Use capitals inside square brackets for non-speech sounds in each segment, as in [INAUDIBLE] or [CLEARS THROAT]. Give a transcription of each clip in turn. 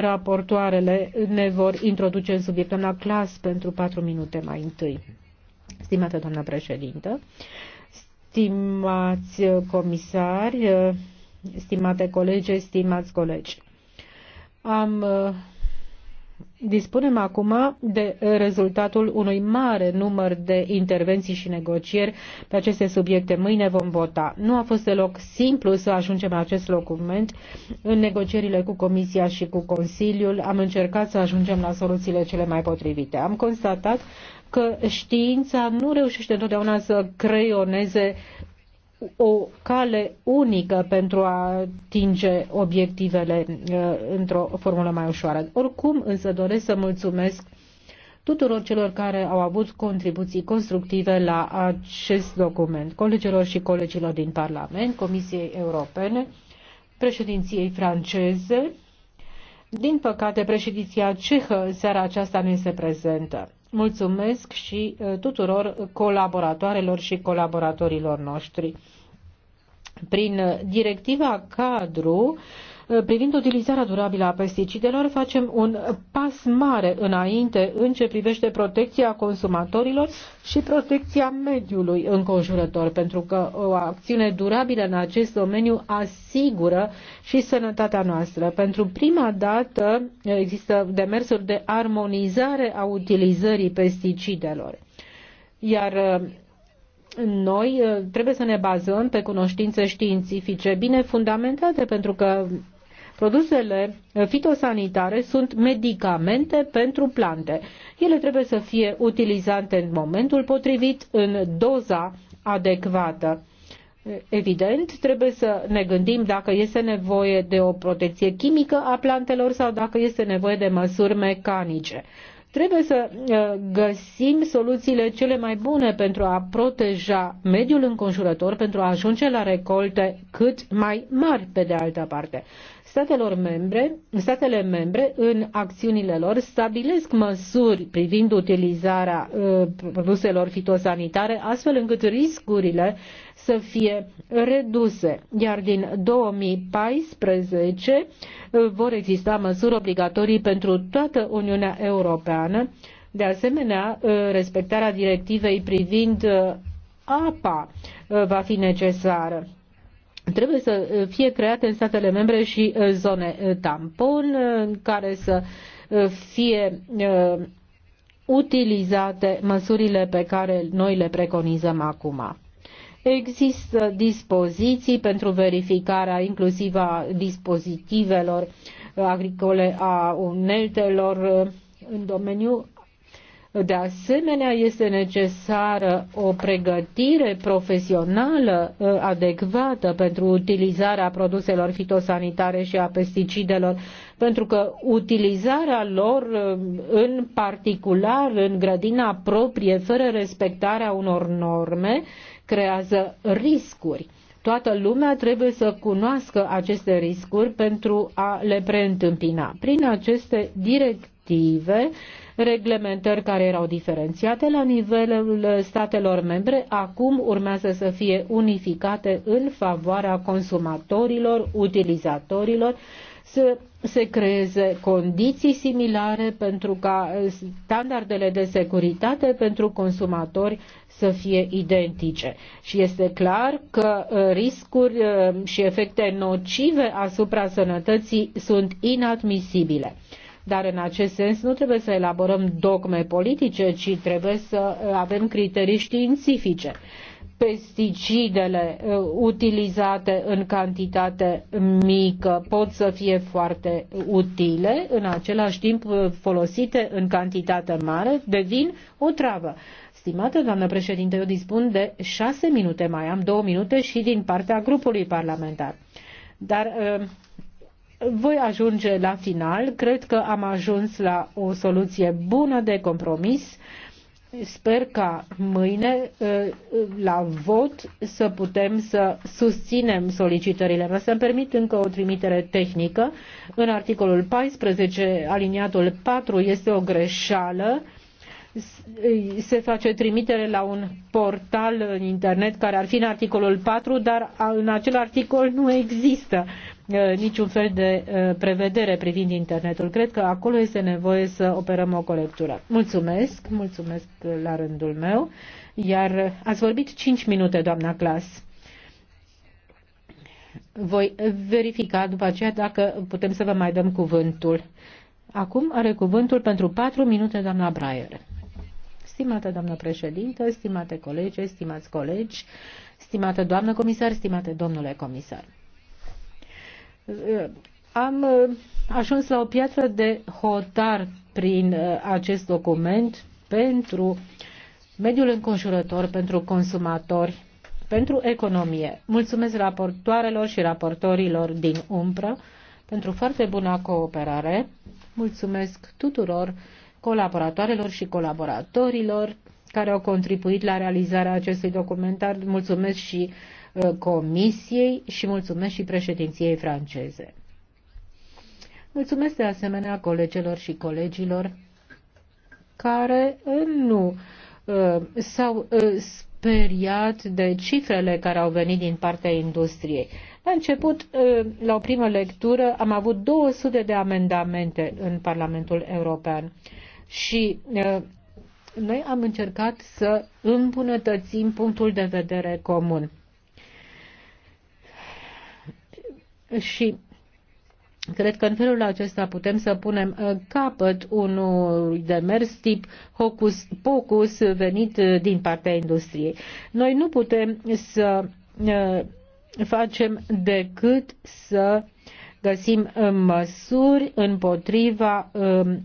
raportoarele ne vor introduce în subiect. Doamna Clas, pentru patru minute mai întâi. Stimată doamna președintă, stimați comisari, stimate colegi, stimați colegi, am Dispunem acum de rezultatul unui mare număr de intervenții și negocieri pe aceste subiecte. Mâine vom vota. Nu a fost deloc simplu să ajungem la acest document. În negocierile cu Comisia și cu Consiliul am încercat să ajungem la soluțiile cele mai potrivite. Am constatat că știința nu reușește întotdeauna să creioneze o cale unică pentru a atinge obiectivele uh, într-o formulă mai ușoară. Oricum, însă doresc să mulțumesc tuturor celor care au avut contribuții constructive la acest document, colegilor și colegilor din Parlament, Comisiei Europene, președinției franceze. Din păcate, președinția cehă în seara aceasta nu este prezentă. Mulțumesc și uh, tuturor colaboratoarelor și colaboratorilor noștri. Prin uh, directiva cadru Uh, privind utilizarea durabilă a pesticidelor, facem un pas mare înainte în ce privește protecția consumatorilor și protecția mediului înconjurător, pentru că o acțiune durabilă în acest domeniu asigură și sănătatea noastră. Pentru prima dată uh, există demersuri de armonizare a utilizării pesticidelor. Iar uh, noi trebuie să ne bazăm pe cunoștințe științifice bine fundamentate, pentru că Produsele fitosanitare sunt medicamente pentru plante. Ele trebuie să fie utilizate în momentul potrivit, în doza adecvată. Evident, trebuie să ne gândim dacă este nevoie de o protecție chimică a plantelor sau dacă este nevoie de măsuri mecanice. Trebuie să uh, găsim soluțiile cele mai bune pentru a proteja mediul înconjurător, pentru a ajunge la recolte cât mai mari, pe de altă parte. Statelor membre, statele membre în acțiunile lor stabilesc măsuri privind utilizarea uh, produselor fitosanitare astfel încât riscurile să fie reduse, iar din 2014 uh, vor exista măsuri obligatorii pentru toată Uniunea Europeană, de asemenea uh, respectarea directivei privind uh, apa uh, va fi necesară trebuie să uh, fie create în statele membre și uh, zone uh, tampon care să fie utilizate măsurile pe care noi le preconizăm acum. Există dispoziții pentru verificarea inclusiv a dispozitivelor agricole, a uneltelor în domeniu de asemenea, este necesară o pregătire profesională uh, adecvată pentru utilizarea produselor fitosanitare și a pesticidelor, pentru că utilizarea lor uh, în particular în grădina proprie, fără respectarea unor norme, creează riscuri. Toată lumea trebuie să cunoască aceste riscuri pentru a le preîntâmpina. Prin aceste directive reglementări care erau diferențiate la nivelul statelor membre, acum urmează să fie unificate în favoarea consumatorilor, utilizatorilor, să se creeze condiții similare pentru ca standardele de securitate pentru consumatori să fie identice. Și este clar că uh, riscuri uh, și efecte nocive asupra sănătății sunt inadmisibile. Dar în acest sens nu trebuie să elaborăm dogme politice, ci trebuie să uh, avem criterii științifice. Pesticidele uh, utilizate în cantitate mică pot să fie foarte utile, în același timp uh, folosite în cantitate mare devin o travă. Stimată doamnă președinte, eu dispun de șase minute, mai am două minute și din partea grupului parlamentar. Dar voi ajunge la final. Cred că am ajuns la o soluție bună de compromis. Sper ca mâine ă, la vot să putem să susținem solicitările să-mi permit încă o trimitere tehnică. În articolul 14, aliniatul 4, este o greșeală se face trimitere la un portal în internet care ar fi în articolul 4, dar în acel articol nu există. Uh, niciun fel de uh, prevedere privind internetul. Cred că acolo este nevoie să operăm o colectură. Mulțumesc, mulțumesc la rândul meu. Iar ați vorbit 5 minute, doamna Clas. Voi verifica după aceea dacă putem să vă mai dăm cuvântul. Acum are cuvântul pentru 4 minute doamna Braier. Stimată doamnă președintă, stimate colegi, stimați colegi, stimată doamnă comisar, stimate domnule comisar. Am uh, ajuns la o piatră de hotar prin uh, acest document pentru mediul înconjurător, pentru consumatori, pentru economie. Mulțumesc raportoarelor și raportorilor din umbră pentru foarte bună cooperare. Mulțumesc tuturor colaboratoarelor și colaboratorilor care au contribuit la realizarea acestui documentar. Mulțumesc și Uh, comisiei și mulțumesc și președinției franceze. Mulțumesc de asemenea colegelor și colegilor care uh, nu uh, s-au speriat de cifrele care au venit din partea industriei. La început, la o primă lectură, am avut 200 de amendamente în Parlamentul European și noi am încercat să îmbunătățim punctul de vedere comun. Și Cred că în felul acesta putem să punem uh, capăt unui demers tip hocus pocus venit uh, din partea industriei. Noi nu putem să uh, facem decât să găsim măsuri împotriva um,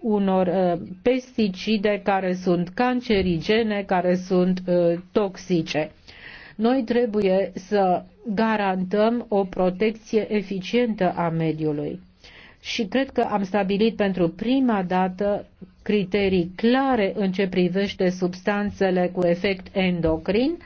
unor pesticide care sunt cancerigene, care sunt toxice. Noi trebuie să garantăm o protecție eficientă a mediului. Și cred că am stabilit pentru prima dată criterii clare în ce privește substanțele cu efect endocrin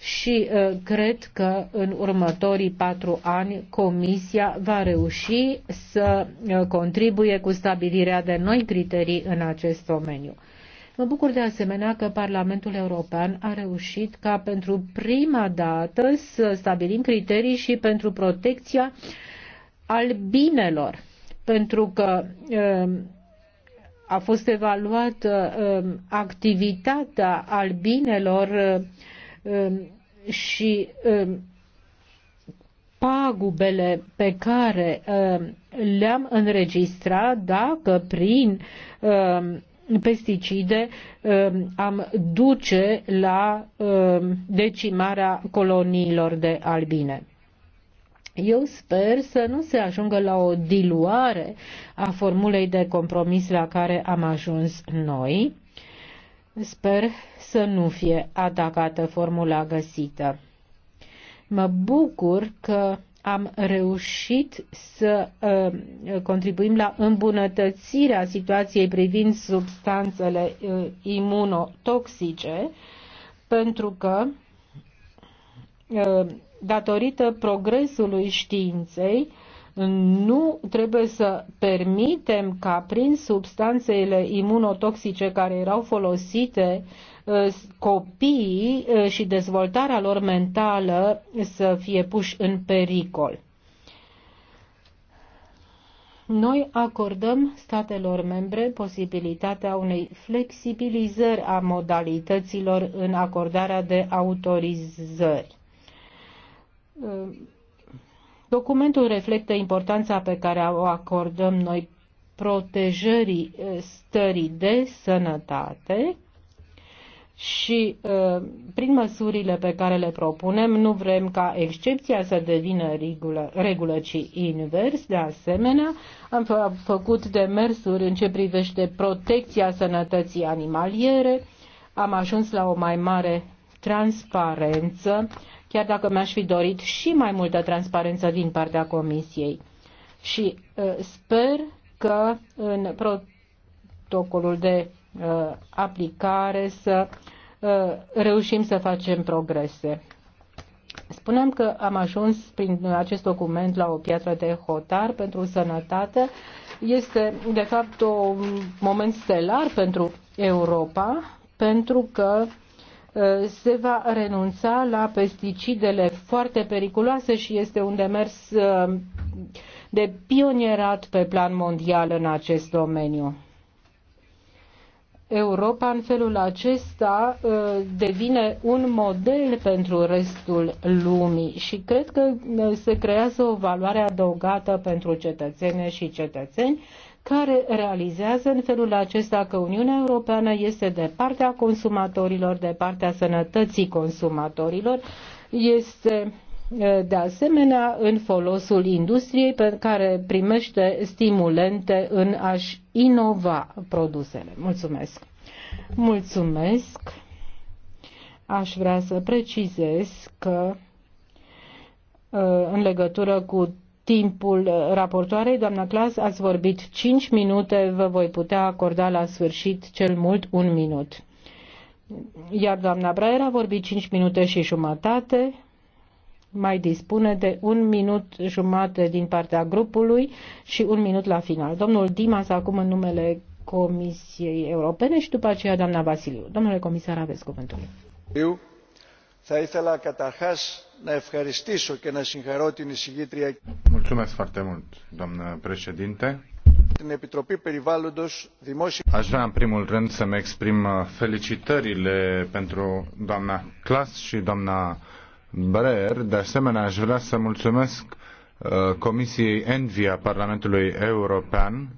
și uh, cred că în următorii patru ani Comisia va reuși să uh, contribuie cu stabilirea de noi criterii în acest domeniu. Mă bucur de asemenea că Parlamentul European a reușit ca pentru prima dată să stabilim criterii și pentru protecția albinelor, pentru că um, a fost evaluată um, activitatea albinelor um, și pagubele pe care le-am înregistrat dacă prin pesticide um, am duce la um, decimarea coloniilor de albine. Eu sper să nu se ajungă la o diluare a formulei de compromis la care am ajuns noi. Sper să nu fie atacată formula găsită. Mă bucur că am reușit să uh, contribuim la îmbunătățirea situației privind substanțele uh, imunotoxice, pentru că uh, datorită progresului științei, nu trebuie să permitem ca prin substanțele imunotoxice care erau folosite Uh, copiii uh, și dezvoltarea lor mentală să fie puși în pericol. Noi acordăm statelor membre posibilitatea unei flexibilizări a modalităților în acordarea de autorizări. Uh, documentul reflectă importanța pe care o acordăm noi protejării stării de sănătate și ă, prin măsurile pe care le propunem nu vrem ca excepția să devină regulă, regulă ci invers. De asemenea, am făcut demersuri în ce privește protecția sănătății animaliere, am ajuns la o mai mare transparență, chiar dacă mi-aș fi dorit și mai multă transparență din partea Comisiei. Și ă, sper că în protocolul de Uh, aplicare, să uh, reușim să facem progrese. Spuneam că am ajuns prin acest document la o piatră de hotar pentru sănătate. Este, de fapt, un moment stelar pentru Europa, pentru că uh, se va renunța la pesticidele foarte periculoase și este un demers de pionierat pe plan mondial în acest domeniu. Europa în felul acesta uh, devine un model pentru restul lumii și cred că uh, se creează o valoare adăugată pentru cetățene și cetățeni care realizează în felul acesta că Uniunea Europeană este de partea consumatorilor, de partea sănătății consumatorilor, este de asemenea în folosul industriei pe care primește stimulente în a-și inova produsele. Mulțumesc! Mulțumesc! Aș vrea să precizez că în legătură cu timpul raportoarei, doamna Clas, ați vorbit 5 minute, vă voi putea acorda la sfârșit cel mult un minut. Iar doamna Braer a vorbit 5 minute și jumătate, mai dispune de un minut jumate din partea grupului și un minut la final. Domnul Dimas acum în numele Comisiei Europene și după aceea doamna Vasiliu. Domnule comisar, aveți cuvântul. Eu θα la Catahas, ne ευχαριστήσω και να συγχαρώ την εισηγήτρια Mulțumesc foarte mult, doamnă președinte. Την Επιτροπή Περιβάλλοντος Δημόσια... Aș vrea în primul rând să-mi exprim uh, felicitările pentru doamna Clas și doamna Brer. De asemenea, aș vrea să mulțumesc uh, Comisiei Envy a Parlamentului European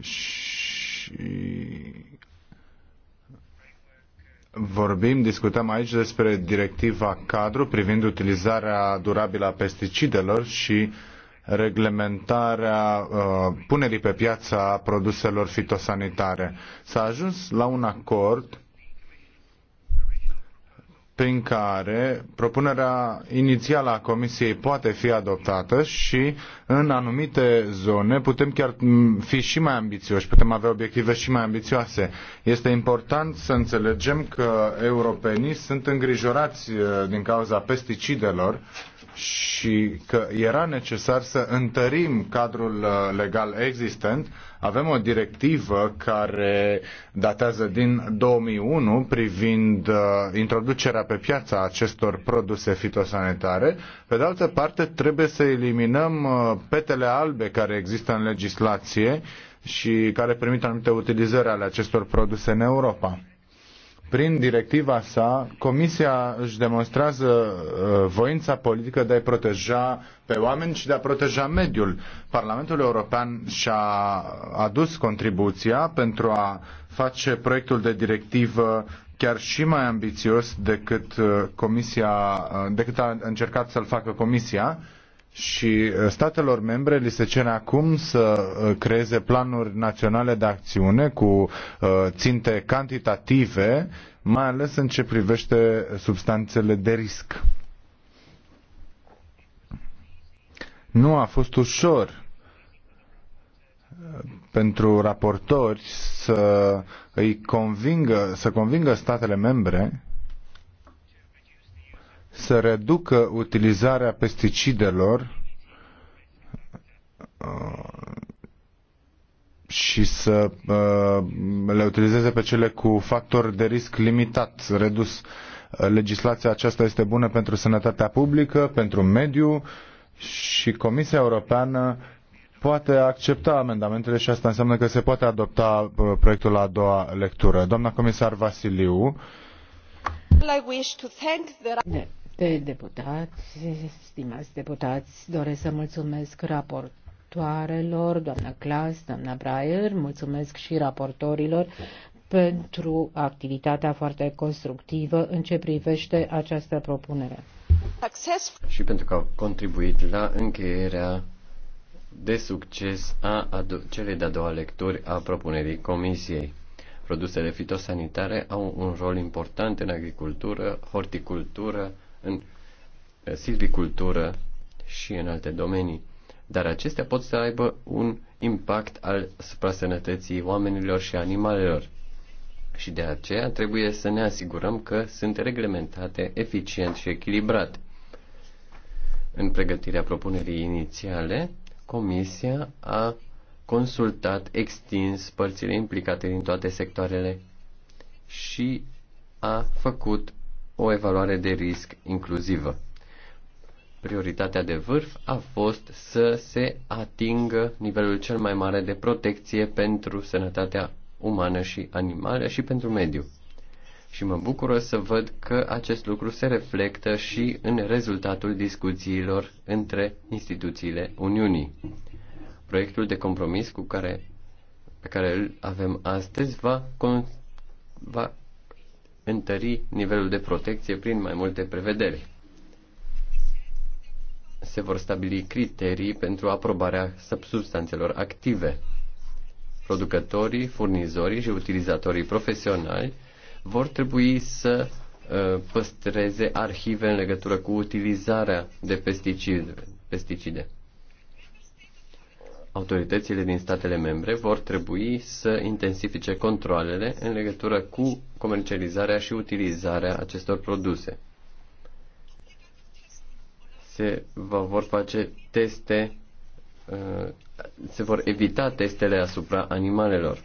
și vorbim, discutăm aici despre directiva cadru privind utilizarea durabilă a pesticidelor și reglementarea uh, punerii pe piața produselor fitosanitare. S-a ajuns la un acord prin care propunerea inițială a Comisiei poate fi adoptată și în anumite zone putem chiar fi și mai ambițioși, putem avea obiective și mai ambițioase. Este important să înțelegem că europenii sunt îngrijorați uh, din cauza pesticidelor și că era necesar să întărim cadrul uh, legal existent avem o directivă care datează din 2001 privind uh, introducerea pe piața acestor produse fitosanitare. Pe de altă parte, trebuie să eliminăm uh, petele albe care există în legislație și care permit anumite utilizări ale acestor produse în Europa prin directiva sa, Comisia își demonstrează uh, voința politică de a-i proteja pe oameni și de a proteja mediul. Parlamentul European și-a adus contribuția pentru a face proiectul de directivă chiar și mai ambițios decât, uh, comisia, uh, decât a încercat să-l facă Comisia și uh, statelor membre li se cere acum să uh, creeze planuri naționale de acțiune cu uh, ținte cantitative, mai ales în ce privește substanțele de risc. Nu a fost ușor pentru raportori să îi convingă, să convingă statele membre să reducă utilizarea pesticidelor uh, și să uh, le utilizeze pe cele cu factor de risc limitat, redus. Legislația aceasta este bună pentru sănătatea publică, pentru mediu și Comisia Europeană poate accepta amendamentele și asta înseamnă că se poate adopta uh, proiectul la a doua lectură. Doamna comisar Vasiliu, de deputați, stimați deputați, doresc să mulțumesc raportoarelor, doamna Clas, doamna Braier, mulțumesc și raportorilor pentru activitatea foarte constructivă în ce privește această propunere. Și pentru că au contribuit la încheierea de succes a celei de-a doua lecturi a propunerii Comisiei. Produsele fitosanitare au un rol important în agricultură, horticultură, în eh, silvicultură și în alte domenii. Dar acestea pot să aibă un impact al sănătății oamenilor și animalelor. Și de aceea trebuie să ne asigurăm că sunt reglementate eficient și echilibrat. În pregătirea propunerii inițiale, Comisia a consultat extins părțile implicate din toate sectoarele și a făcut o evaluare de risc inclusivă. Prioritatea de vârf a fost să se atingă nivelul cel mai mare de protecție pentru sănătatea umană și animală și pentru mediu. Și mă bucură să văd că acest lucru se reflectă și în rezultatul discuțiilor între instituțiile Uniunii. Proiectul de compromis cu care, pe care îl avem astăzi va, con, va întări nivelul de protecție prin mai multe prevederi. Se vor stabili criterii pentru aprobarea substanțelor active. Producătorii, furnizorii și utilizatorii profesionali vor trebui să uh, păstreze arhive în legătură cu utilizarea de pesticide. pesticide autoritățile din statele membre vor trebui să intensifice controlele în legătură cu comercializarea și utilizarea acestor produse. Se vor face teste, uh, se vor evita testele asupra animalelor.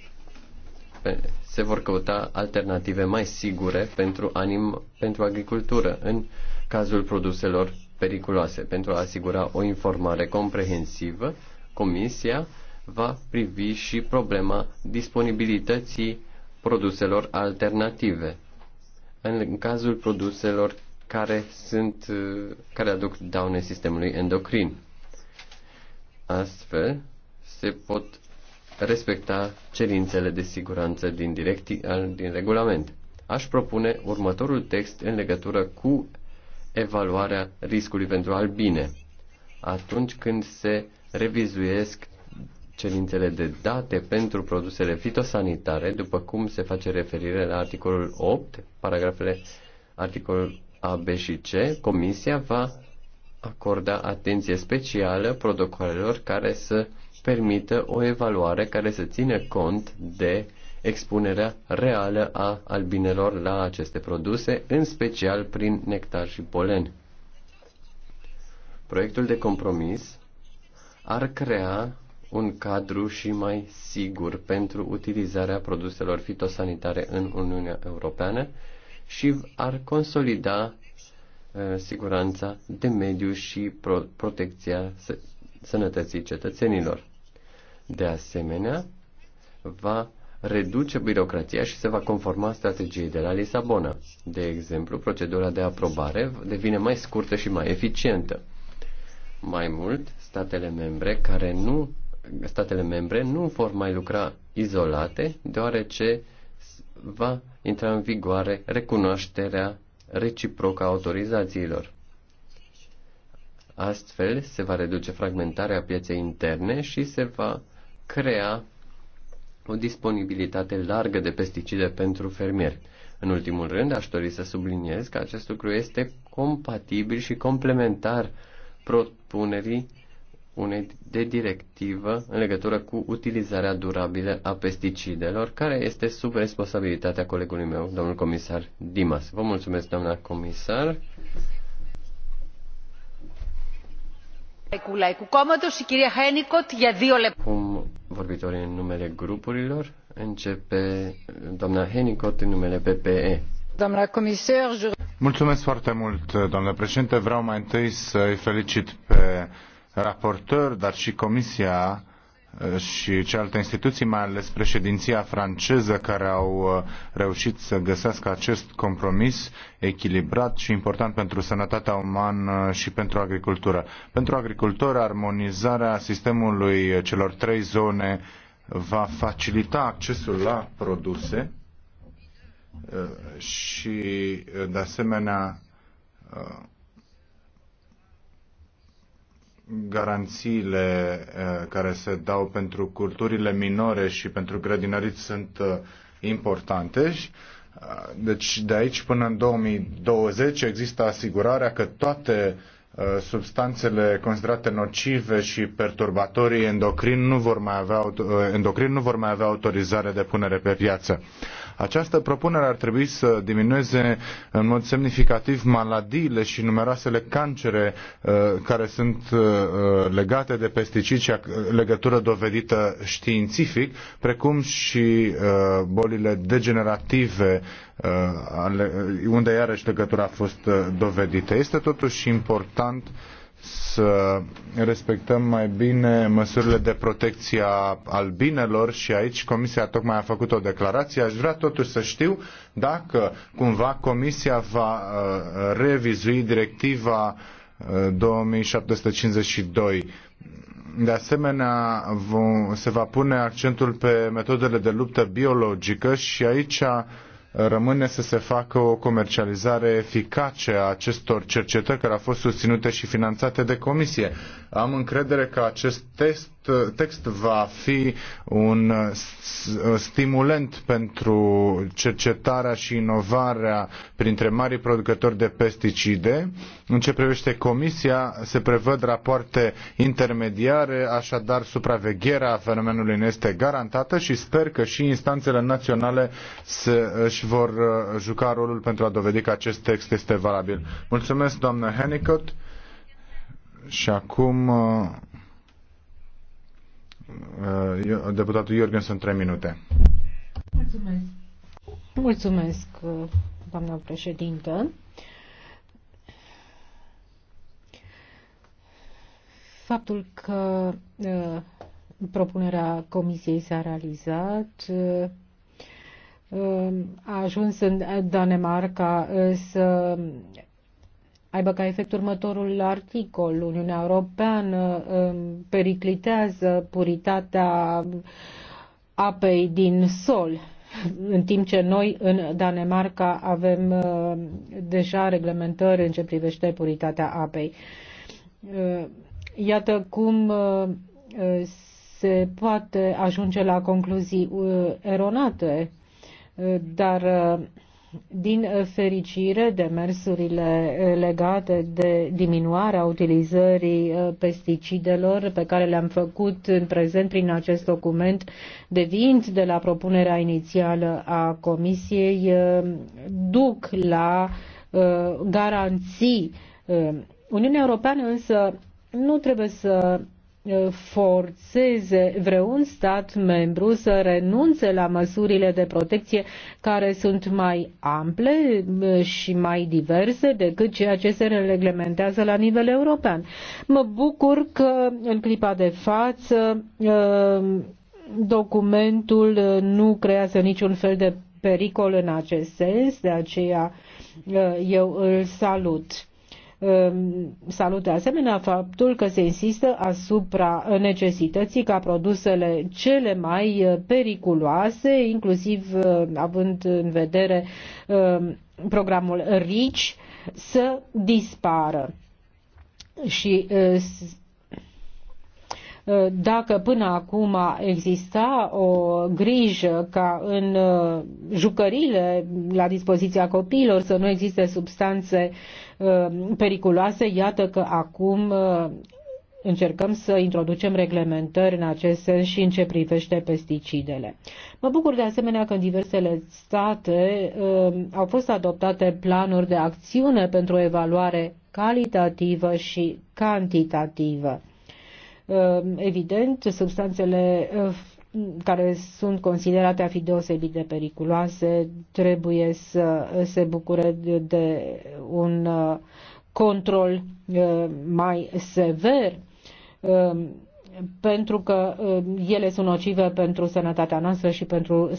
Se vor căuta alternative mai sigure pentru, anim, pentru agricultură în cazul produselor periculoase, pentru a asigura o informare comprehensivă Comisia va privi și problema disponibilității produselor alternative. În cazul produselor care, sunt, care aduc daune sistemului endocrin. Astfel, se pot respecta cerințele de siguranță din, directi, din regulament. Aș propune următorul text în legătură cu evaluarea riscului pentru albine. Atunci când se revizuiesc cerințele de date pentru produsele fitosanitare, după cum se face referire la articolul 8, paragrafele articolul A, B și C, Comisia va acorda atenție specială protocolelor care să permită o evaluare care să ține cont de expunerea reală a albinelor la aceste produse, în special prin nectar și polen. Proiectul de compromis ar crea un cadru și mai sigur pentru utilizarea produselor fitosanitare în Uniunea Europeană și ar consolida uh, siguranța de mediu și protecția sănătății cetățenilor. De asemenea, va reduce birocrația și se va conforma strategiei de la Lisabona. De exemplu, procedura de aprobare devine mai scurtă și mai eficientă. Mai mult, statele membre care nu statele membre nu vor mai lucra izolate, deoarece va intra în vigoare recunoașterea reciprocă a autorizațiilor. Astfel se va reduce fragmentarea pieței interne și se va crea o disponibilitate largă de pesticide pentru fermieri. În ultimul rând, aș dori să subliniez că acest lucru este compatibil și complementar propunerii unei de directivă în legătură cu utilizarea durabilă a pesticidelor, care este sub responsabilitatea colegului meu, domnul comisar Dimas. Vă mulțumesc, doamna comisar. Cum vorbitorii în numele grupurilor, începe doamna Henicot în numele PPE. Mulțumesc foarte mult, doamnă președinte. Vreau mai întâi să îi felicit pe raportor, dar și comisia eh, și celelalte instituții, mai ales președinția franceză, care au eh, reușit să găsească acest compromis echilibrat și important pentru sănătatea umană și pentru agricultură. Pentru agricultori, armonizarea sistemului celor trei zone va facilita accesul la produse și, de asemenea, garanțiile eh, care se dau pentru culturile minore și pentru grădinăriți sunt eh, importante. Eh, deci de aici până în 2020 există asigurarea că toate substanțele considerate nocive și perturbatorii endocrini nu vor mai avea, endocrin nu vor mai avea autorizare de punere pe piață. Această propunere ar trebui să diminueze în mod semnificativ maladiile și numeroasele cancere uh, care sunt uh, uh, legate de pesticid și legătură dovedită științific, precum și bolile degenerative unde iarăși legătura a fost dovedită. Este totuși important să respectăm mai bine măsurile de protecție a albinelor și aici Comisia tocmai a făcut o declarație. Aș vrea totuși să știu dacă cumva Comisia va uh, revizui directiva 2752. Uh, de asemenea, se va pune accentul pe metodele de luptă biologică și aici rămâne să se facă o comercializare eficace a acestor cercetări care au fost susținute și finanțate de comisie. Am încredere că acest test Uh, text va fi un uh, uh, stimulent pentru cercetarea și inovarea printre marii producători de pesticide. În ce privește Comisia, se prevăd rapoarte intermediare, așadar supravegherea fenomenului este garantată și sper că și instanțele naționale se, își vor juca rolul pentru a dovedi că acest text este valabil. Mulțumesc, doamnă Hennicott. Și acum Uh, deputatul Iorgen, sunt trei minute. Mulțumesc. Mulțumesc, uh, doamna președintă. Faptul că uh, propunerea comisiei s-a realizat a ajuns în Danemarca să aibă ca efect următorul articol. Uniunea Europeană um, periclitează puritatea apei din sol, în timp ce noi în Danemarca avem uh, deja reglementări în ce privește puritatea apei. Uh, iată cum uh, se poate ajunge la concluzii eronate, dar din uh, fericire, demersurile uh, legate de diminuarea utilizării uh, pesticidelor pe care le-am făcut în prezent prin acest document, devind de la propunerea inițială a Comisiei, duc la garanții. Uniunea Europeană însă nu trebuie să forțeze vreun stat membru să renunțe la măsurile de protecție care sunt mai ample eh, și mai diverse decât ceea ce se reglementează la nivel european. Mă bucur că în clipa de față eh, documentul eh, nu creează niciun fel de pericol în acest sens, de aceea eu îl salut. Ehm, salut de asemenea faptul că se insistă asupra necesității ca produsele cele mai eh, periculoase, inclusiv eh, având în vedere ehm, programul Rich, să dispară. Și eh, dacă până acum exista o grijă ca în jucările la dispoziția copiilor să nu existe substanțe uh, Uh, periculoase, iată că acum uh, încercăm să introducem reglementări în acest sens și în ce privește pesticidele. Mă bucur de asemenea că în diversele state uh, au fost adoptate planuri de acțiune pentru o evaluare calitativă și cantitativă. evident, substanțele care sunt considerate a fi deosebit de periculoase trebuie să se bucure de un uh, control uh, mai sever um, pentru că uh, ele sunt nocive pentru sănătatea noastră și pentru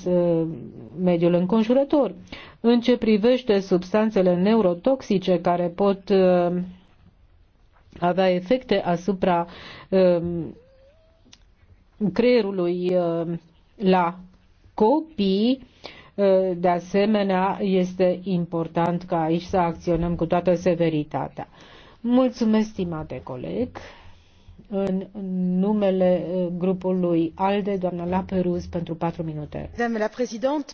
mediul înconjurător. În ce privește substanțele neurotoxice care pot avea efecte asupra um, creierului uh, la copii. Uh, de asemenea, este important ca aici să acționăm cu toată severitatea. Mulțumesc, stimate coleg. În numele uh, grupului ALDE, doamna Laperuz, pentru patru minute. Doamna președinte,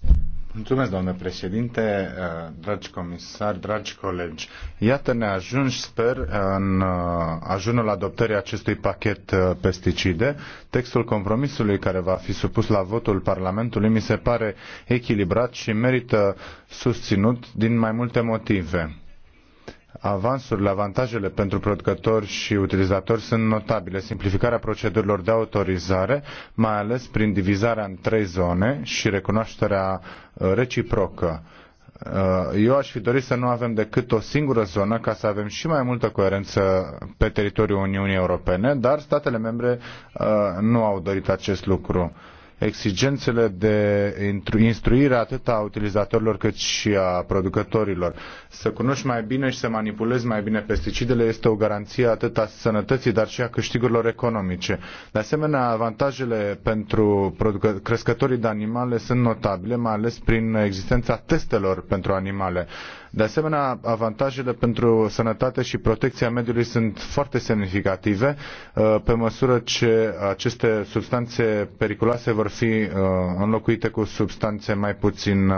Mulțumesc, doamnă președinte, uh, dragi comisari, dragi colegi. Iată ne ajungi, sper, în uh, ajunul adoptării acestui pachet uh, pesticide. Textul compromisului care va fi supus la votul Parlamentului mi se pare echilibrat și merită susținut din mai multe motive avansurile, avantajele pentru producători și utilizatori sunt notabile. Simplificarea procedurilor de autorizare, mai ales prin divizarea în trei zone și recunoașterea uh, reciprocă. Uh, eu aș fi dorit să nu avem decât o singură zonă ca să avem și mai multă coerență pe teritoriul Uniunii Europene, dar statele membre uh, nu au dorit acest lucru exigențele de instruire atât a utilizatorilor cât și a producătorilor. Să cunoști mai bine și să manipulezi mai bine pesticidele este o garanție atât a sănătății, dar și a câștigurilor economice. De asemenea, avantajele pentru crescătorii de animale sunt notabile, mai ales prin existența testelor pentru animale. De asemenea, avantajele pentru sănătate și protecția mediului sunt foarte semnificative uh, pe măsură ce aceste substanțe periculoase vor fi uh, înlocuite cu substanțe mai puțin uh,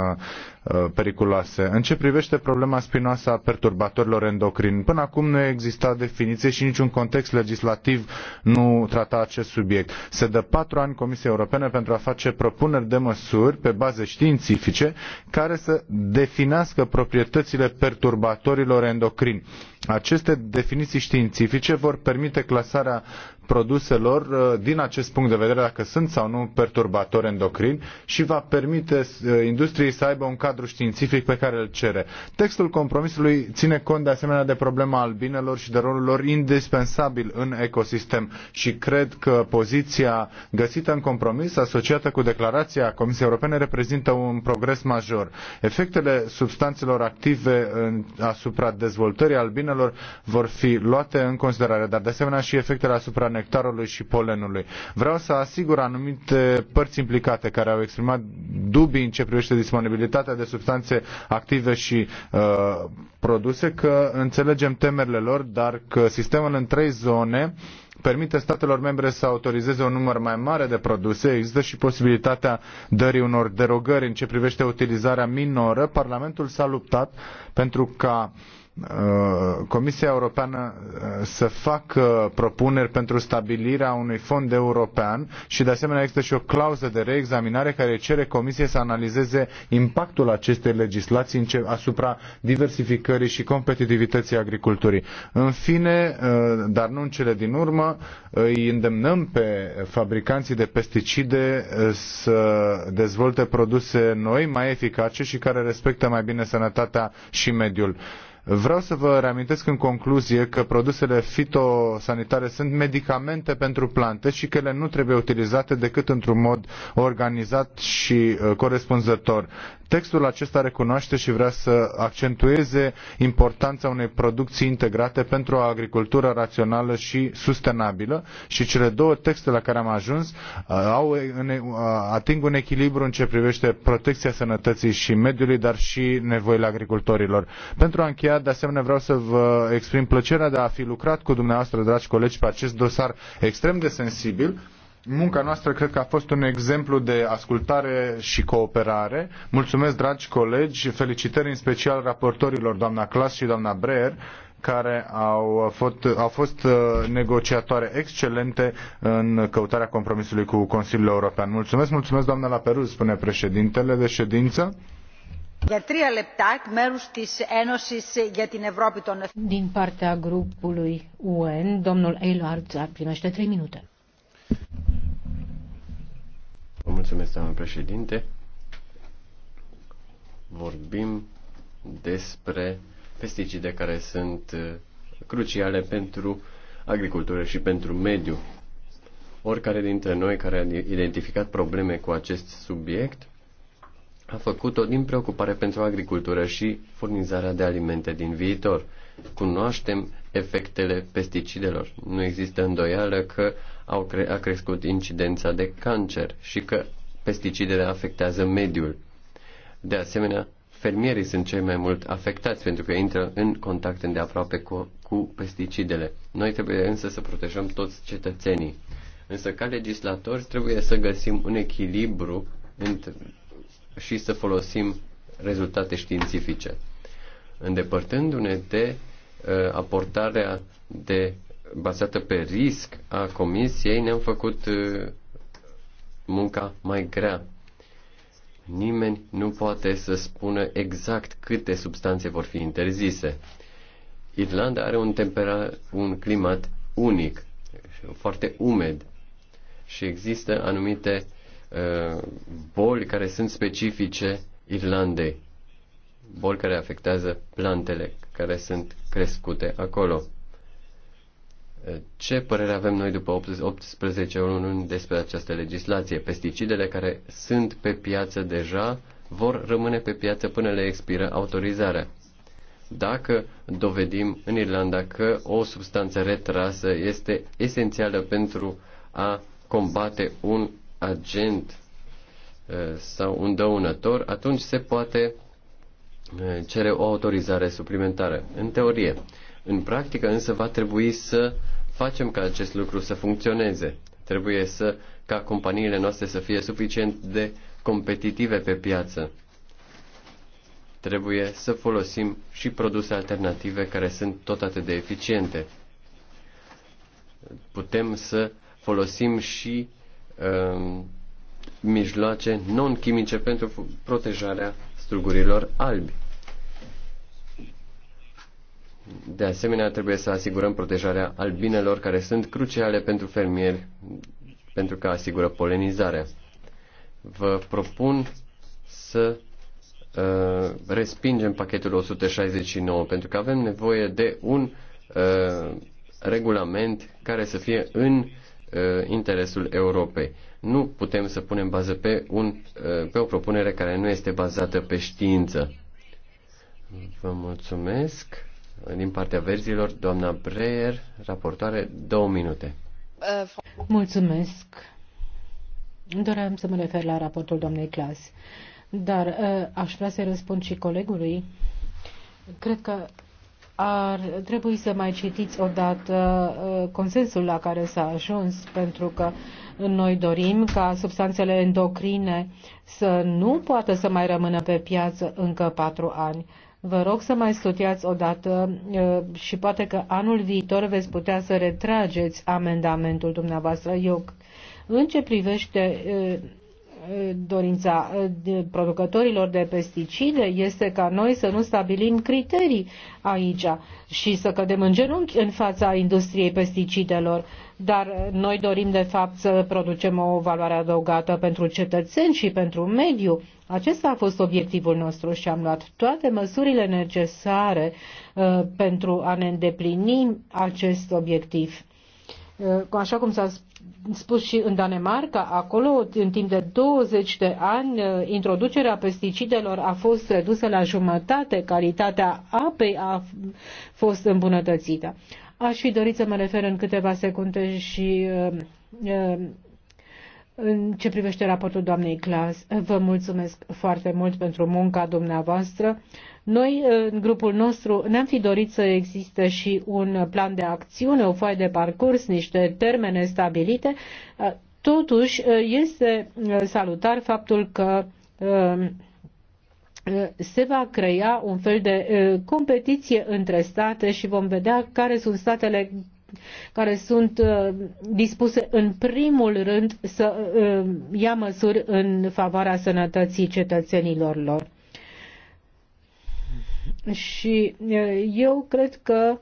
Uh, periculoase. În ce privește problema spinoasă a perturbatorilor endocrini, până acum nu exista definiție și niciun context legislativ nu trata acest subiect. Se dă patru ani Comisiei Europene pentru a face propuneri de măsuri pe baze științifice care să definească proprietățile perturbatorilor endocrini. Aceste definiții științifice vor permite clasarea produselor uh, din acest punct de vedere dacă sunt sau nu perturbatori endocrin și va permite uh, industriei să aibă un cadru științific pe care îl cere. Textul compromisului ține cont de asemenea de problema albinelor și de rolul lor indispensabil în ecosistem și cred că poziția găsită în compromis asociată cu declarația Comisiei Europene reprezintă un progres major. Efectele substanțelor active asupra dezvoltării albinelor vor fi luate în considerare, dar de asemenea și efectele asupra nectarului și polenului. Vreau să asigur anumite părți implicate care au exprimat dubii în ce privește disponibilitatea de substanțe active și uh, produse că înțelegem temerile lor, dar că sistemul în trei zone permite statelor membre să autorizeze un număr mai mare de produse. Există și posibilitatea dării unor derogări în ce privește utilizarea minoră. Parlamentul s-a luptat pentru ca uh, Uh, Comisia Europeană uh, să facă propuneri pentru stabilirea unui fond european și de asemenea există și o clauză de reexaminare care cere Comisiei să analizeze impactul acestei legislații asupra diversificării și competitivității agriculturii. În fine, uh, dar nu în cele din urmă, îi îndemnăm pe fabricanții de pesticide să dezvolte produse noi, mai eficace și care respectă mai bine sănătatea și mediul. Vreau să vă reamintesc în concluzie că produsele fitosanitare sunt medicamente pentru plante și că ele nu trebuie utilizate decât într-un mod organizat și uh, corespunzător. Textul acesta recunoaște și vrea să accentueze importanța unei producții integrate pentru o agricultură rațională și sustenabilă și cele două texte la care am ajuns uh, au, uh, ating un echilibru în ce privește protecția sănătății și mediului, dar și nevoile agricultorilor. Pentru a încheia aceea, de asemenea, vreau să vă exprim plăcerea de a fi lucrat cu dumneavoastră, dragi colegi, pe acest dosar extrem de sensibil. Munca noastră cred că a fost un exemplu de ascultare și cooperare. Mulțumesc, dragi colegi, felicitări în special raportorilor, doamna Clas și doamna Breer, care au fost, au fost uh, negociatoare excelente în căutarea compromisului cu Consiliul European. Mulțumesc, mulțumesc, doamna Laperuz, spune președintele de ședință. Din partea grupului UN, domnul Eilard primește trei minute. Vă mulțumesc, doamnă președinte. Vorbim despre pesticide care sunt uh, cruciale pentru agricultură și pentru mediu. Oricare dintre noi care a identificat probleme cu acest subiect a făcut-o din preocupare pentru agricultură și furnizarea de alimente din viitor. Cunoaștem efectele pesticidelor. Nu există îndoială că au cre- a crescut incidența de cancer și că pesticidele afectează mediul. De asemenea, fermierii sunt cei mai mult afectați pentru că intră în contact îndeaproape cu, cu pesticidele. Noi trebuie însă să protejăm toți cetățenii. Însă, ca legislatori, trebuie să găsim un echilibru între și să folosim rezultate științifice, îndepărtându-ne de uh, aportarea de bazată pe risc a comisiei, ne-am făcut uh, munca mai grea. Nimeni nu poate să spună exact câte substanțe vor fi interzise. Irlanda are un, tempera, un climat unic, foarte umed și există anumite Uh, boli care sunt specifice Irlandei, boli care afectează plantele care sunt crescute acolo. Uh, ce părere avem noi după 18 luni despre această legislație? Pesticidele care sunt pe piață deja vor rămâne pe piață până le expiră autorizarea. Dacă dovedim în Irlanda că o substanță retrasă este esențială pentru a combate un agent eh, sau un dăunător, atunci se poate eh, cere o autorizare suplimentară. În teorie. În practică însă va trebui să facem ca acest lucru să funcționeze. Trebuie să, ca companiile noastre să fie suficient de competitive pe piață. Trebuie să folosim și produse alternative care sunt tot atât de eficiente. Putem să folosim și Um, mijloace non-chimice pentru protejarea strugurilor albi. De asemenea, trebuie să asigurăm protejarea albinelor care sunt cruciale pentru fermieri pentru că asigură polenizarea. Vă propun să uh, respingem pachetul 169 pentru că avem nevoie de un uh, regulament care să fie în uh, Uh, interesul Europei. Nu putem să punem bază pe, un, uh, pe o propunere care nu este bazată pe știință. Vă mulțumesc. Din partea verzilor, doamna Breyer, raportoare, două minute. Mulțumesc. Doream să mă refer la raportul doamnei Clas, dar uh, aș vrea să răspund și colegului. Cred că ar trebui să mai citiți odată uh, consensul la care s-a ajuns, pentru că noi dorim ca substanțele endocrine să nu poată să mai rămână pe piață încă patru ani. Vă rog să mai studiați odată uh, și poate că anul viitor veți putea să retrageți amendamentul dumneavoastră. Eu, în ce privește uh, dorința eh, producătorilor de pesticide este ca noi să nu stabilim criterii aici și să cădem în genunchi în fața industriei pesticidelor, dar eh, noi dorim de fapt să producem o valoare adăugată pentru cetățeni și pentru mediu. Acesta a fost obiectivul nostru și am luat toate măsurile necesare uh, pentru a ne îndeplini acest obiectiv. Uh, așa cum s-a spus, spus și în Danemarca, acolo în timp de 20 de ani uh, introducerea pesticidelor a fost redusă la jumătate, calitatea apei a fost îmbunătățită. Aș fi dorit să mă refer în câteva secunde și uh, uh, în ce privește raportul doamnei Clas, vă mulțumesc foarte mult pentru munca dumneavoastră. Noi, în grupul nostru, ne-am fi dorit să existe și un plan de acțiune, o foaie de parcurs, niște termene stabilite. Totuși, este uh, salutar faptul că um, uh, se va crea un fel de uh, competiție între state și vom vedea care sunt statele care sunt dispuse în primul rând să ia măsuri în favoarea sănătății cetățenilor lor. Și eu cred că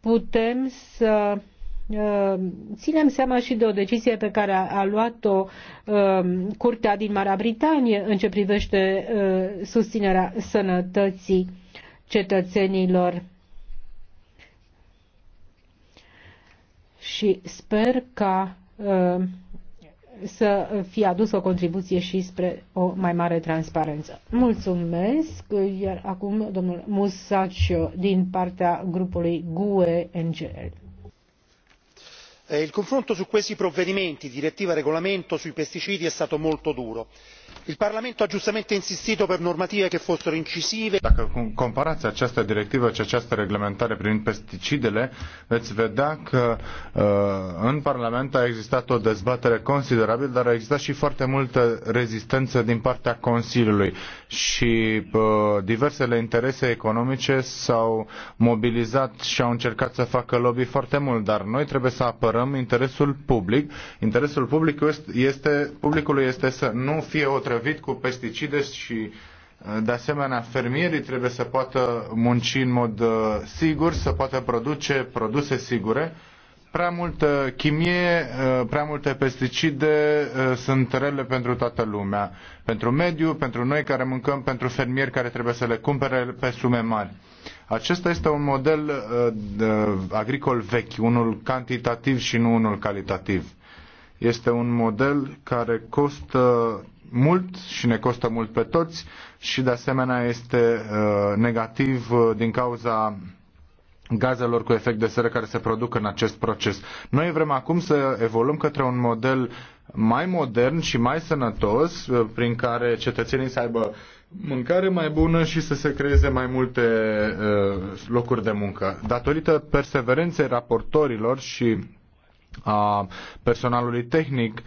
putem să ținem seama și de o decizie pe care a, luat-o Curtea din Marea Britanie în ce privește susținerea sănătății cetățenilor. Și sper ca să fie adus o contribuție și spre o mai mare transparență. Mulțumesc, iar acum domnul Musaccio din partea grupului GUE NGL. Eh, il confronto su questi provvedimenti, direttiva e regolamento sui pesticidi, è stato molto duro il parlamento ha giustamente insistito per normative che fossero incisive. dacă comparați această directivă și această reglementare privind pesticidele veți vedea că uh, în parlament a existat o dezbatere considerabilă dar a existat și foarte multă rezistență din partea consiliului și uh, diversele interese economice s-au mobilizat și au încercat să facă lobby foarte mult dar noi trebuie să apărăm interesul public interesul public este, publicului este să nu fie o grăbit cu pesticide și uh, de asemenea, fermierii trebuie să poată munci în mod uh, sigur, să poată produce produse sigure. Prea multă chimie, uh, prea multe pesticide sunt rele pentru toată lumea. Pentru mediu, pentru noi care mâncăm, pentru fermieri care trebuie să le cumpere pe sume mari. Acesta este un model agricol vechi, unul cantitativ și nu unul calitativ. Este un model care costă mult și ne costă mult pe toți și de asemenea este uh, negativ uh, din cauza gazelor cu efect de seră care se produc în acest proces. Noi vrem acum să evoluăm către un model mai modern și mai sănătos, uh, prin care cetățenii să aibă mâncare mai bună și să se creeze mai multe locuri de muncă. Datorită perseverenței raportorilor și a personalului tehnic,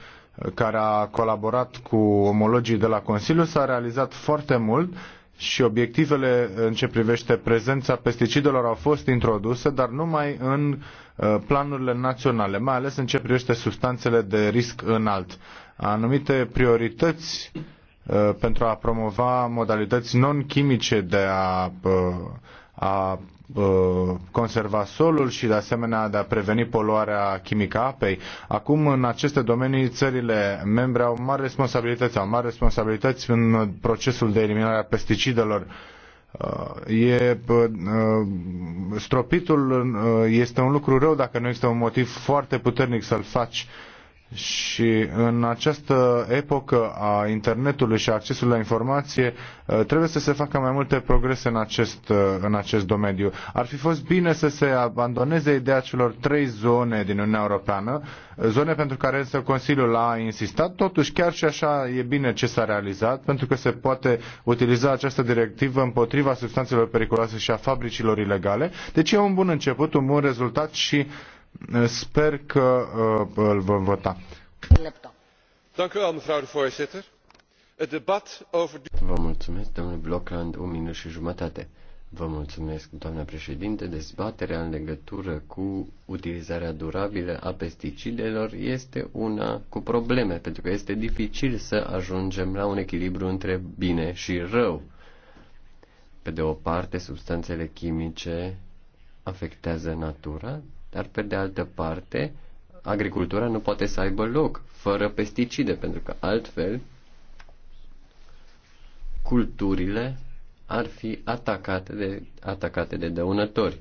care a colaborat cu omologii de la Consiliu, s-a realizat foarte mult și obiectivele în ce privește prezența pesticidelor au fost introduse, dar numai în uh, planurile naționale, mai ales în ce privește substanțele de risc înalt. Anumite priorități uh, pentru a promova modalități non-chimice de a, uh, a Uh, conserva solul și de asemenea de a preveni poluarea chimică a apei. Acum în aceste domenii țările membre au mari responsabilități, au mari responsabilități în procesul de eliminare a pesticidelor. Uh, e, uh, stropitul este un lucru rău dacă nu există un motiv foarte puternic să-l faci și în această epocă a internetului și a accesului la informație, uh, trebuie să se facă mai multe progrese în acest, uh, în acest domeniu. Ar fi fost bine să se abandoneze ideea celor trei zone din Uniunea Europeană, zone pentru care însă Consiliul a insistat, totuși chiar și așa e bine ce s-a realizat, pentru că se poate utiliza această directivă împotriva substanțelor periculoase și a fabricilor ilegale. Deci e un bun început, un bun rezultat și Sper că uh, îl vom vota. Vă mulțumesc, domnule Blokland, un minut și jumătate. Vă mulțumesc, doamnă președinte. Dezbaterea în legătură cu utilizarea durabilă a pesticidelor este una cu probleme, pentru că este dificil să ajungem la un echilibru între bine și rău. Pe de o parte, substanțele chimice afectează natura, dar, pe de altă parte, agricultura nu poate să aibă loc fără pesticide, pentru că altfel culturile ar fi atacate de, atacate de dăunători.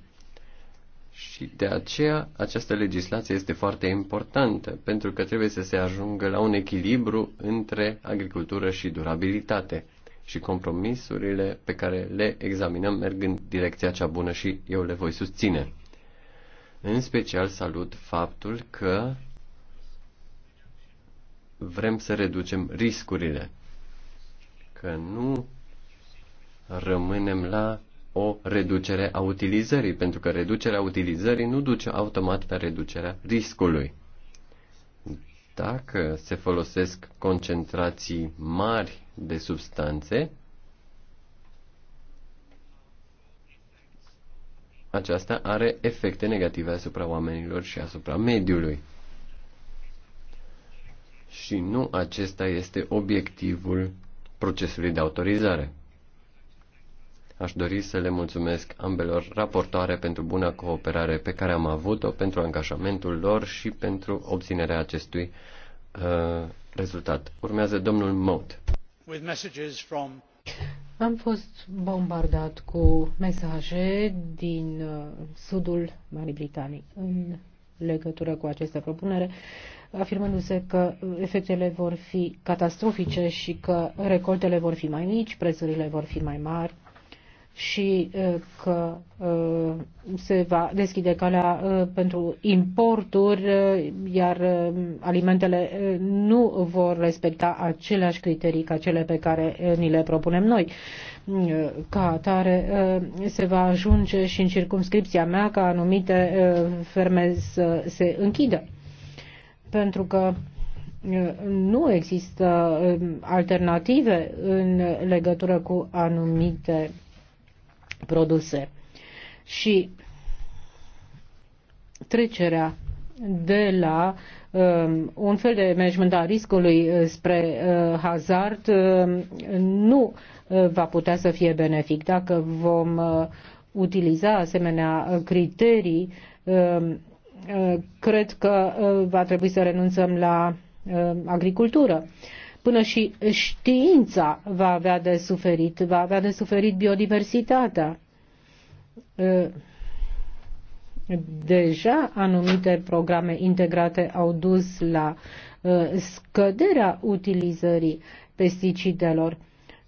Și de aceea această legislație este foarte importantă, pentru că trebuie să se ajungă la un echilibru între agricultură și durabilitate. Și compromisurile pe care le examinăm merg în direcția cea bună și eu le voi susține. În special salut faptul că vrem să reducem riscurile, că nu rămânem la o reducere a utilizării, pentru că reducerea utilizării nu duce automat la reducerea riscului. Dacă se folosesc concentrații mari de substanțe, aceasta are efecte negative asupra oamenilor și asupra mediului. Și nu acesta este obiectivul procesului de autorizare. Aș dori să le mulțumesc ambelor raportoare pentru buna cooperare pe care am avut-o, pentru angajamentul lor și pentru obținerea acestui uh, rezultat. Urmează domnul Mote. Am fost bombardat cu mesaje din uh, sudul Marii Britanii în legătură cu această propunere, afirmându-se că uh, efectele vor fi catastrofice și că recoltele vor fi mai mici, prețurile vor fi mai mari și că se va deschide calea pentru importuri, iar alimentele nu vor respecta aceleași criterii ca cele pe care ni le propunem noi. Ca atare se va ajunge și în circumscripția mea ca anumite ferme să se închidă. Pentru că nu există alternative în legătură cu anumite produse. Și trecerea de la uh, un fel de management al riscului uh, spre uh, hazard uh, nu uh, va putea să fie benefic. Dacă vom uh, utiliza asemenea criterii, uh, uh, cred că uh, va trebui să renunțăm la uh, agricultură. Uh, Până și știința va avea de suferit, va avea de suferit biodiversitatea. Deja anumite programe integrate au dus la uh, scăderea utilizării pesticidelor,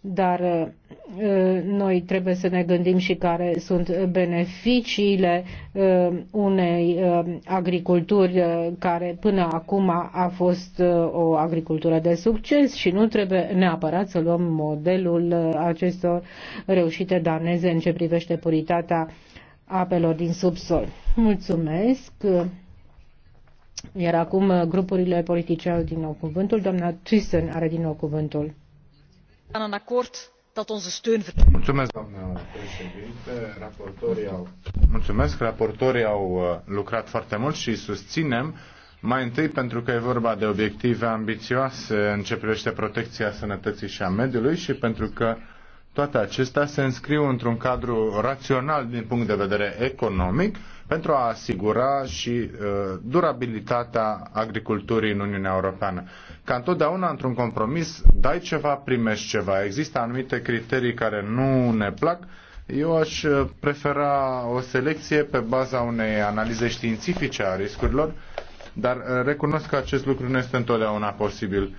dar uh, Uh, noi trebuie să ne gândim și care sunt beneficiile uh, unei uh, agriculturi care până acum a fost o agricultură de succes și nu trebuie neapărat să luăm modelul acestor reușite daneze în ce privește puritatea apelor din subsol. Mulțumesc! Iar acum grupurile politice au din nou cuvântul. Doamna Thyssen are din nou cuvântul. acord dat onze steun Mulțumesc, doamnă președinte. Raportorii Mulțumesc. Raportorii au uh, lucrat foarte mult și susținem mai întâi pentru că e vorba de obiective ambițioase în ce privește protecția sănătății și a mediului și pentru că toate acestea se înscriu într-un cadru rațional din punct de vedere economic pentru a asigura și uh, durabilitatea agriculturii în Uniunea Europeană. Ca întotdeauna, într-un compromis, dai ceva, primești ceva. Există anumite criterii care nu ne plac. Eu aș uh, prefera o selecție pe baza unei analize științifice a riscurilor, dar uh, recunosc că acest lucru nu este întotdeauna posibil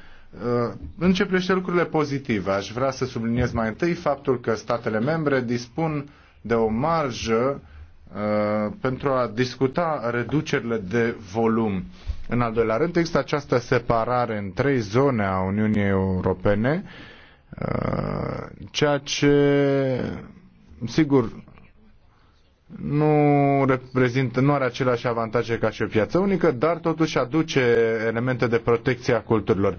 în ce privește lucrurile pozitive, aș vrea să subliniez mai întâi faptul că statele membre dispun de o marjă uh, pentru a discuta reducerile de volum. În al doilea rând, există această separare în trei zone a Uniunii Europene, uh, ceea ce, sigur, nu reprezintă, nu are aceleași avantaje ca și o piață unică, dar totuși aduce elemente de protecție a culturilor.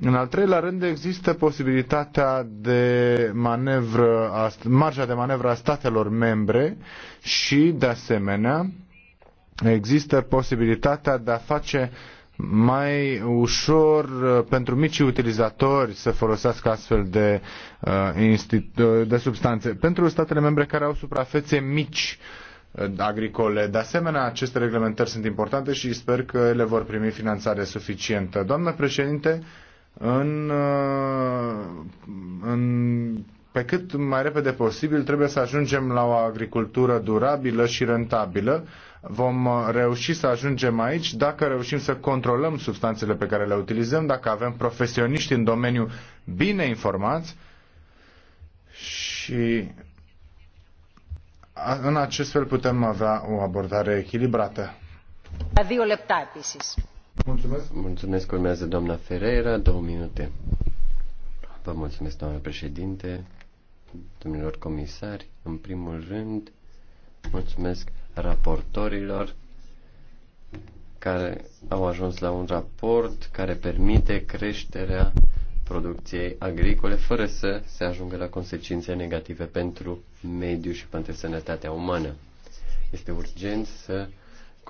În al treilea rând există posibilitatea de manevră, marja de manevră a statelor membre și, de asemenea, există posibilitatea de a face mai ușor uh, pentru micii utilizatori să folosească astfel de, uh, uh, de substanțe. Pentru statele membre care au suprafețe mici agricole. De asemenea, aceste reglementări sunt importante și sper că ele vor primi finanțare suficientă. Doamnă președinte, în, uh, în, pe cât mai repede posibil trebuie să ajungem la o agricultură durabilă și rentabilă. Vom uh, reuși să ajungem aici dacă reușim să controlăm substanțele pe care le utilizăm, dacă avem profesioniști în domeniu bine informați și în acest fel putem avea o abordare echilibrată. La lepta, Mulțumesc. Mulțumesc. Urmează doamna Ferreira, două minute. Vă mulțumesc, doamna președinte, domnilor comisari. În primul rând, mulțumesc raportorilor care au ajuns la un raport care permite creșterea producției agricole fără să se ajungă la consecințe negative pentru mediu și pentru sănătatea umană. Este urgent să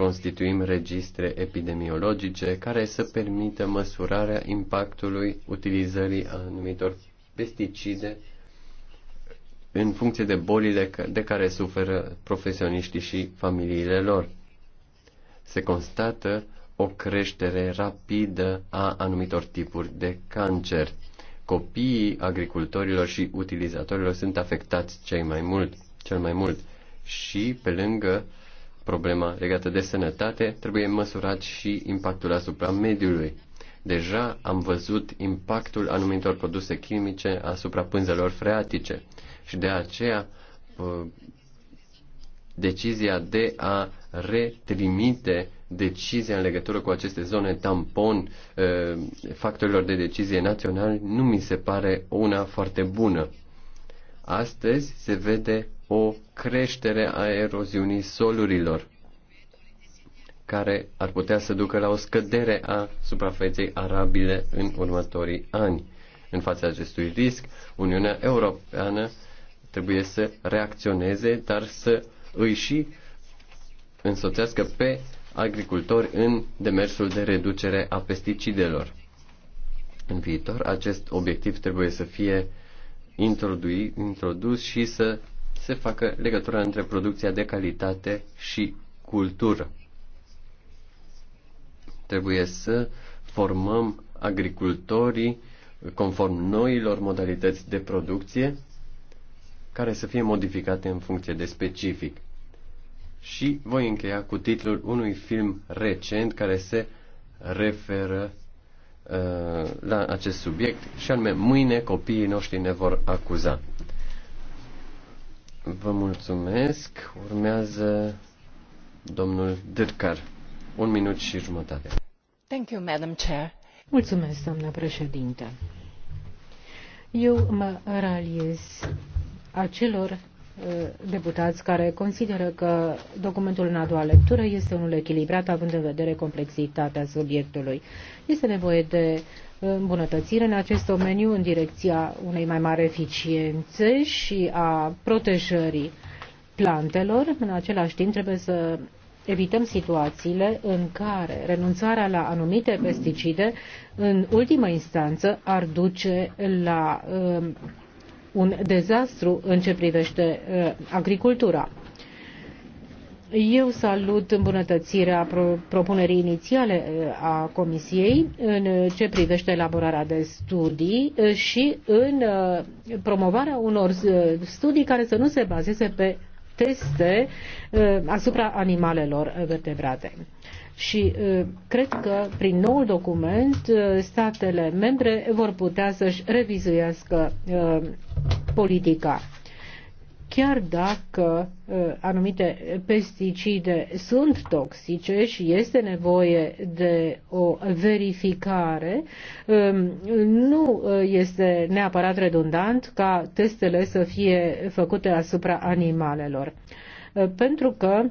constituim registre epidemiologice care să permită măsurarea impactului utilizării anumitor pesticide în funcție de bolile de care suferă profesioniștii și familiile lor. Se constată o creștere rapidă a anumitor tipuri de cancer. Copiii agricultorilor și utilizatorilor sunt afectați cei mai mult, cel mai mult și pe lângă problema legată de sănătate, trebuie măsurat și impactul asupra mediului. Deja am văzut impactul anumitor produse chimice asupra pânzelor freatice și de aceea decizia de a retrimite decizia în legătură cu aceste zone tampon ă, factorilor de decizie naționali nu mi se pare una foarte bună. Astăzi se vede o creștere a eroziunii solurilor, care ar putea să ducă la o scădere a suprafeței arabile în următorii ani. În fața acestui risc, Uniunea Europeană trebuie să reacționeze, dar să îi și însoțească pe agricultori în demersul de reducere a pesticidelor. În viitor, acest obiectiv trebuie să fie introdus și să se facă legătura între producția de calitate și cultură. Trebuie să formăm agricultorii conform noilor modalități de producție care să fie modificate în funcție de specific. Și voi încheia cu titlul unui film recent care se referă uh, la acest subiect și anume Mâine copiii noștri ne vor acuza. Vă mulțumesc. Urmează domnul Dârcar. Un minut și jumătate. Thank you, Madam Chair. Mulțumesc, doamna președinte. Eu mă raliez acelor uh, deputați care consideră că documentul în a doua lectură este unul echilibrat având în vedere complexitatea subiectului. Este nevoie de uh, îmbunătățiri în acest domeniu în direcția unei mai mari eficiențe și a protejării plantelor. În același timp trebuie să evităm situațiile în care renunțarea la anumite pesticide în ultimă instanță ar duce la um, un dezastru în ce privește uh, agricultura. Eu salut îmbunătățirea propunerii inițiale uh, a Comisiei în ce privește elaborarea de studii uh, și în uh, promovarea unor studii care să nu se bazeze pe teste asupra animalelor vertebrate. Și cred că prin noul document statele membre vor putea să-și revizuiască politica chiar dacă uh, anumite pesticide sunt toxice și este nevoie de o verificare, um, nu uh, este neapărat redundant ca testele să fie făcute asupra animalelor. Uh, pentru că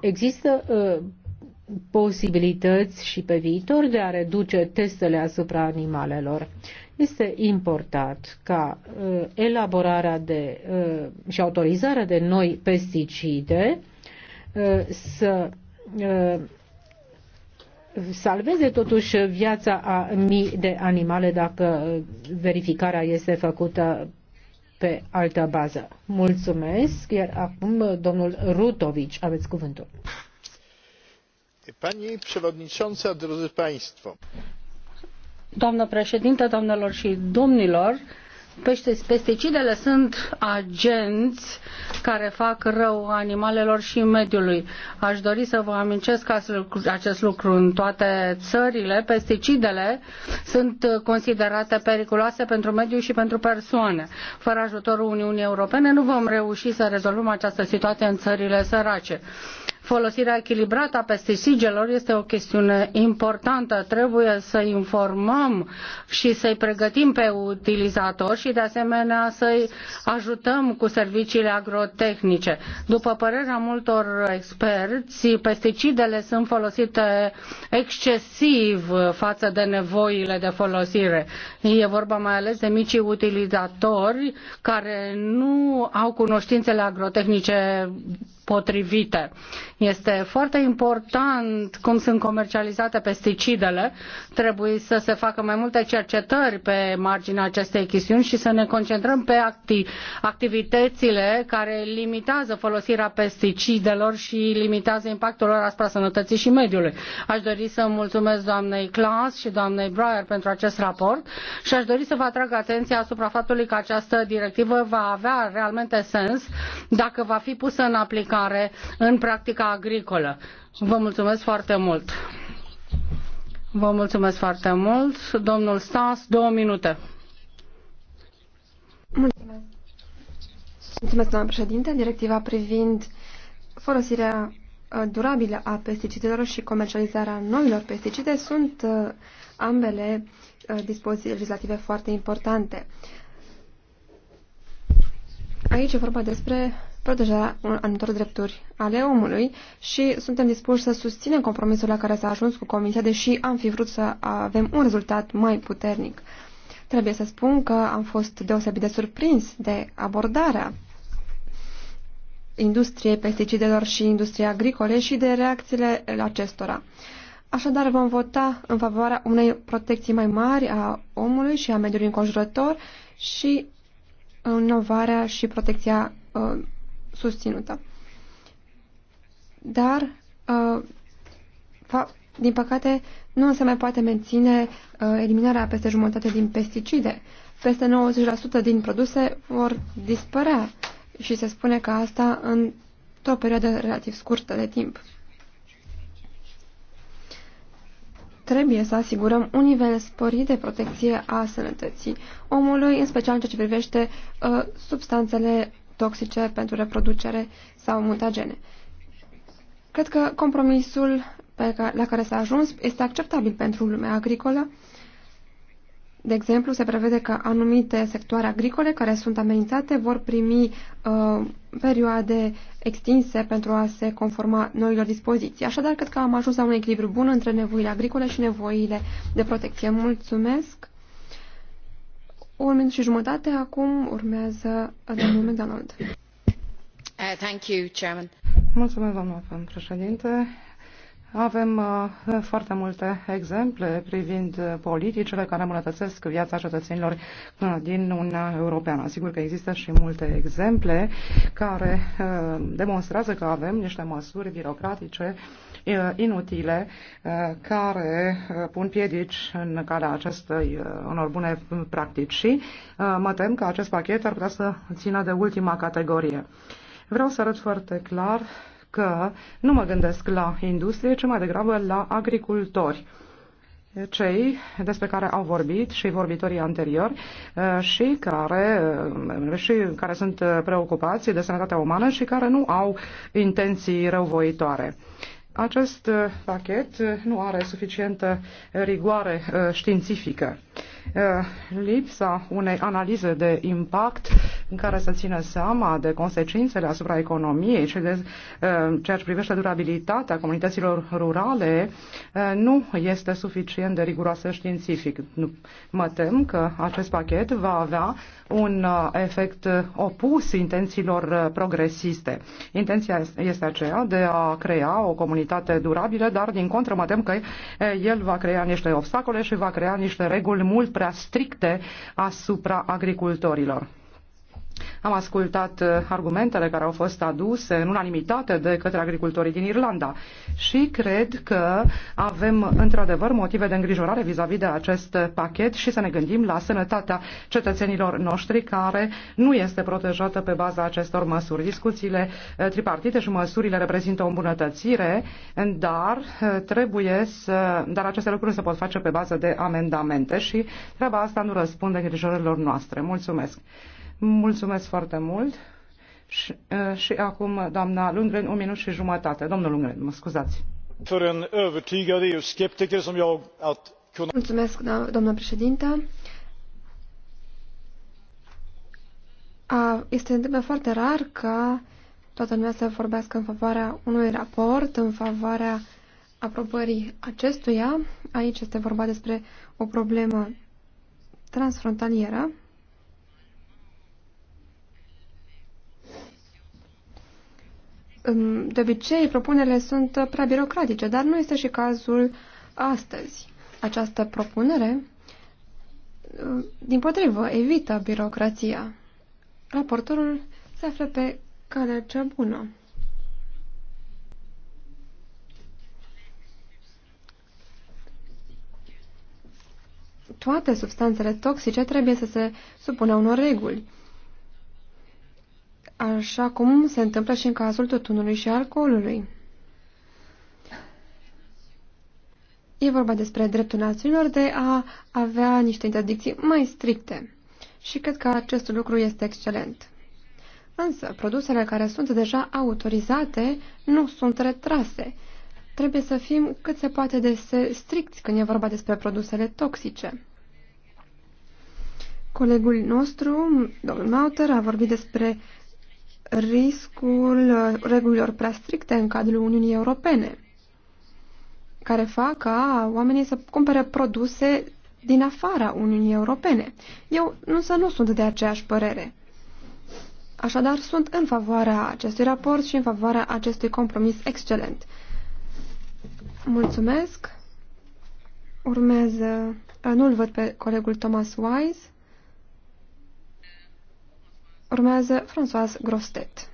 există posibilități și pe viitor de a reduce testele asupra animalelor. Este important ca uh, elaborarea de, uh, și autorizarea de noi pesticide uh, să uh, salveze totuși viața a mii de animale dacă uh, verificarea este făcută pe altă bază. Mulțumesc, iar acum uh, domnul Rutovici, aveți cuvântul pani przewodnicząca! drodzy państwo! doamnă președintă doamnelor și domnilor pesticidele sunt agenți care fac rău animalelor și mediului. Aș dori să vă amintesc acest lucru în toate țările. Pesticidele sunt considerate periculoase pentru mediu și pentru persoane. Fără ajutorul Uniunii Europene nu vom reuși să rezolvăm această situație în țările sărace Folosirea echilibrată a pesticidelor este o chestiune importantă. Trebuie să informăm și să-i pregătim pe utilizatori și de asemenea să-i ajutăm cu serviciile agrotehnice. După părerea multor experți, pesticidele sunt folosite excesiv față de nevoile de folosire. E vorba mai ales de micii utilizatori care nu au cunoștințele agrotehnice potrivite. Este foarte important cum sunt comercializate pesticidele. Trebuie să se facă mai multe cercetări pe marginea acestei chestiuni și să ne concentrăm pe acti- activitățile care limitează folosirea pesticidelor și limitează impactul lor asupra sănătății și mediului. Aș dori să mulțumesc doamnei Klaas și doamnei Breyer pentru acest raport și aș dori să vă atrag atenția asupra faptului că această directivă va avea realmente sens dacă va fi pusă în aplicare aplicare în practica agricolă. Vă mulțumesc foarte mult! Vă mulțumesc foarte mult. Domnul Stas, două minute. Mulțumesc. Mulțumesc, doamna președinte. Directiva privind folosirea uh, durabilă a pesticidelor și comercializarea noilor pesticide sunt uh, ambele uh, dispoziții legislative foarte importante. Aici e vorba despre proteja anumitor drepturi ale omului și suntem dispuși să susținem compromisul la care s-a ajuns cu Comisia, deși am fi vrut să avem un rezultat mai puternic. Trebuie să spun că am fost deosebit de surprins de abordarea industriei pesticidelor și industriei agricole și de reacțiile acestora. Așadar, vom vota în favoarea unei protecții mai mari a omului și a mediului înconjurător și inovarea și protecția uh, susținută. Dar, uh, din păcate, nu se mai poate menține uh, eliminarea peste jumătate din pesticide. Peste 90% din produse vor dispărea și se spune că asta într-o perioadă relativ scurtă de timp. trebuie să asigurăm un nivel sporit de protecție a sănătății omului, în special în ceea ce privește uh, substanțele toxice pentru reproducere sau mutagene. Cred că compromisul pe care, la care s-a ajuns este acceptabil pentru lumea agricolă. De exemplu, se prevede că anumite sectoare agricole care sunt amenințate vor primi uh, perioade extinse pentru a se conforma noilor dispoziții. Așadar, cred că am ajuns la un echilibru bun între nevoile agricole și nevoile de protecție. Mulțumesc! Un minut și jumătate, acum urmează domnul McDonald. Uh, thank you, Chairman. Mulțumesc, doamna președinte. Avem uh, foarte multe exemple privind uh, politicile care îmbunătățesc viața cetățenilor uh, din Uniunea Europeană. Sigur că există și multe exemple care uh, demonstrează că avem niște măsuri birocratice uh, inutile uh, care uh, pun piedici în calea acestei uh, unor bune practici și uh, mă tem că acest pachet ar putea să țină de ultima categorie. Vreau să arăt foarte clar că nu mă gândesc la industrie, ci mai degrabă la agricultori cei despre care au vorbit și vorbitorii anteriori eh, și care, eh, și care sunt preocupați de sănătatea umană și care nu au intenții răuvoitoare. Acest eh, pachet nu are suficientă rigoare științifică. Eh, lipsa unei analize de impact în care să țină seama de consecințele asupra economiei și de eh, ceea ce privește durabilitatea comunităților rurale eh, nu este suficient de riguroasă științific. Mă tem că acest pachet va avea un efect opus intențiilor progresiste. Intenția este aceea de a crea o comunitate durabilă, dar din contră mă tem că el va crea niște obstacole și va crea niște reguli mult prea stricte asupra agricultorilor. Am ascultat uh, argumentele care au fost aduse în unanimitate de către agricultorii din Irlanda și cred că avem într-adevăr motive de îngrijorare vis-a-vis de acest pachet și să ne gândim la sănătatea cetățenilor noștri care nu este protejată pe baza acestor măsuri. Discuțiile uh, tripartite și măsurile reprezintă o îmbunătățire, dar uh, trebuie să, dar aceste lucruri se pot face pe bază de amendamente și treaba asta nu răspunde îngrijorărilor noastre. Mulțumesc! Mulțumesc foarte mult. Și, și acum, doamna Lundgren, un minut și jumătate. Domnul Lundgren, mă scuzați. Mulțumesc, da, doamna președinte. A, este întâmplă foarte rar ca toată lumea să vorbească în favoarea unui raport, în favoarea aprobării acestuia. Aici este vorba despre o problemă transfrontalieră De obicei, propunerile sunt prea birocratice, dar nu este și cazul astăzi. Această propunere, din potrivă, evită birocrația. Raportorul se află pe calea cea bună. Toate substanțele toxice trebuie să se supună unor reguli așa cum se întâmplă și în cazul tutunului și alcoolului. E vorba despre dreptul națiunilor de a avea niște interdicții mai stricte și cred că acest lucru este excelent. Însă, produsele care sunt deja autorizate nu sunt retrase. Trebuie să fim cât se poate de stricți când e vorba despre produsele toxice. Colegul nostru, domnul Mauter, a vorbit despre riscul uh, regulilor prea stricte în cadrul Uniunii Europene, care fac ca oamenii să cumpere produse din afara Uniunii Europene. Eu însă nu sunt de aceeași părere. Așadar, sunt în favoarea acestui raport și în favoarea acestui compromis excelent. Mulțumesc. Urmează, uh, nu-l văd pe colegul Thomas Wise. Urmează François Grostet.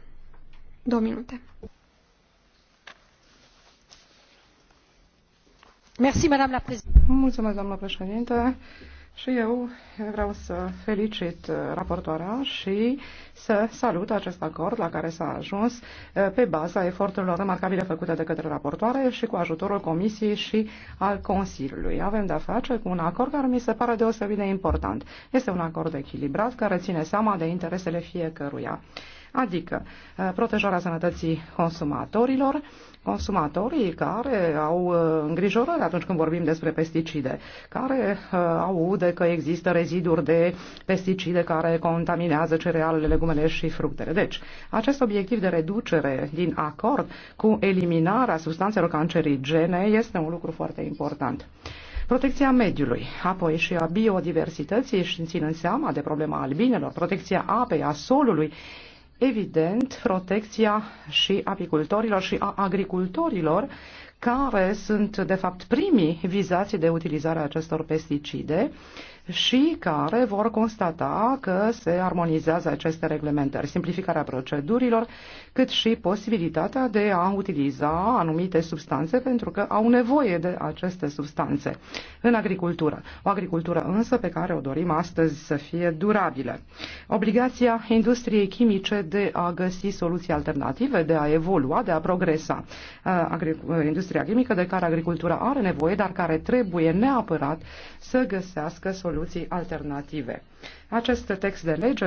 Două minute. Mulțumesc, doamna președinte. Și eu vreau să felicit uh, raportoarea și să salut acest acord la care s-a ajuns uh, pe baza eforturilor remarcabile făcute de către raportoare și cu ajutorul Comisiei și al Consiliului. Avem de-a face cu un acord care mi se pare deosebit de important. Este un acord echilibrat care ține seama de interesele fiecăruia adică uh, protejarea sănătății consumatorilor, consumatorii care au uh, îngrijorări atunci când vorbim despre pesticide, care uh, aude că există reziduri de pesticide care contaminează cerealele, legumele și fructele. Deci, acest obiectiv de reducere din acord cu eliminarea substanțelor cancerigene este un lucru foarte important protecția mediului, apoi și a biodiversității și în seama de problema albinelor, protecția apei, a solului evident, protecția și apicultorilor și a agricultorilor, care sunt, de fapt, primii vizați de utilizarea acestor pesticide și care vor constata că se armonizează aceste reglementări, simplificarea procedurilor, cât și posibilitatea de a utiliza anumite substanțe pentru că au nevoie de aceste substanțe în agricultură. O agricultură însă pe care o dorim astăzi să fie durabilă. Obligația industriei chimice de a găsi soluții alternative, de a evolua, de a progresa. Uh, uh, industria chimică de care agricultura are nevoie, dar care trebuie neapărat să găsească soluții soluții alternative. Acest text de lege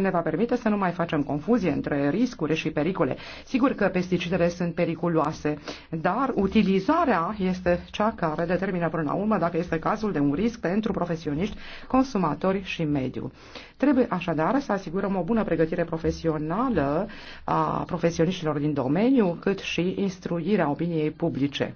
ne va permite să nu mai facem confuzie între riscuri și pericole. Sigur că pesticidele sunt periculoase, dar utilizarea este cea care determină până la urmă dacă este cazul de un risc pentru profesioniști, consumatori și mediu. Trebuie așadar să asigurăm o bună pregătire profesională a profesioniștilor din domeniu, cât și instruirea opiniei publice.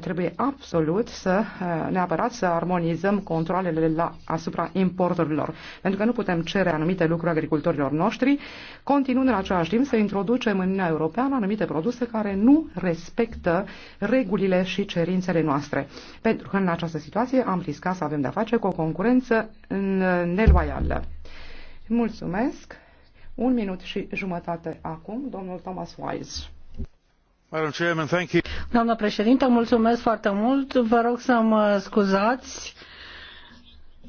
Trebuie absolut să neapărat să armonizăm controlele la, asupra importurilor, pentru că nu putem cere anumite lucruri agricultorilor noștri, continuând în același timp să introducem în Uniunea Europeană anumite produse care nu respectă regulile și cerințele noastre. Pentru că în această situație am riscat să avem de-a face cu o concurență neloială. Mulțumesc! Un minut și jumătate acum, domnul Thomas Wise. Doamnă președintă, mulțumesc foarte mult. Vă rog să mă scuzați.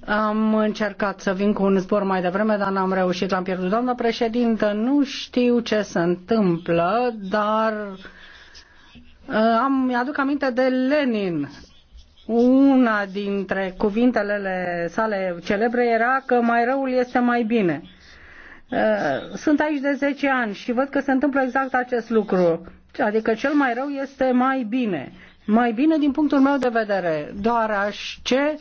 Am încercat să vin cu un zbor mai devreme, dar n-am reușit, l-am pierdut. Doamnă președintă, nu știu ce se întâmplă, dar uh, am, mi-aduc aminte de Lenin. Una dintre cuvintele sale celebre era că mai răul este mai bine. Uh, sunt aici de 10 ani și văd că se întâmplă exact acest lucru. Adică cel mai rău este mai bine. Mai bine din punctul meu de vedere, doar aș ce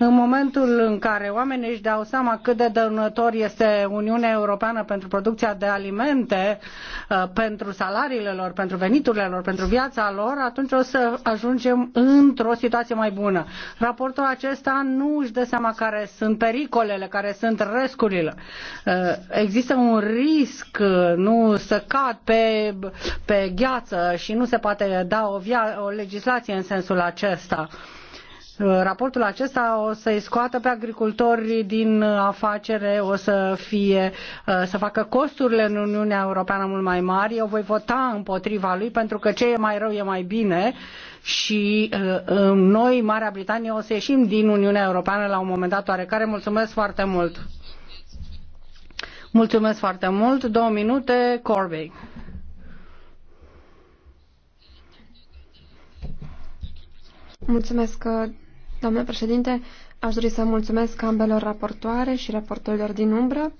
în momentul în care oamenii își dau seama cât de dăunător este Uniunea Europeană pentru producția de alimente, uh, pentru salariile lor, pentru veniturile lor, pentru viața lor, atunci o să ajungem într-o situație mai bună. Raportul acesta nu își dă seama care sunt pericolele, care sunt riscurile. Uh, există un risc, uh, nu să cad pe, pe gheață și nu se poate da o, via- o legislație în sensul acesta. Uh, Uh, raportul acesta o să-i scoată pe agricultori din afacere, o să, fie, uh, să facă costurile în Uniunea Europeană mult mai mari. Eu voi vota împotriva lui pentru că ce e mai rău e mai bine și uh, noi, Marea Britanie, o să ieșim din Uniunea Europeană la un moment dat oarecare. Mulțumesc foarte mult! Mulțumesc foarte mult. Două minute, Corby. Mulțumesc, Doamnă președinte, aș dori să mulțumesc ambelor raportoare și raportorilor din umbră.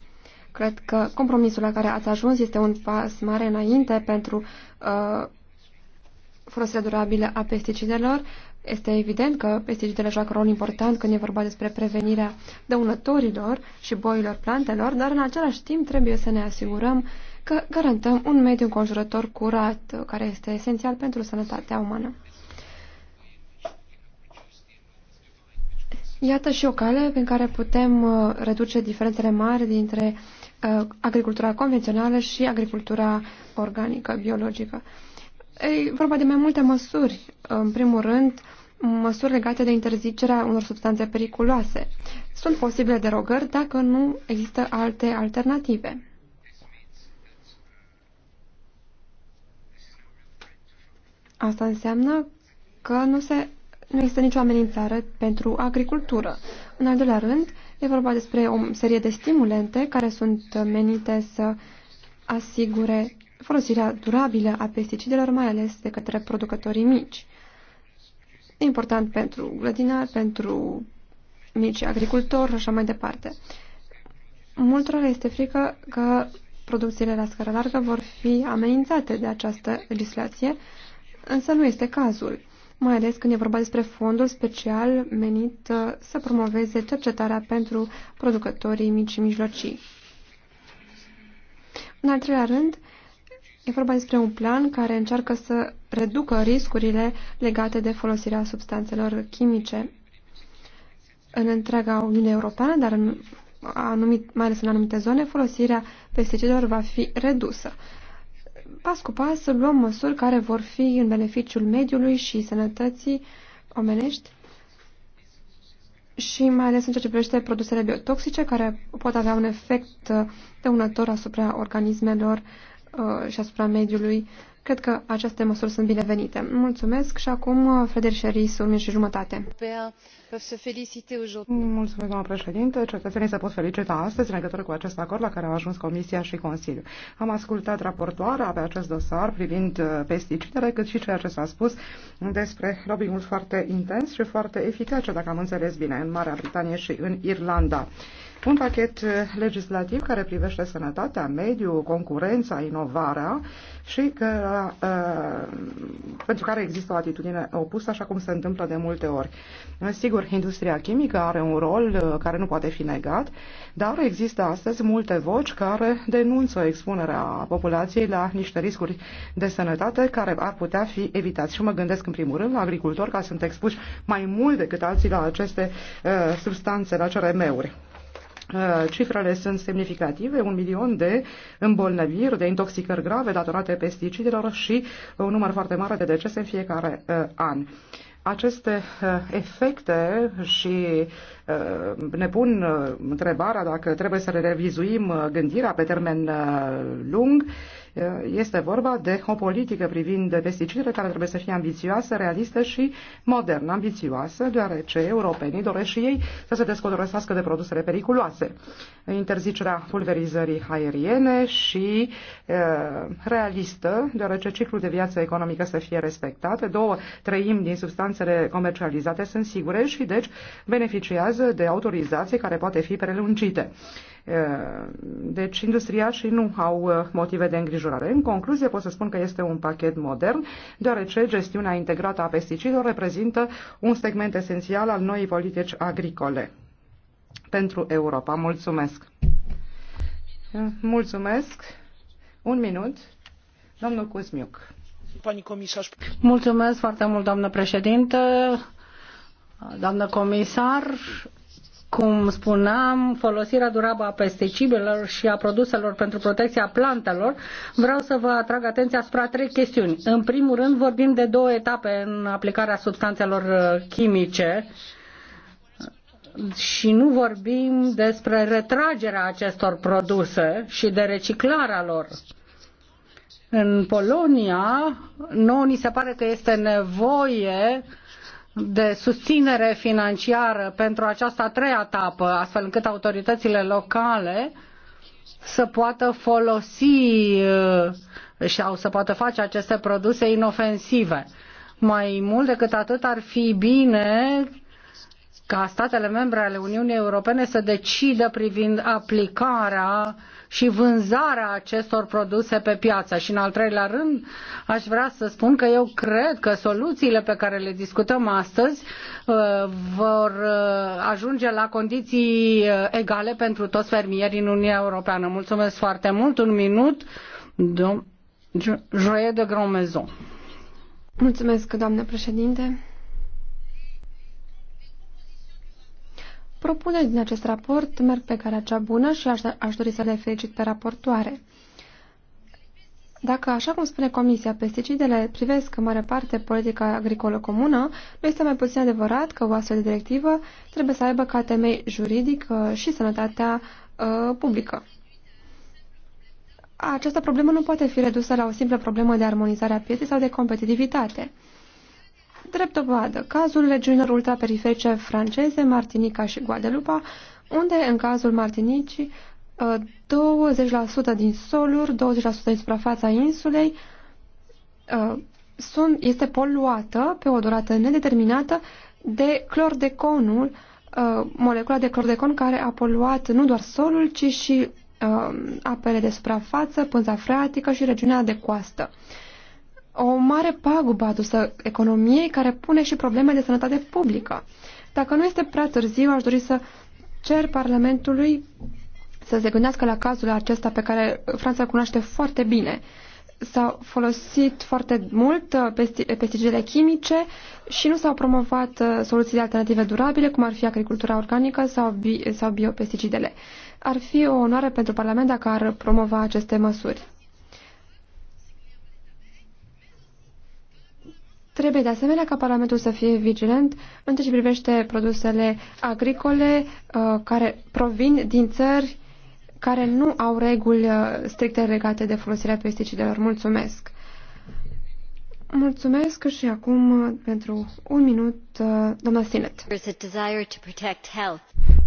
Cred că compromisul la care ați ajuns este un pas mare înainte pentru uh, folosirea durabilă a pesticidelor. Este evident că pesticidele joacă rol important când e vorba despre prevenirea dăunătorilor și boilor plantelor, dar în același timp trebuie să ne asigurăm că garantăm un mediu înconjurător curat, care este esențial pentru sănătatea umană. Iată și o cale prin care putem uh, reduce diferențele mari dintre uh, agricultura convențională și agricultura organică, biologică. E vorba de mai multe măsuri. În primul rând, măsuri legate de interzicerea unor substanțe periculoase. Sunt posibile derogări dacă nu există alte alternative. Asta înseamnă că nu se nu există nicio amenințare pentru agricultură. În al doilea rând, e vorba despre o serie de stimulente care sunt menite să asigure folosirea durabilă a pesticidelor, mai ales de către producătorii mici. Important pentru grădină, pentru mici agricultori așa mai departe. Multora este frică că producțiile la scară largă vor fi amenințate de această legislație, însă nu este cazul mai ales când e vorba despre fondul special menit uh, să promoveze cercetarea pentru producătorii mici și mijlocii. În al treilea rând, e vorba despre un plan care încearcă să reducă riscurile legate de folosirea substanțelor chimice în întreaga Uniune Europeană, dar în anumit, mai ales în anumite zone, folosirea pesticidelor va fi redusă pas cu pas să luăm măsuri care vor fi în beneficiul mediului și sănătății omenești și mai ales în ceea ce privește produsele biotoxice care pot avea un efect dăunător asupra organismelor uh, și asupra mediului Cred că aceste măsuri sunt binevenite. Mulțumesc și acum uh, Frederic Șeris, un și jumătate. Mulțumesc, doamna președinte. Cetățenii se pot felicita astăzi în legătură cu acest acord la care au ajuns Comisia și Consiliul. Am ascultat raportoarea pe acest dosar privind uh, pesticidele, cât și ceea ce s-a spus despre lobbying-ul foarte intens și foarte eficace, dacă am înțeles bine, în Marea Britanie și în Irlanda un pachet eh, legislativ care privește sănătatea, mediul, concurența, inovarea și că, uh, pentru care există o atitudine opusă, așa cum se întâmplă de multe ori. Eh, sigur, industria chimică are un rol care nu poate fi negat, dar există astăzi multe voci care denunță expunerea populației la niște riscuri de sănătate care ar putea fi evitați. Și mă gândesc în primul rând la agricultori care sunt expuși mai mult decât alții la aceste uh, substanțe, la CRM-uri. Uh, cifrele sunt semnificative, un milion de îmbolnăviri, de intoxicări grave datorate pesticidelor și un număr foarte mare de decese în fiecare uh, an aceste uh, efecte și ne pun întrebarea dacă trebuie să le revizuim gândirea pe termen lung Eh, este vorba de o politică privind pesticidele care trebuie să fie ambițioasă, realistă și modernă. Ambițioasă, deoarece europenii doresc și ei să se descodorosească de produsele periculoase. Interzicerea pulverizării aeriene și eh, realistă, deoarece ciclul de viață economică să fie respectat. Două treimi din substanțele comercializate sunt sigure și deci beneficiază de autorizație care poate fi prelungite. Eh, deci industriașii nu au eh, motive de îngrijorare. În concluzie pot să spun că este un pachet modern, deoarece gestiunea integrată a pesticidelor reprezintă un segment esențial al noii politici agricole pentru Europa. Mulțumesc! Eh, mulțumesc! Un minut, domnul Cuzmiuc. Mulțumesc foarte mult, doamnă președintă, doamnă comisar cum spuneam, folosirea durabă a pesticidelor și a produselor pentru protecția plantelor, vreau să vă atrag atenția asupra trei chestiuni. În primul rând, vorbim de două etape în aplicarea substanțelor uh, chimice și nu vorbim despre retragerea acestor produse și de reciclarea lor. În Polonia, nouă ni se pare că este nevoie uh, de susținere financiară pentru această a treia etapă, astfel încât autoritățile locale să poată folosi uh, și să poată face aceste produse inofensive. Mai mult decât atât ar fi bine ca statele membre ale Uniunii Europene să decidă privind aplicarea uh, și vânzarea acestor produse pe piață. Și în al treilea rând, aș vrea să spun că eu cred că soluțiile pe care le discutăm astăzi uh, vor uh, ajunge la condiții uh, egale pentru toți fermierii în Uniunea Europeană. Mulțumesc foarte mult. Un minut. Joie de Grand Maison. Mulțumesc, doamnă președinte. Propuneri din acest raport merg pe calea cea bună și aș, aș dori să le felicit pe raportoare. Dacă, așa cum spune Comisia, pesticidele privesc în mare parte politica agricolă comună, nu este mai puțin adevărat că o astfel de directivă trebuie să aibă ca temei juridic uh, și sănătatea uh, publică. Această problemă nu poate fi redusă la o simplă problemă de armonizare a pieței sau de competitivitate. Drept dovadă, cazul regiunilor ultraperiferice franceze, Martinica și Guadelupa, unde, în cazul Martinicii, 20% din soluri, 20% din suprafața insulei uh, sunt, este poluată pe o durată nedeterminată de clordeconul, uh, molecula de clordecon care a poluat nu doar solul, ci și uh, apele de suprafață, pânza freatică și regiunea de coastă o mare pagubă adusă economiei care pune și probleme de sănătate publică. Dacă nu este prea târziu, aș dori să cer Parlamentului să se gândească la cazul acesta pe care Franța îl cunoaște foarte bine. S-au folosit foarte mult uh, pesticidele chimice și nu s-au promovat uh, soluțiile alternative durabile, cum ar fi agricultura organică sau, bi- sau biopesticidele. Ar fi o onoare pentru Parlament dacă ar promova aceste măsuri. Trebuie de asemenea ca Parlamentul să fie vigilent în ce privește produsele agricole uh, care provin din țări care nu au reguli uh, stricte legate de folosirea pesticidelor. Mulțumesc! Mulțumesc și acum uh, pentru un minut, doamna Sinet.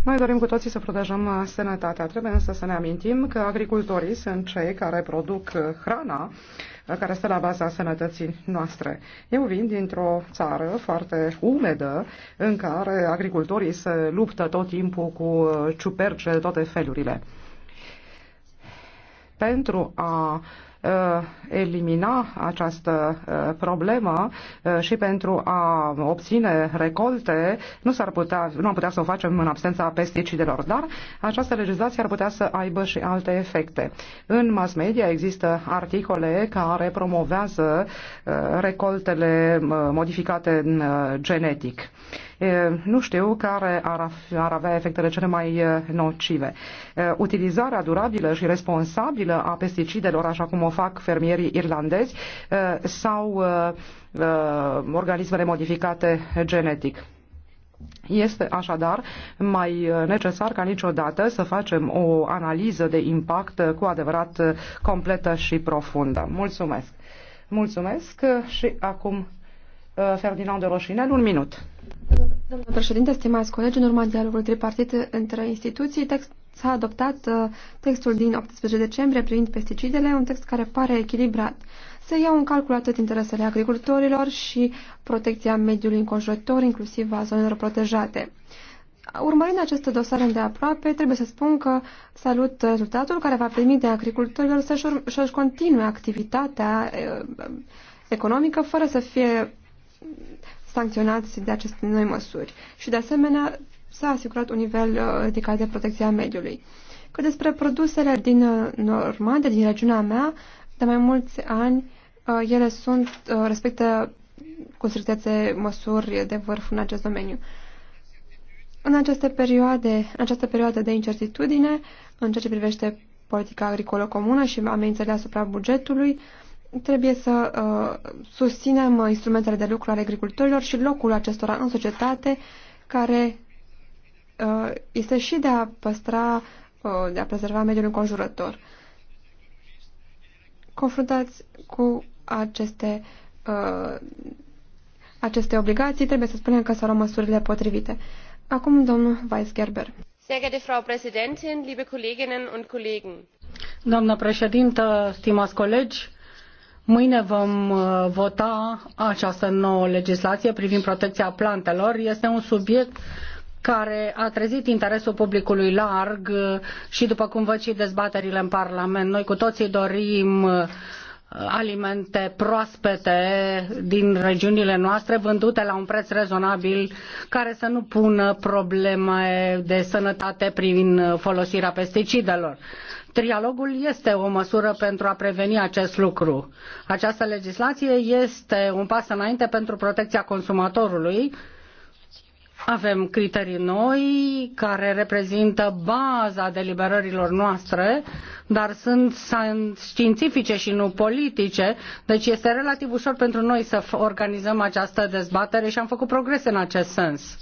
Noi dorim cu toții să protejăm sănătatea. Trebuie însă să ne amintim că agricultorii sunt cei care produc hrana care stă la baza sănătății noastre. Eu vin dintr-o țară foarte umedă în care agricultorii se luptă tot timpul cu uh, ciuperci de toate felurile. Pentru a uh, Uh, elimina această uh, problemă uh, și pentru a obține recolte, nu, s-ar putea, nu am putea să o facem în absența pesticidelor, dar această legislație ar putea să aibă și alte efecte. În mass media există articole care promovează recoltele modificate genetic nu știu care ar, ar avea efectele cele mai nocive. Utilizarea durabilă și responsabilă a pesticidelor, așa cum o fac fermierii irlandezi sau organismele modificate genetic. Este așadar mai necesar ca niciodată să facem o analiză de impact cu adevărat completă și profundă. Mulțumesc! Mulțumesc și acum Uh, Ferdinand de Roșinel, un minut. Domnule președinte, stimați colegi, în urma dialogului tripartit între instituții, text, s-a adoptat uh, textul din 18 decembrie privind pesticidele, un text care pare echilibrat. Se iau în calcul atât interesele agricultorilor și protecția mediului înconjurător, inclusiv a zonelor protejate. Urmărind acest dosar îndeaproape, trebuie să spun că salut rezultatul care va permite agricultorilor să-și continue activitatea uh, economică fără să fie sancționați de aceste noi măsuri. Și, de asemenea, s-a asigurat un nivel uh, ridicat de protecție a mediului. Că despre produsele din uh, Normandia, din regiunea mea, de mai mulți ani, uh, ele sunt, respectă cu strictețe măsuri de vârf în acest domeniu. În aceste perioade, în această perioadă de incertitudine, în ceea ce privește politica agricolă comună și amenințările asupra bugetului, uh, Trebuie să uh, susținem instrumentele de lucru ale agricultorilor și locul acestora în societate, care uh, este și de a păstra, uh, de a prezerva mediul înconjurător. Confruntați cu aceste, uh, aceste obligații, trebuie să spunem că s-au luat măsurile potrivite. Acum, domnul Weisgerber. Sehr geehrte Frau Präsidentin, liebe Kolleginnen und Kollegen. Doamnă președintă, stimați colegi, Mâine vom uh, vota această nouă legislație privind protecția plantelor. Este un subiect care a trezit interesul publicului larg uh, și, după cum văd și dezbaterile în Parlament, noi cu toții dorim uh, alimente proaspete din regiunile noastre, vândute la un preț rezonabil, care să nu pună probleme de sănătate prin folosirea pesticidelor. Trialogul este o măsură pentru a preveni acest lucru. Această legislație este un pas înainte pentru protecția consumatorului. Avem criterii noi care reprezintă baza deliberărilor noastre, dar sunt științifice și nu politice, deci este relativ ușor pentru noi să organizăm această dezbatere și am făcut progrese în acest sens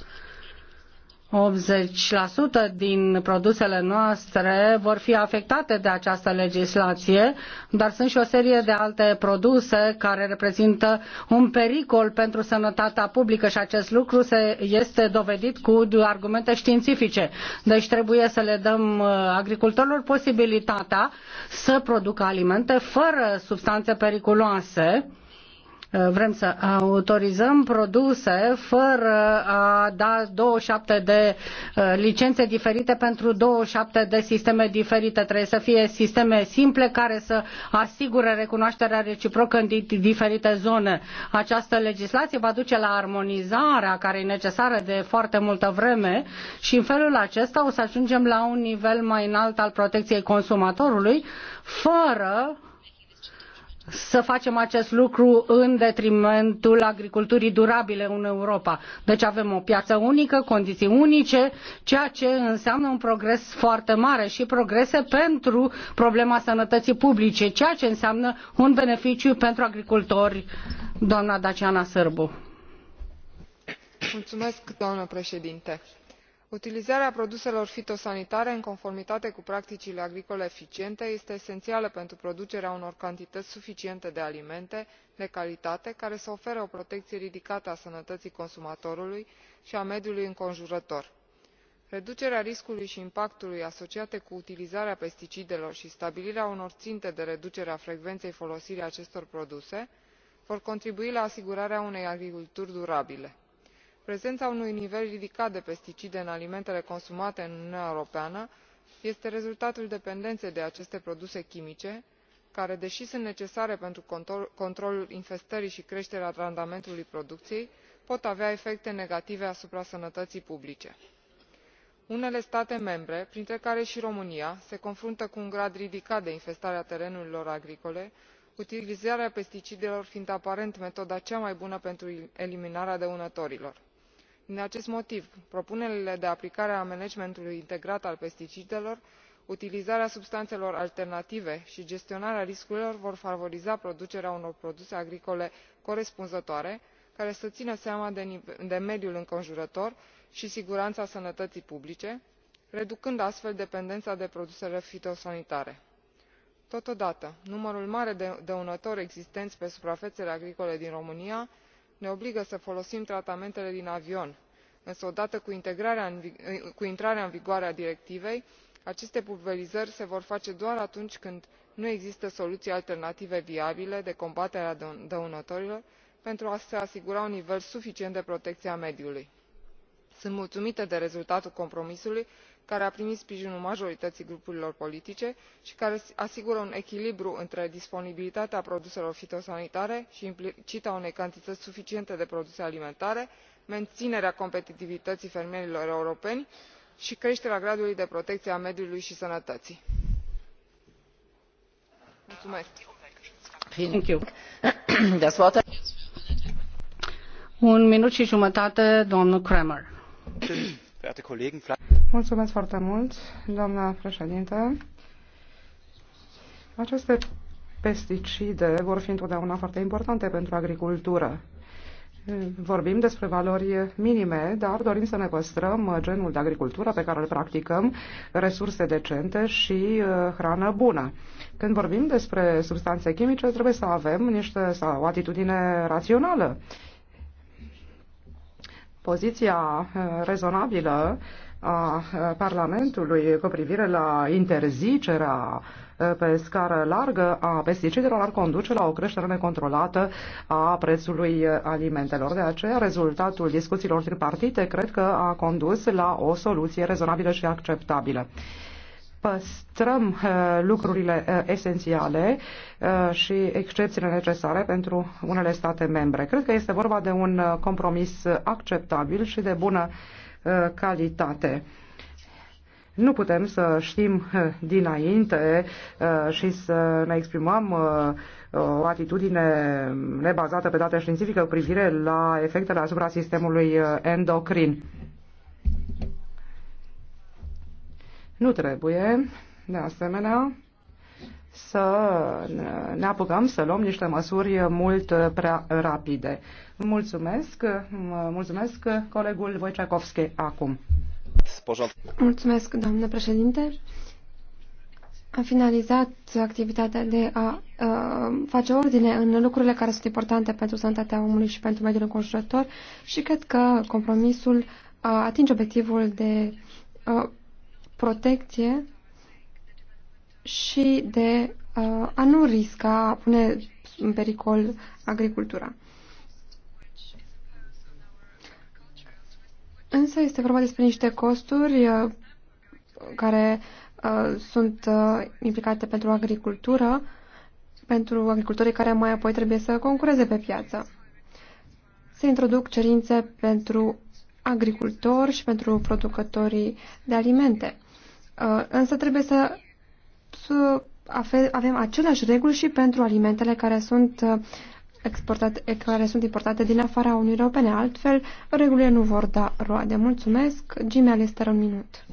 80% din produsele noastre vor fi afectate de această legislație, dar sunt și o serie de alte produse care reprezintă un pericol pentru sănătatea publică și acest lucru este dovedit cu argumente științifice. Deci trebuie să le dăm uh, agricultorilor posibilitatea să producă alimente fără substanțe periculoase Uh, vrem să autorizăm produse fără a da 27 de uh, licențe diferite pentru 27 de sisteme diferite. Trebuie să fie sisteme simple care să asigure recunoașterea reciprocă în diferite zone. Această legislație va duce la armonizarea care e necesară de foarte multă vreme și în felul acesta o să ajungem la un nivel mai înalt al protecției consumatorului fără să facem acest lucru în detrimentul agriculturii durabile în Europa. Deci avem o piață unică, condiții unice, ceea ce înseamnă un progres foarte mare și progrese pentru problema sănătății publice, ceea ce înseamnă un beneficiu pentru agricultori, doamna Daciana Sârbu. Mulțumesc, doamnă președinte utilizarea produselor fitosanitare în conformitate cu practicile agricole eficiente este esențială pentru producerea unor cantități suficiente de alimente de calitate care să ofere o protecție ridicată a sănătății consumatorului și a mediului înconjurător. reducerea riscului și impactului asociate cu utilizarea pesticidelor și stabilirea unor inte de reducere a frecvenței folosirii acestor produse vor contribui la asigurarea unei agriculturi durabile prezena unui nivel ridicat de pesticide în alimentele consumate în uniunea europeană este rezultatul dependenei de aceste produse chimice care dei sunt necesare pentru controlul infestării i creterea randamentului produciei pot avea efecte negative asupra sănătăii publice. unele state membre printre care i românia se confruntă cu un grad ridicat de infestare a terenurilor agricole utilizarea pesticidelor fiind aparent metoda cea mai bună pentru eliminarea dăunătorilor din acest motiv propunerile de aplicare a managementului integrat al pesticidelor utilizarea substanelor alternative i gestionarea riscurilor vor favoriza producerea unor produse agricole corespunzătoare care să ină seama de mediul înconjurător i sigurana sănătăii publice reducând astfel dependena de produsele fitosanitare. totodată numărul mare de dăunători existeni pe suprafeele agricole din românia ne obligă să folosim tratamentele din avion însă odată cu intrarea în vigoare a directivei aceste pulverizări se vor face doar atunci când nu există soluții alternative viabile de combatere a dăunătorilor pentru a se asigura un nivel suficient de protecție a mediului. sunt mulțumită de rezultatul compromisului care a primit sprijinul majorității grupurilor politice și care asigură un echilibru între disponibilitatea produselor fitosanitare și implicita unei cantităi suficiente de produse alimentare menținerea competitivității fermierilor europeni și creșterea gradului de protecție a mediului și sănătății. [COUGHS] Un minut și jumătate, [COUGHS] verehrte Kollegen. Mulțumesc foarte mult, doamna președinte. Aceste pesticide vor fi întotdeauna foarte importante pentru agricultură. Vorbim despre valori minime, dar dorim să ne păstrăm genul de agricultură pe care îl practicăm, resurse decente și uh, hrană bună. Când vorbim despre substanțe chimice, trebuie să avem niște, sau o atitudine rațională Poziția eh, rezonabilă a eh, Parlamentului cu privire la interzicerea eh, pe scară largă a pesticidelor ar conduce la o creștere necontrolată a prețului alimentelor. De aceea, rezultatul discuțiilor tripartite cred că a condus la o soluție rezonabilă și acceptabilă păstrăm uh, lucrurile uh, esențiale uh, și excepțiile necesare pentru unele state membre. Cred că este vorba de un compromis acceptabil și de bună calitate. Nu putem să știm dinainte și să ne exprimăm o atitudine nebazată pe date științifică cu privire la efectele asupra sistemului endocrin. Nu trebuie, de asemenea, să ne apucăm să luăm niște măsuri mult prea rapide. Mulțumesc, mulțumesc colegul Wojciechowski acum. Mulțumesc, doamnă președinte. Am finalizat activitatea de a a face ordine în lucrurile care sunt importante pentru sănătatea omului și pentru mediul înconjurător și cred că compromisul a, atinge obiectivul de protecție și de uh, a nu risca a pune în pericol agricultura. Însă este vorba despre niște costuri uh, care uh, sunt implicate pentru agricultură, pentru agricultorii care mai apoi trebuie să concureze pe piață. Se introduc cerințe pentru agricultori și pentru producătorii de alimente. Uh, însă trebuie să, să avem aceleași reguli și pentru alimentele care sunt uh, exportate, eh, care sunt importate din afara Uniunii Europene. Altfel, regulile nu vor da roade. Mulțumesc. Jimmy Alister, un minut.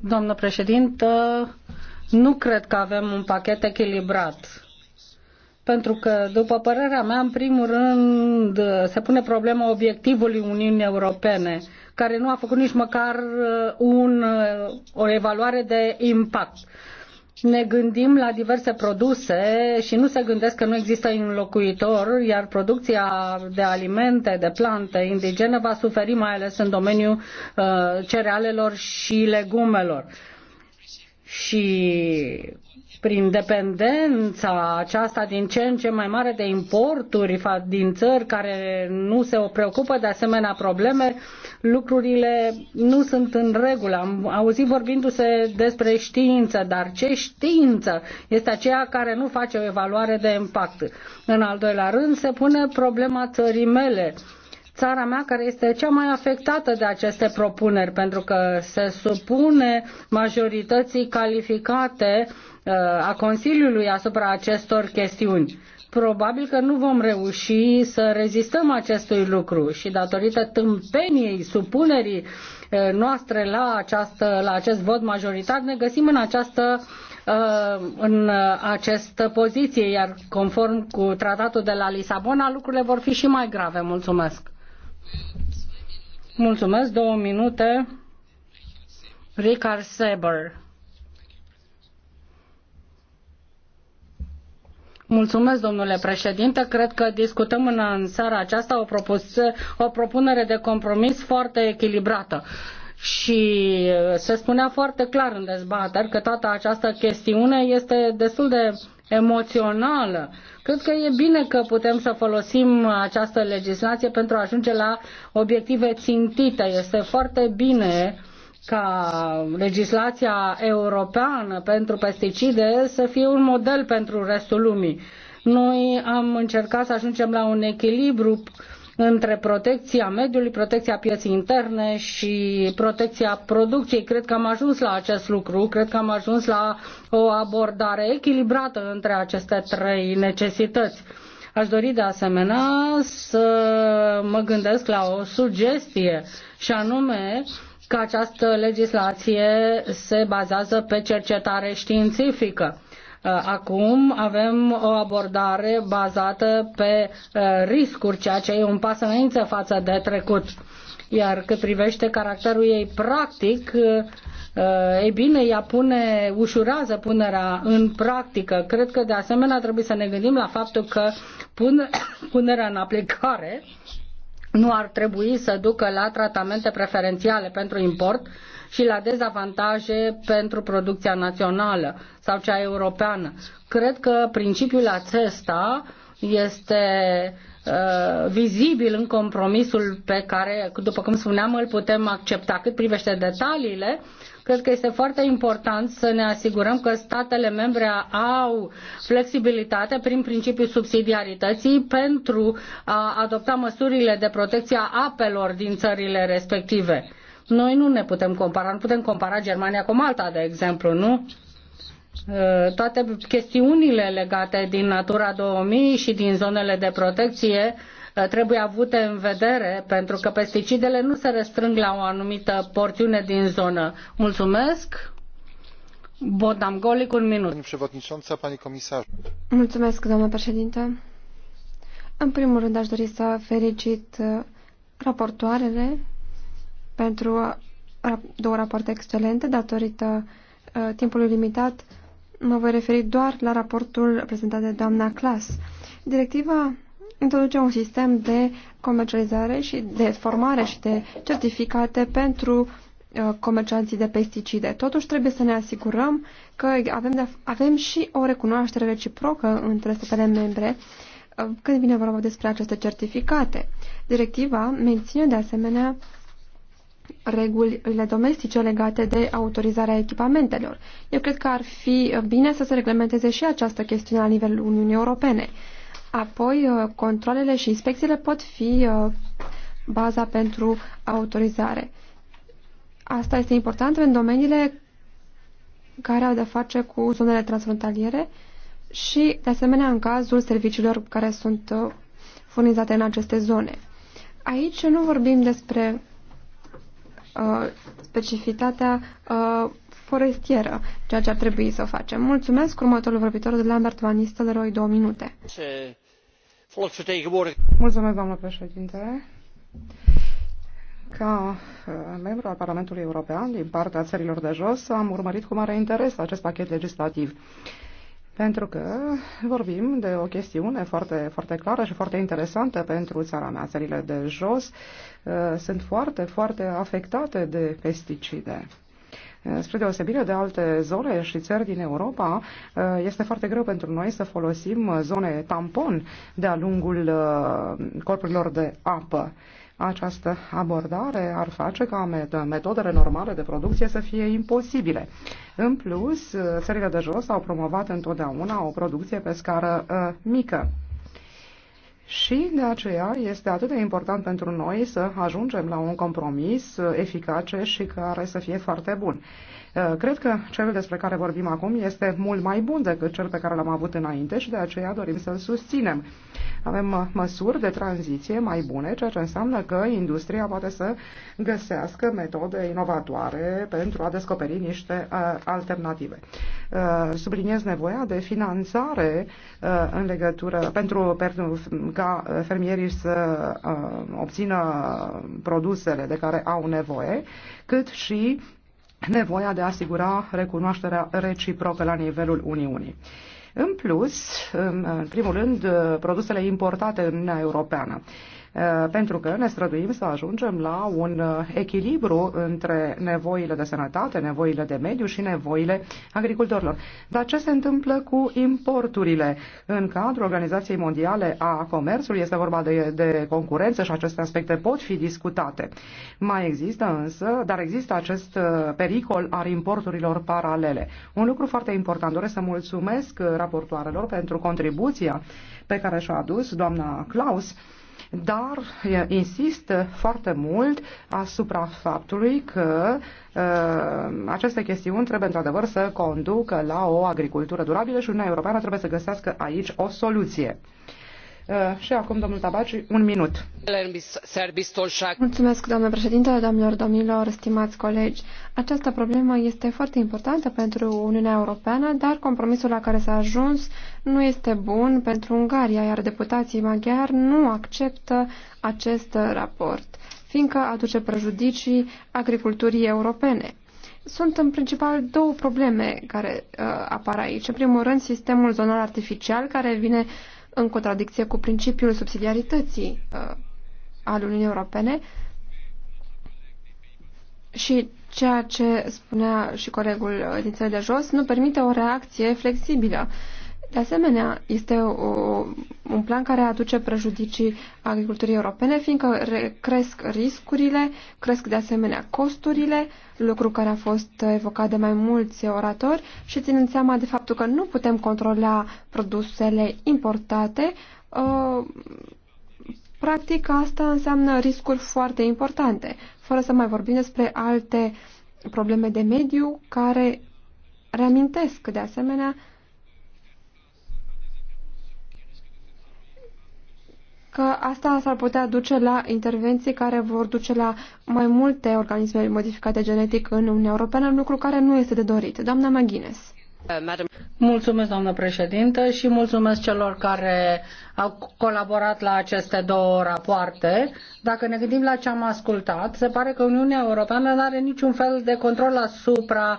Doamnă președintă, nu cred că avem un pachet echilibrat pentru că, după părerea mea, în primul rând se pune problema obiectivului Uniunii Europene, care nu a făcut nici măcar uh, un, uh, o evaluare de impact. Ne gândim la diverse produse și nu se gândesc că nu există un locuitor, iar producția de alimente, de plante indigene va suferi mai ales în domeniul uh, cerealelor și legumelor și prin dependența aceasta din ce în ce mai mare de importuri din țări care nu se preocupă de asemenea probleme, lucrurile nu sunt în regulă. Am auzit vorbindu-se despre știință, dar ce știință este aceea care nu face o evaluare de impact? În al doilea rând se pune problema țării mele țara mea care este cea mai afectată de aceste propuneri pentru că se supune majorității calificate uh, a Consiliului asupra acestor chestiuni probabil că nu vom reuși să rezistăm acestui lucru și datorită tâmpeniei, supunerii uh, noastre la, această, la acest vot majoritar, ne găsim în această uh, în această poziție, iar conform cu tratatul de la Lisabona, lucrurile vor fi și mai grave. Mulțumesc! Mulțumesc, două minute. Ricard Seber. Mulțumesc, domnule președinte. Cred că discutăm în, în seara aceasta o, propus, o propunere de compromis foarte echilibrată. Și uh, se spunea foarte clar în dezbateri că toată această chestiune este destul de emoțională. Cred că e bine că putem să folosim această legislație pentru a ajunge la obiective țintite. Este foarte bine ca legislația europeană pentru pesticide să fie un model pentru restul lumii. Noi am încercat să ajungem la un echilibru între protecția mediului, protecția pieței interne și protecția producției. Cred că am ajuns la acest lucru, cred că am ajuns la o abordare echilibrată între aceste trei necesități. Aș dori de asemenea să mă gândesc la o sugestie și anume că această legislație se bazează pe cercetare științifică. Uh, acum avem o abordare bazată pe uh, riscuri, ceea ce e un pas înainte față de trecut. Iar cât privește caracterul ei practic, uh, ei bine, ea pune, ușurează punerea în practică. Cred că de asemenea trebuie să ne gândim la faptul că [COUGHS] punerea în aplicare nu ar trebui să ducă la tratamente preferențiale pentru import și la dezavantaje pentru producția națională sau cea europeană. Cred că principiul acesta este uh, vizibil în compromisul pe care, după cum spuneam, îl putem accepta. Cât privește detaliile, uh, Cred că este foarte important să ne asigurăm că statele membre au flexibilitate prin principiul subsidiarității pentru a adopta măsurile de protecție a apelor din țările respective. Noi nu ne putem compara, nu putem compara Germania cu Malta, de exemplu, nu? Uh, toate chestiunile legate din Natura 2000 și din zonele de protecție uh, trebuie avute în vedere pentru că pesticidele nu se restrâng la o anumită porțiune din zonă. Mulțumesc! Bodam Golic, un minut. Mulțumesc, doamnă președinte. În primul rând aș dori să felicit uh, raportoarele pentru uh, două rapoarte excelente datorită uh, timpului limitat mă voi referi doar la raportul prezentat de doamna Clas. Directiva introduce un sistem de comercializare și de formare și de certificate pentru uh, comercianții de pesticide. Totuși trebuie să ne asigurăm că avem, de, avem și o recunoaștere reciprocă între statele membre uh, când vine vorba despre aceste certificate. Directiva menține de asemenea regulile domestice legate de autorizarea echipamentelor. Eu cred că ar fi uh, bine să se reglementeze și această chestiune la nivelul Uniunii Europene. Apoi, uh, controlele și inspecțiile pot fi uh, baza pentru autorizare. Asta este important în domeniile care au de face cu zonele transfrontaliere și, de asemenea, în cazul serviciilor care sunt uh, furnizate în aceste zone. Aici nu vorbim despre uh, specificitatea uh, forestieră, ceea ce ar trebui să facem. Mulțumesc, următorul vorbitor de Lambert Van Nistelrooy, două minute. Mulțumesc, doamnă președinte. Ca uh, membru al Parlamentului European din partea țărilor de jos, am urmărit cu mare interes acest pachet legislativ. Pentru că vorbim de o chestiune foarte, foarte clară și foarte interesantă pentru țara mea. Țările de jos uh, sunt foarte, foarte afectate de pesticide spre deosebire de alte zone și țări din Europa, eh, este foarte greu pentru noi să folosim zone tampon de-a lungul eh, corpurilor de apă. Această abordare ar face ca metodele normale de producție să fie imposibile. În plus, eh, țările de jos au promovat întotdeauna o producție pe scară mică. Și de aceea este atât de important pentru noi să ajungem la un compromis eficace și care să fie foarte bun. Uh, cred că cel despre care vorbim acum este mult mai bun decât cel pe care l-am avut înainte și de aceea dorim să-l susținem. Avem uh, măsuri de tranziție mai bune, ceea ce înseamnă că industria poate să găsească metode inovatoare pentru a descoperi niște uh, alternative. Subliniez nevoia de finanțare în legătură pentru, pentru ca fermierii să obțină produsele de care au nevoie, cât și nevoia de a asigura recunoașterea reciprocă la nivelul Uniunii. În plus, în primul rând, produsele importate în Uniunea Europeană. Eh, pentru că ne străduim să ajungem la un eh, echilibru între nevoile de sănătate, nevoile de mediu și nevoile agricultorilor. Dar ce se întâmplă cu importurile? În cadrul Organizației Mondiale a Comerțului este vorba de, de concurență și aceste aspecte pot fi discutate. Mai există însă, dar există acest eh, pericol al importurilor paralele. Un lucru foarte important, doresc să mulțumesc raportoarelor pentru contribuția pe care și-a adus doamna Klaus dar insist foarte mult asupra faptului că ă, aceste chestiuni trebuie într-adevăr să conducă la o agricultură durabilă și Uniunea Europeană trebuie să găsească aici o soluție. Uh, și acum, domnul Tabaci, un minut. Mulțumesc, doamnă președinte, doamnelor, domnilor, stimați colegi. Această problemă este foarte importantă pentru Uniunea Europeană, dar compromisul la care s-a ajuns nu este bun pentru Ungaria, iar deputații maghiari nu acceptă acest raport, fiindcă aduce prejudicii agriculturii europene. Sunt în principal două probleme care uh, apar aici. În primul rând, sistemul zonal artificial, care vine uh, în contradicție cu principiul subsidiarității uh, al Uniunii Europene și ceea ce spunea și colegul uh, din țările de jos, nu permite o reacție flexibilă. Uh, de asemenea, este o, un plan care aduce prejudicii agriculturii europene, fiindcă cresc riscurile, cresc de asemenea costurile, lucru care a fost evocat de mai mulți oratori și ținând seama de faptul că nu putem controla produsele importate, ă, practic asta înseamnă riscuri foarte importante, fără să mai vorbim despre alte probleme de mediu care reamintesc de asemenea că asta s-ar putea duce la intervenții care vor duce la mai multe organisme modificate genetic în Uniunea Europeană, lucru care nu este de dorit. Doamna McGuinness. Mulțumesc, doamnă președintă, și mulțumesc celor care au colaborat la aceste două rapoarte. Dacă ne gândim la ce am ascultat, se pare că Uniunea Europeană nu are niciun fel de control asupra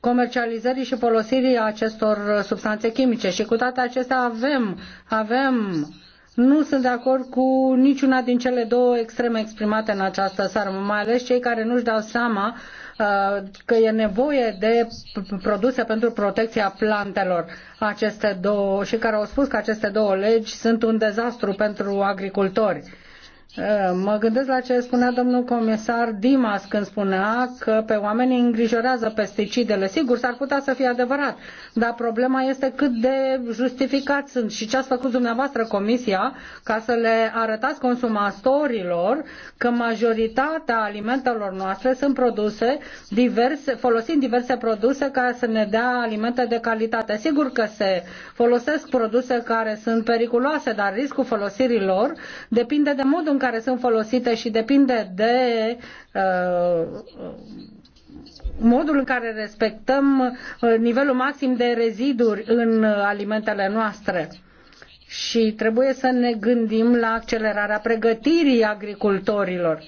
comercializării și folosirii acestor substanțe chimice și cu toate acestea avem, avem nu sunt de acord cu niciuna din cele două extreme exprimate în această seară, mai ales cei care nu-și dau seama uh, că e nevoie de produse pentru protecția plantelor aceste două, și care au spus că aceste două legi sunt un dezastru pentru agricultori Uh, mă gândesc la ce spunea domnul comisar Dimas când spunea că pe oamenii îngrijorează pesticidele. Sigur, s-ar putea să fie adevărat, dar problema este cât de justificat sunt și ce ați făcut dumneavoastră comisia ca să le arătați consumatorilor că majoritatea alimentelor noastre sunt produse diverse, folosind diverse produse care să ne dea alimente de calitate. Sigur că se folosesc produse care sunt periculoase, dar riscul folosirii lor depinde de modul în care sunt folosite și depinde de uh, modul în care respectăm uh, nivelul maxim de reziduri în uh, alimentele noastre. Și trebuie să ne gândim la accelerarea pregătirii agricultorilor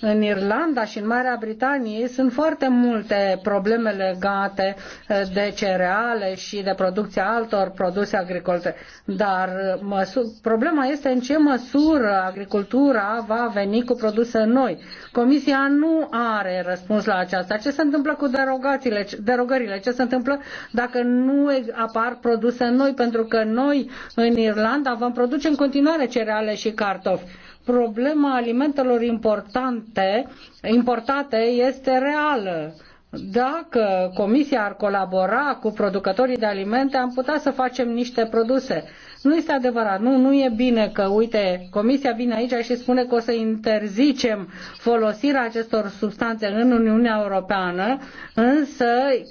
în Irlanda și în Marea Britanie sunt foarte multe probleme legate eh, de cereale și de producția altor produse agricole, dar eh, problema este în ce măsură agricultura va veni cu produse noi. Comisia nu are răspuns la aceasta. Ce se întâmplă cu derogațiile, derogările? Ce se întâmplă dacă nu apar produse noi? Pentru că noi în Irlanda vom produce în continuare cereale și cartofi problema alimentelor importante, importate este reală. Dacă Comisia ar colabora cu producătorii de alimente, am putea să facem niște produse. Nu este adevărat, nu, nu e bine că, uite, Comisia vine aici și spune că o să interzicem folosirea acestor substanțe în Uniunea Europeană, însă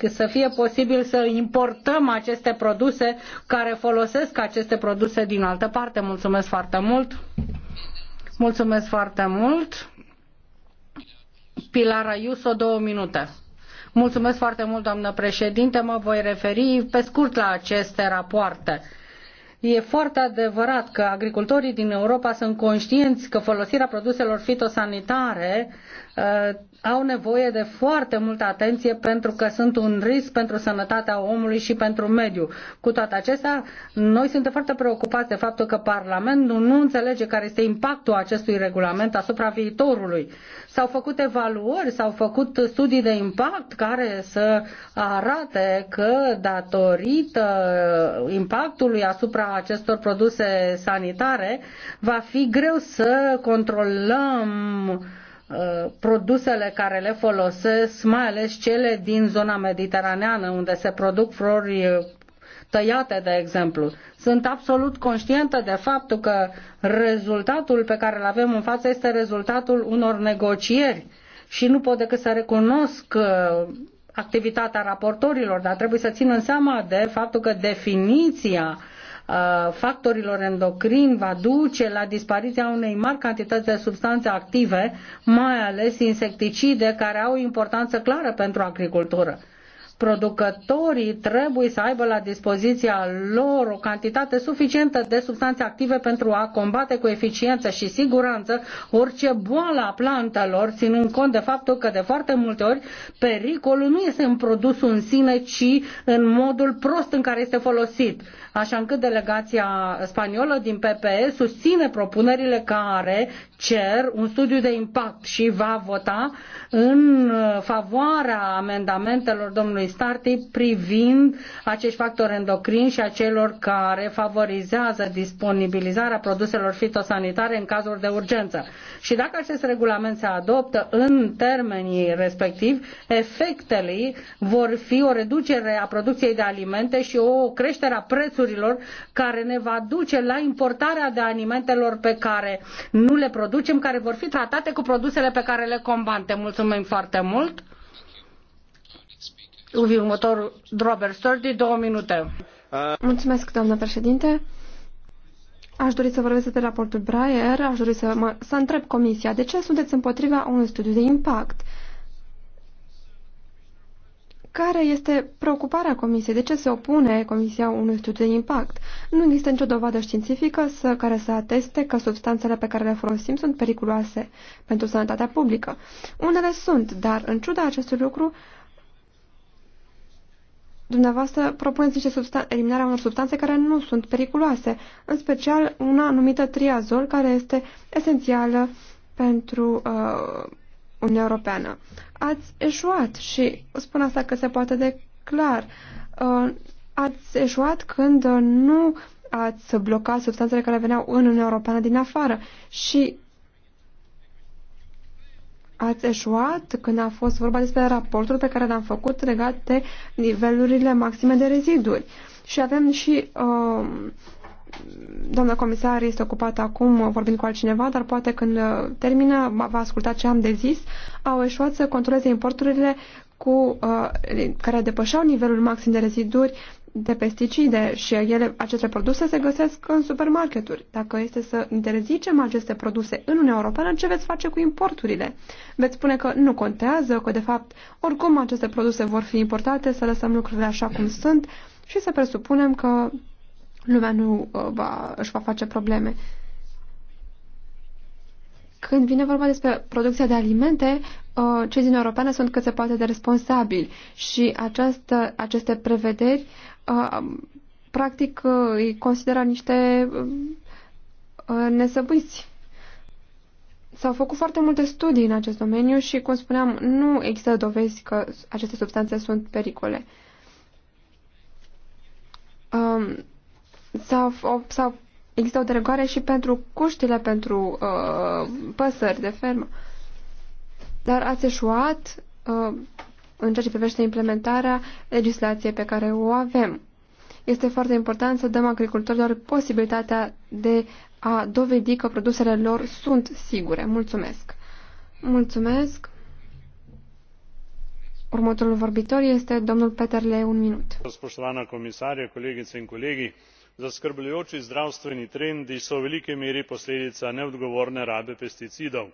să fie posibil să importăm aceste produse care folosesc aceste produse din altă parte. Mulțumesc foarte mult! Mulțumesc foarte mult. Pilar Ayuso, două minute. Mulțumesc foarte mult, doamnă președinte. Mă voi referi pe scurt la aceste rapoarte. E foarte adevărat că agricultorii din Europa sunt conștienți că folosirea produselor fitosanitare uh, au nevoie de foarte multă atenție pentru că sunt un risc pentru sănătatea omului și pentru mediu. Cu toate acestea, noi suntem foarte preocupați de faptul că Parlamentul nu înțelege care este impactul acestui regulament asupra viitorului. S-au făcut evaluări, s-au făcut studii de impact care să arate că datorită impactului asupra acestor produse sanitare va fi greu să controlăm Uh, produsele care le folosesc, mai ales cele din zona mediteraneană, unde se produc flori uh, tăiate, de exemplu. Sunt absolut conștientă de faptul că rezultatul pe care îl avem în față este rezultatul unor negocieri și nu pot decât să recunosc uh, activitatea raportorilor, dar trebuie să în seama de faptul că definiția factorilor endocrini va duce la dispariția unei mari cantități de substanțe active, mai ales insecticide care au importanță clară pentru agricultură. Producătorii trebuie să aibă la dispoziția lor o cantitate suficientă de substanțe active pentru a combate cu eficiență și siguranță orice boală a plantelor, ținând cont de faptul că de foarte multe ori pericolul nu este în produsul în sine, ci în modul prost în care este folosit așa încât delegația spaniolă din PPE susține propunerile care cer un studiu de impact și va vota în favoarea amendamentelor domnului Starti privind acești factori endocrini și acelor care favorizează disponibilizarea produselor fitosanitare în cazuri de urgență. Și dacă acest regulament se adoptă în termenii respectivi, efectele vor fi o reducere a producției de alimente și o creștere a prețului costurilor care ne va duce la importarea de alimentelor pe care nu le producem, care vor fi tratate cu produsele pe care le combatem. Mulțumim foarte mult! Următorul, Robert Sturdy, două minute. Mulțumesc, doamnă președinte. Aș dori să vorbesc de raportul Breyer, aș dori să, mă, să întreb comisia de ce sunteți împotriva unui studiu de impact care este preocuparea Comisiei? De ce se opune Comisia unui studiu de impact? Nu există nicio dovadă științifică să, care să ateste că substanțele pe care le folosim sunt periculoase pentru sănătatea publică. Unele sunt, dar în ciuda acestui lucru, dumneavoastră propuneți niște eliminarea unor substanțe care nu sunt periculoase, în special una numită triazol, care este esențială pentru uh, Uniunea Europeană ați eșuat și spun asta că se poate de clar. Uh, ați eșuat când uh, nu ați blocat substanțele care veneau în Uniunea Europeană din afară și ați eșuat când a fost vorba despre raportul pe care l-am făcut legat de nivelurile maxime de reziduri. Și avem și uh, doamna comisar este ocupată acum vorbind cu altcineva, dar poate când termină va asculta ce am de zis, au eșuat să controleze importurile cu, uh, care depășeau nivelul maxim de reziduri de pesticide și ele, aceste produse se găsesc în supermarketuri. Dacă este să interzicem aceste produse în Uniunea Europeană, ce veți face cu importurile? Veți spune că nu contează, că de fapt oricum aceste produse vor fi importate, să lăsăm lucrurile așa cum sunt și să presupunem că lumea nu uh, va, își va face probleme. Când vine vorba despre producția de alimente, uh, cei din Europeană sunt cât se poate de responsabili și această, aceste prevederi uh, practic îi consideră niște nesăbuiți. S-au făcut foarte multe studii în acest domeniu și, cum spuneam, nu există dovezi că aceste substanțe sunt pericole. Um, sau, sau există o derogare și pentru cuștile pentru uh, păsări de fermă. Dar ați eșuat uh, în ceea ce privește implementarea legislației pe care o avem. Este foarte important să dăm agricultorilor posibilitatea de a dovedi că produsele lor sunt sigure. Mulțumesc! Mulțumesc! Următorul vorbitor este domnul Peterle, un minut. Spoștovana comisarie, colegii, în colegii, zaskrbljujoči zdravstveni trendi so v veliki meri posledica neodgovorne rabe pesticidov.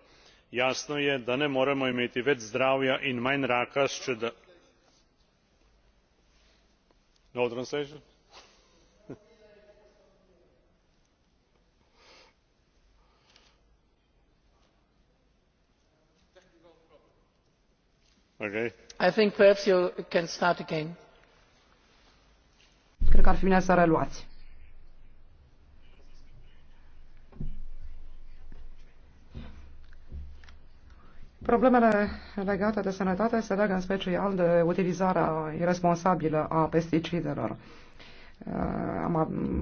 jasno je da ne moremo imeti več zdravja in manj raka da- s [LAUGHS] cred că ar fi bine să reluați. Problemele legate de sănătate se leagă în special de utilizarea irresponsabilă a pesticidelor. Uh, am,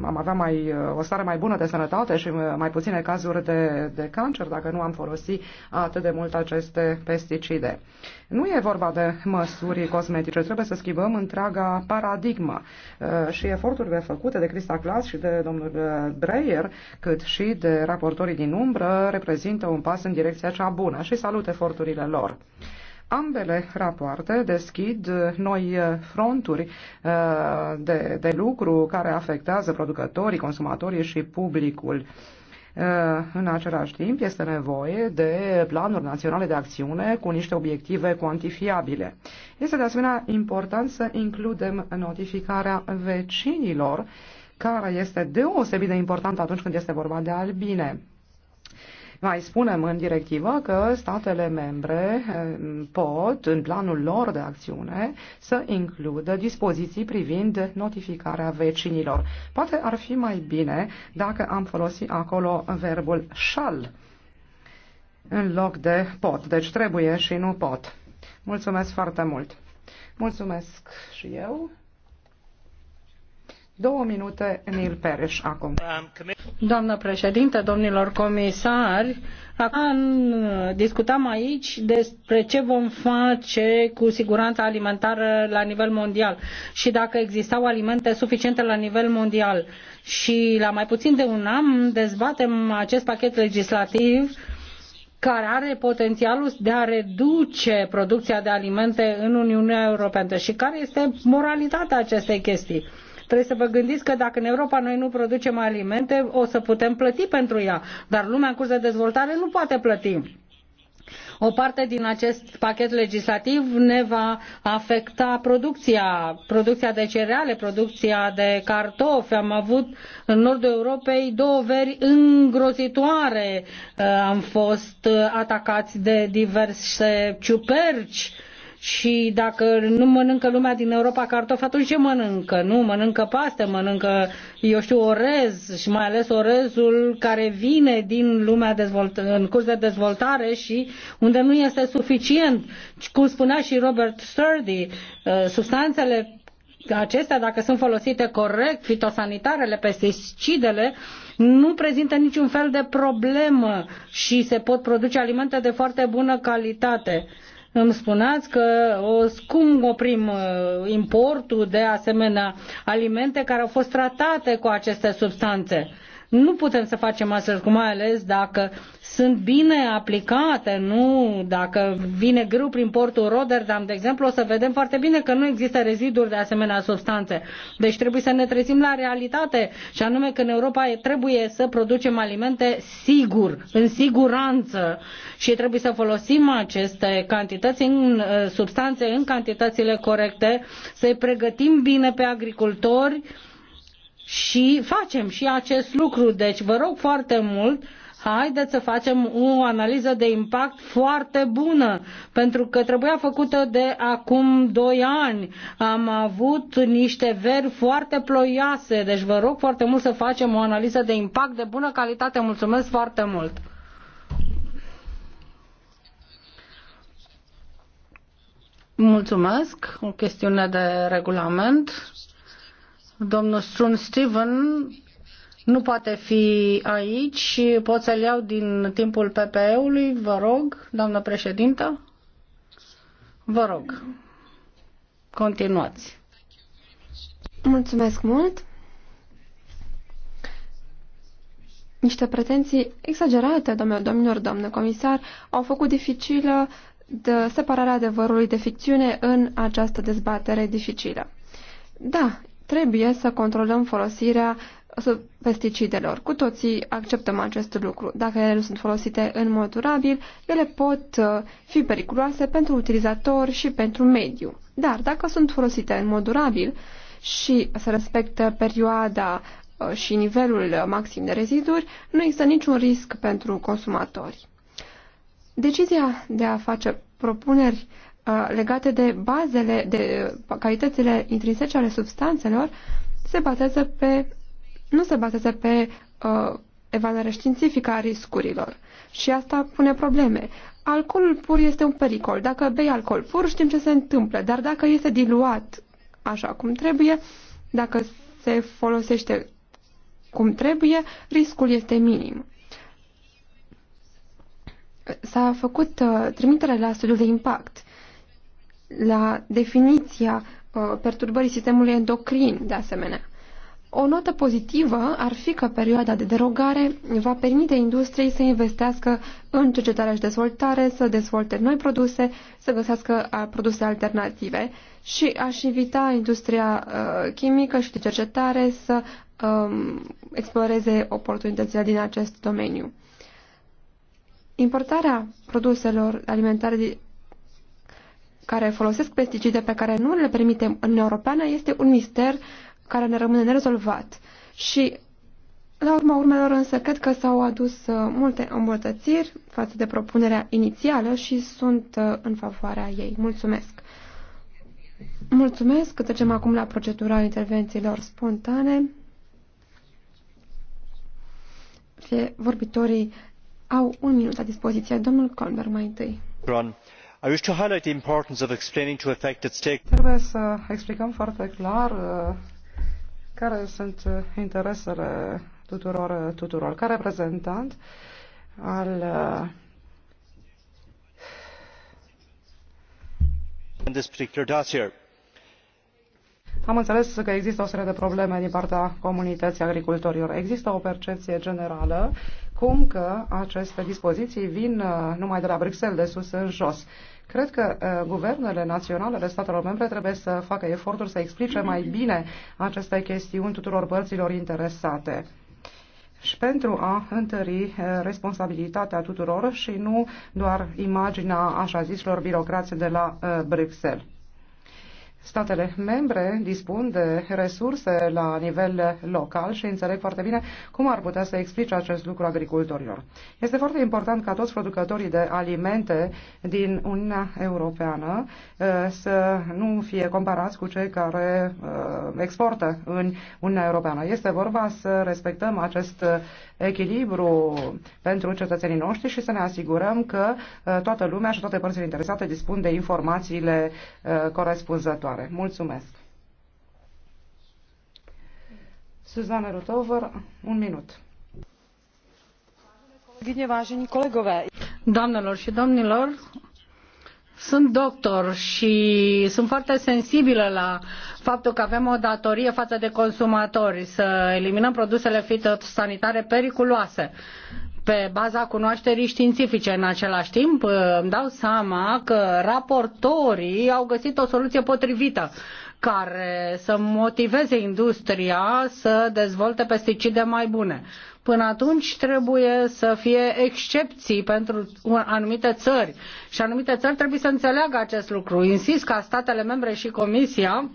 am avea mai, uh, o stare mai bună de sănătate și uh, mai puține cazuri de, de cancer dacă nu am folosit atât de mult aceste pesticide. Nu e vorba de măsuri cosmetice, trebuie să schimbăm întreaga paradigmă și eforturile făcute de Crista Clas și de domnul Breyer, cât și de raportorii din umbră, reprezintă un pas în direcția cea bună și salut eforturile lor. Ambele rapoarte deschid noi fronturi uh, de, de lucru care afectează producătorii, consumatorii și publicul. Uh, în același timp, este nevoie de planuri naționale de acțiune cu niște obiective cuantifiabile. Este de asemenea important să includem notificarea vecinilor, care este deosebit de importantă atunci când este vorba de albine. Mai spunem în directivă că statele membre eh, pot, în planul lor de acțiune, să includă dispoziții privind notificarea vecinilor. Poate ar fi mai bine dacă am folosit acolo verbul shall în loc de pot. Deci trebuie și nu pot. Mulțumesc foarte mult! Mulțumesc și eu! Două minute, Neil Pereș, acum. Doamnă președinte, domnilor comisari, acum discutam aici despre ce vom face cu siguranța alimentară la nivel mondial și dacă existau alimente suficiente la nivel mondial. Și la mai puțin de un an dezbatem acest pachet legislativ care are potențialul de a reduce producția de alimente în Uniunea Europeană și care este moralitatea acestei chestii Trebuie să vă gândiți că dacă în Europa noi nu producem alimente, o să putem plăti pentru ea, dar lumea în curs de dezvoltare nu poate plăti. O parte din acest pachet legislativ ne va afecta producția, producția de cereale, producția de cartofi. Am avut în nordul Europei două veri îngrozitoare. Am fost atacați de diverse ciuperci și dacă nu mănâncă lumea din Europa cartofi, atunci ce mănâncă? Nu, mănâncă paste, mănâncă, eu știu, orez și mai ales orezul care vine din lumea dezvolt- în curs de dezvoltare și unde nu este suficient. Cum spunea și Robert Sturdy, uh, substanțele acestea, dacă sunt folosite corect, fitosanitarele, pesticidele, nu prezintă niciun fel de problemă și se pot produce alimente de foarte bună calitate. Uh, îmi spuneați că o, cum oprim uh, importul de asemenea alimente care au fost tratate cu aceste substanțe. Uh, nu putem să facem astfel, cum mai ales dacă sunt bine aplicate, nu dacă vine grâu prin portul Rotterdam, de exemplu, o să vedem foarte bine că nu există reziduri de asemenea substanțe. Deci trebuie să ne trezim la realitate și anume că în Europa trebuie să producem alimente sigur, în siguranță și trebuie să folosim aceste cantități în uh, substanțe în cantitățile corecte, să-i pregătim bine pe agricultori, și facem și acest lucru. Deci vă rog foarte mult haideți să facem o analiză de impact foarte bună, pentru că trebuia făcută de acum doi ani. Am avut niște veri foarte ploioase, deci vă rog foarte mult să facem o analiză de impact de bună calitate. Mulțumesc foarte mult! Mulțumesc. O chestiune de regulament. Domnul Strun Steven nu poate fi aici și pot să-l iau din timpul PPE-ului, vă rog, doamnă președintă. Vă rog, continuați. Mulțumesc mult. Niște pretenții exagerate, domnilor, domnilor, domnule comisar, au făcut dificilă de separarea adevărului de ficțiune în această dezbatere dificilă. Da, trebuie să controlăm folosirea pesticidelor. Cu toții acceptăm acest lucru. Dacă ele nu sunt folosite în mod durabil, ele pot uh, fi periculoase pentru utilizator și pentru mediu. Dar dacă sunt folosite în mod durabil și se respectă perioada uh, și nivelul maxim de reziduri, nu există niciun risc pentru consumatori. Decizia de a face propuneri legate de bazele, de calitățile intrinsece ale substanțelor, se bazează pe, nu se bazează pe uh, evaluarea științifică a riscurilor. Și asta pune probleme. Alcoolul pur este un pericol. Dacă bei alcool pur, știm ce se întâmplă, dar dacă este diluat așa cum trebuie, dacă se folosește cum trebuie, riscul este minim. S-a făcut uh, trimitere la studiul de impact la definiția uh, perturbării sistemului endocrin, de asemenea. O notă pozitivă ar fi că perioada de derogare va permite industriei să investească în cercetarea și dezvoltare, să dezvolte noi produse, să găsească produse alternative și aș invita industria uh, chimică și de cercetare să um, exploreze oportunitățile din acest domeniu. Importarea produselor alimentare care folosesc pesticide pe care nu le permitem în Europeană este un mister care ne rămâne nerezolvat. Și la urma urmelor însă cred că s-au adus uh, multe îmbunătățiri față de propunerea inițială și sunt uh, în favoarea ei. Mulțumesc! Mulțumesc! Trecem acum la procedura intervențiilor spontane. Fie vorbitorii au un minut la dispoziție. Domnul Colmer mai întâi. Run. I wish to highlight the importance of explaining to affected stakeholders. Trebuie să explicăm foarte clar uh, care sunt uh, interesele tuturor, uh, tuturor. Ca reprezentant al in this particular dossier. Am înțeles că există o serie de probleme din partea comunității agricultorilor. Există o percepție generală cum că aceste dispoziții vin uh, numai de la Bruxelles, de sus în jos. Cred că uh, guvernele naționale ale statelor membre trebuie să facă eforturi să explice mai bine aceste chestiuni tuturor părților interesate și pentru a întări uh, responsabilitatea tuturor și nu doar imaginea așa zisilor birocrați de la uh, Bruxelles statele membre dispun de resurse la nivel local și înțeleg foarte bine cum ar putea să explice acest lucru agricultorilor. Este foarte important ca toți producătorii de alimente din Uniunea Europeană eh, să nu fie comparați cu cei care eh, exportă în Uniunea Europeană. Este vorba să respectăm acest eh, echilibru pentru cetățenii noștri și să ne asigurăm că toată lumea și toate părțile interesate dispun de informațiile corespunzătoare viitoare. Mulțumesc! Suzana Rotover, un minut. Doamnelor și domnilor, sunt doctor și sunt foarte sensibilă la faptul că avem o datorie față de consumatori să eliminăm produsele fitosanitare periculoase pe baza cunoașterii științifice. În același timp, uh, îmi dau seama că raportorii au găsit o soluție potrivită care să motiveze industria să dezvolte pesticide mai bune. Până atunci trebuie să fie excepții pentru anumite țări și anumite țări trebuie să înțeleagă acest lucru. Insist ca statele membre și Comisia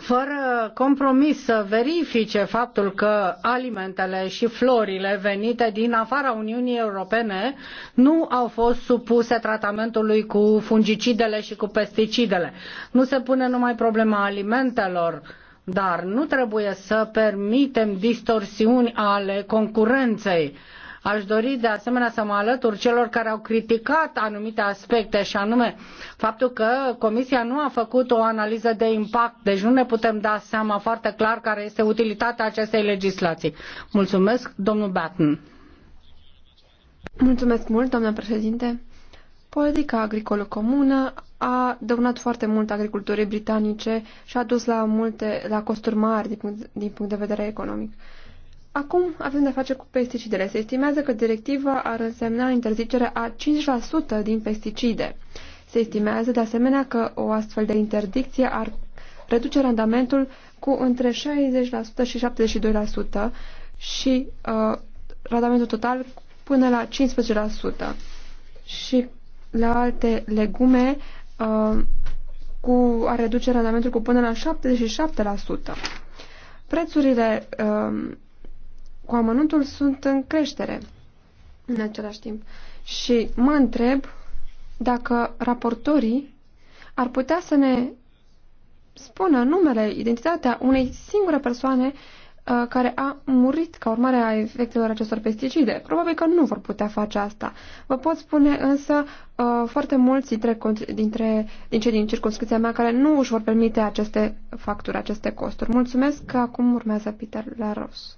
fără compromis să verifice faptul că alimentele și florile venite din afara Uniunii Europene nu au fost supuse tratamentului cu fungicidele și cu pesticidele. Nu se pune numai problema alimentelor, dar nu trebuie să permitem distorsiuni ale concurenței Aș dori de asemenea să mă alătur celor care au criticat anumite aspecte și anume faptul că Comisia nu a făcut o analiză de impact, deci nu ne putem da seama foarte clar care este utilitatea acestei legislații. Mulțumesc, domnul Batten. Mulțumesc mult, doamnă președinte. Politica agricolă comună a dăunat foarte mult agriculturii britanice și a dus la multe la costuri mari din punct, din punct de vedere economic. Acum avem de face cu pesticidele. Se estimează că directiva ar însemna interzicerea a 5% din pesticide. Se estimează de asemenea că o astfel de interdicție ar reduce randamentul cu între 60% și 72% și uh, randamentul total până la 15%. Și la alte legume uh, cu, ar reduce randamentul cu până la 77%. Prețurile uh, cu amănuntul sunt în creștere în același timp. Și mă întreb dacă raportorii ar putea să ne spună numele, identitatea unei singure persoane uh, care a murit ca urmare a efectelor acestor pesticide. Probabil că nu vor putea face asta. Vă pot spune însă uh, foarte mulți dintre, dintre, din cei din circunscripția mea care nu își vor permite aceste facturi, aceste costuri. Mulțumesc că acum urmează Peter Laros.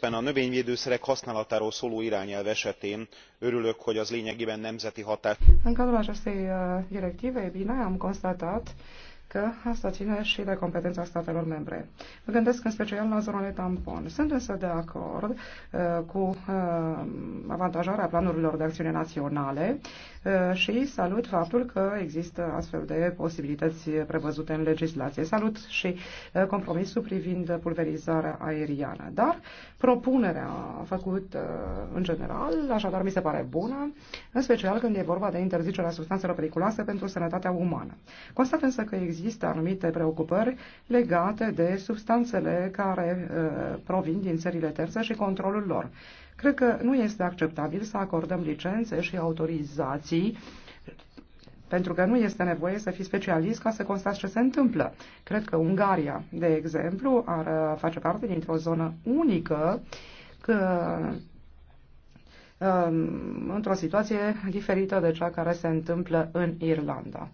a növényvédőszerek használatáról szóló irányelv esetén örülök hogy az lényegében nemzeti hatáskörbe uh, tartozik că asta ține și de competența statelor membre. Mă gândesc în special la zonele tampon. Sunt însă de acord uh, cu uh, avantajarea planurilor de acțiune naționale uh, și salut faptul că există astfel de posibilități prevăzute în legislație. Salut și uh, compromisul privind pulverizarea aeriană. Dar Propunerea făcută uh, în general, așadar mi se pare bună, în special când e vorba de interzicerea substanțelor periculoase pentru sănătatea umană. Constat însă că există anumite preocupări legate de substanțele care uh, provin din țările terțe și controlul lor. Cred că nu este acceptabil să acordăm licențe și autorizații uh, pentru că nu este nevoie să fii specialist ca să constați ce se întâmplă. Cred că Ungaria, de exemplu, ar uh, face parte dintr-o zonă unică că um, într-o situație diferită de cea care se întâmplă în Irlanda.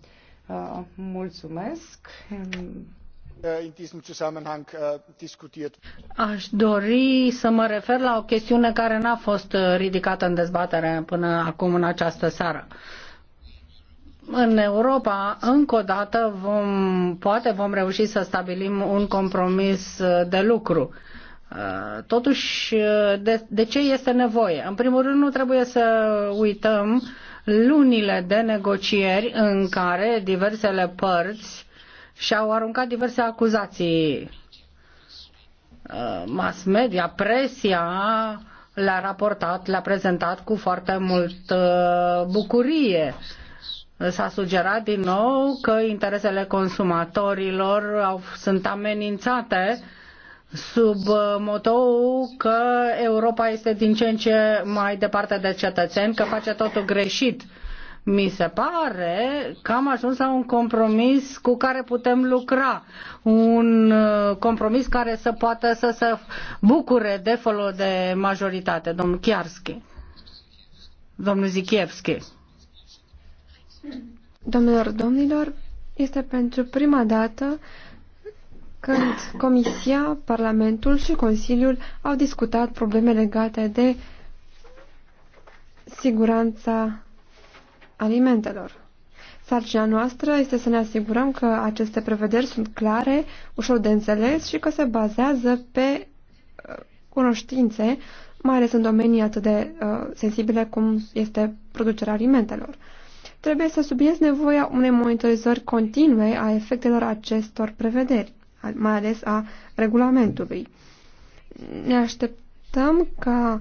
Uh, mulțumesc. Aș dori să mă refer la o chestiune care n-a fost uh, ridicată în dezbatere până acum în această seară în Europa, încă o dată, vom, poate vom reuși să stabilim un compromis uh, de lucru. Uh, totuși, uh, de, de ce este nevoie? În primul rând, nu trebuie să uităm lunile de negocieri în care diversele părți și-au aruncat diverse acuzații. Mass media, presia le-a raportat, le-a prezentat cu foarte mult bucurie. Uh, S-a sugerat din nou că interesele consumatorilor au, sunt amenințate sub uh, motoul că Europa este din ce în ce mai departe de cetățeni, că face totul greșit. Mi se pare că am ajuns la un compromis cu care putem lucra, un uh, compromis care să poată să se bucure de folos de majoritate, domnul Chiarski, domnul Zichievski. Domnilor, domnilor, este pentru prima dată când Comisia, Parlamentul și Consiliul au discutat probleme legate de siguranța alimentelor. Sarcina noastră este să ne asigurăm că aceste prevederi sunt clare, ușor de înțeles și că se bazează pe uh, cunoștințe, mai ales în domenii atât de uh, sensibile cum este producerea alimentelor. Uh, Trebuie să subliniez nevoia unei monitorizări continue a efectelor acestor prevederi, mai ales a regulamentului. Ne așteptăm ca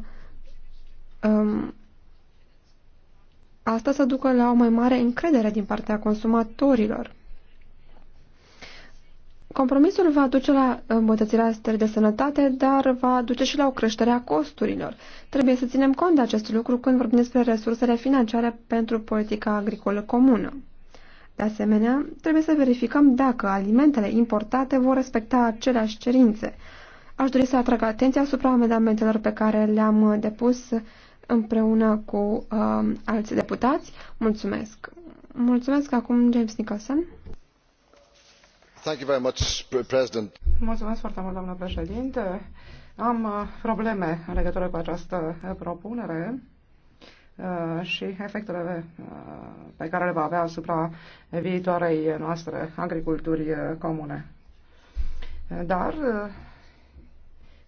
um, asta să ducă la o mai mare încredere din partea consumatorilor. Compromisul va duce la îmbunătățirea stării de sănătate, dar va duce și la o creștere a costurilor. Trebuie să ținem cont de acest lucru când vorbim despre resursele financiare pentru politica agricolă comună. De asemenea, trebuie să verificăm dacă alimentele importate vor respecta aceleași cerințe. Aș dori să atrag atenția asupra amendamentelor pe care le-am depus împreună cu uh, alți deputați. Mulțumesc! Mulțumesc acum James Nicholson. Mulțumesc foarte doamnă președinte. Am uh, probleme în legătură cu această uh, propunere uh, și efectele pe care le va avea asupra viitoarei noastre agriculturi comune. Dar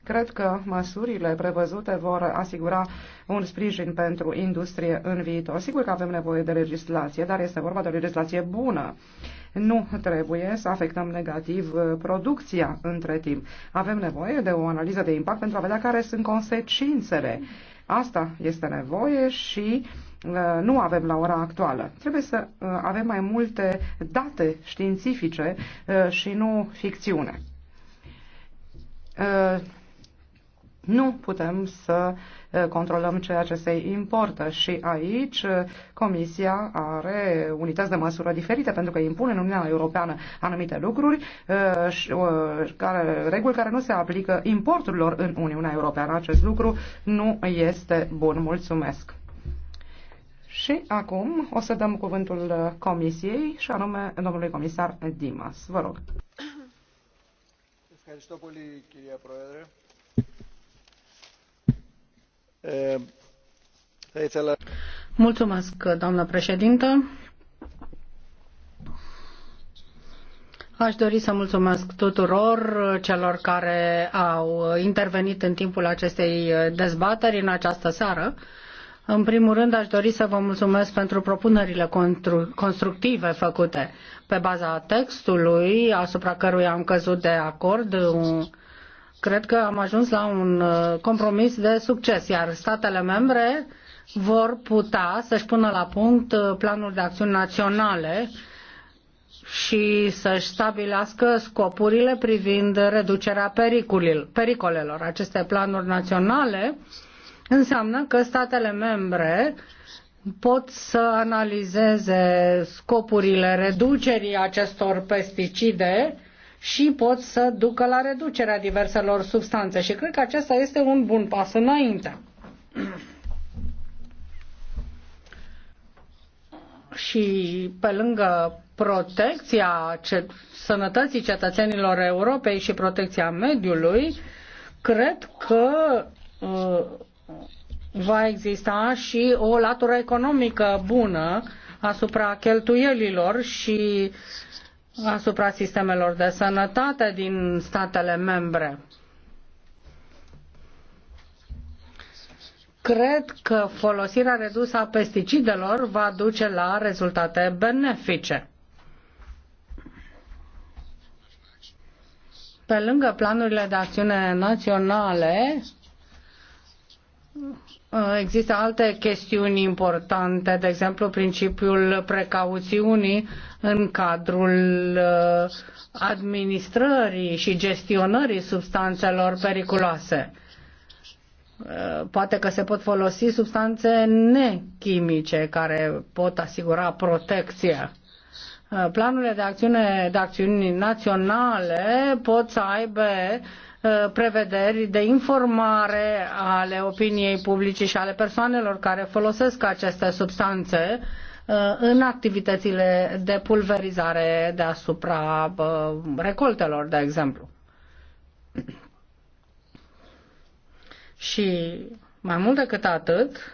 cred că măsurile prevăzute vor asigura un sprijin pentru industrie în viitor. Sigur că avem nevoie de legislație, dar este vorba de o legislație bună nu trebuie să afectăm negativ uh, producția între timp. Avem nevoie de o analiză de impact pentru a vedea care sunt consecințele. Asta este nevoie și uh, nu avem la ora actuală. Trebuie să uh, avem mai multe date științifice și nu ficțiune nu putem să eh, controlăm ceea ce se importă și aici eh, Comisia are unități de măsură diferite pentru că impune în Uniunea Europeană anumite lucruri, eh, care, reguli care nu se aplică importurilor în Uniunea Europeană. Acest lucru nu este bun. Mulțumesc! Și acum o să dăm cuvântul Comisiei și anume domnului comisar Dimas. Vă rog. Mulțumesc, Mulțumesc, doamnă președintă. Aș dori să mulțumesc tuturor celor care au intervenit în timpul acestei dezbateri în această seară. În primul rând, aș dori să vă mulțumesc pentru propunerile constructive făcute pe baza textului asupra căruia am căzut de acord. Un cred că am ajuns la un uh, compromis de succes, iar statele membre vor putea să-și pună la punct uh, planuri de acțiuni naționale și să-și stabilească scopurile privind reducerea pericolelor. Aceste planuri naționale înseamnă că statele membre pot să analizeze scopurile reducerii acestor pesticide și pot să ducă la reducerea diverselor substanțe. Și cred că acesta este un bun pas înainte. și pe lângă protecția cet- sănătății cetățenilor Europei și protecția mediului, cred că uh, va exista și o latură economică bună asupra cheltuielilor și asupra sistemelor de sănătate din statele membre. Cred că folosirea redusă a pesticidelor va duce la rezultate benefice. Pe lângă planurile de acțiune naționale, Uh, există alte chestiuni importante, de exemplu principiul precauțiunii în cadrul uh, administrării și gestionării substanțelor periculoase. Uh, poate că se pot folosi substanțe nechimice care pot asigura protecția. Planurile de acțiune de acțiuni naționale pot să aibă Uh, prevederi de informare ale opiniei publice și ale persoanelor care folosesc aceste substanțe uh, în activitățile de pulverizare deasupra uh, recoltelor, de exemplu. [CLEARS THROAT] Și mai mult decât atât,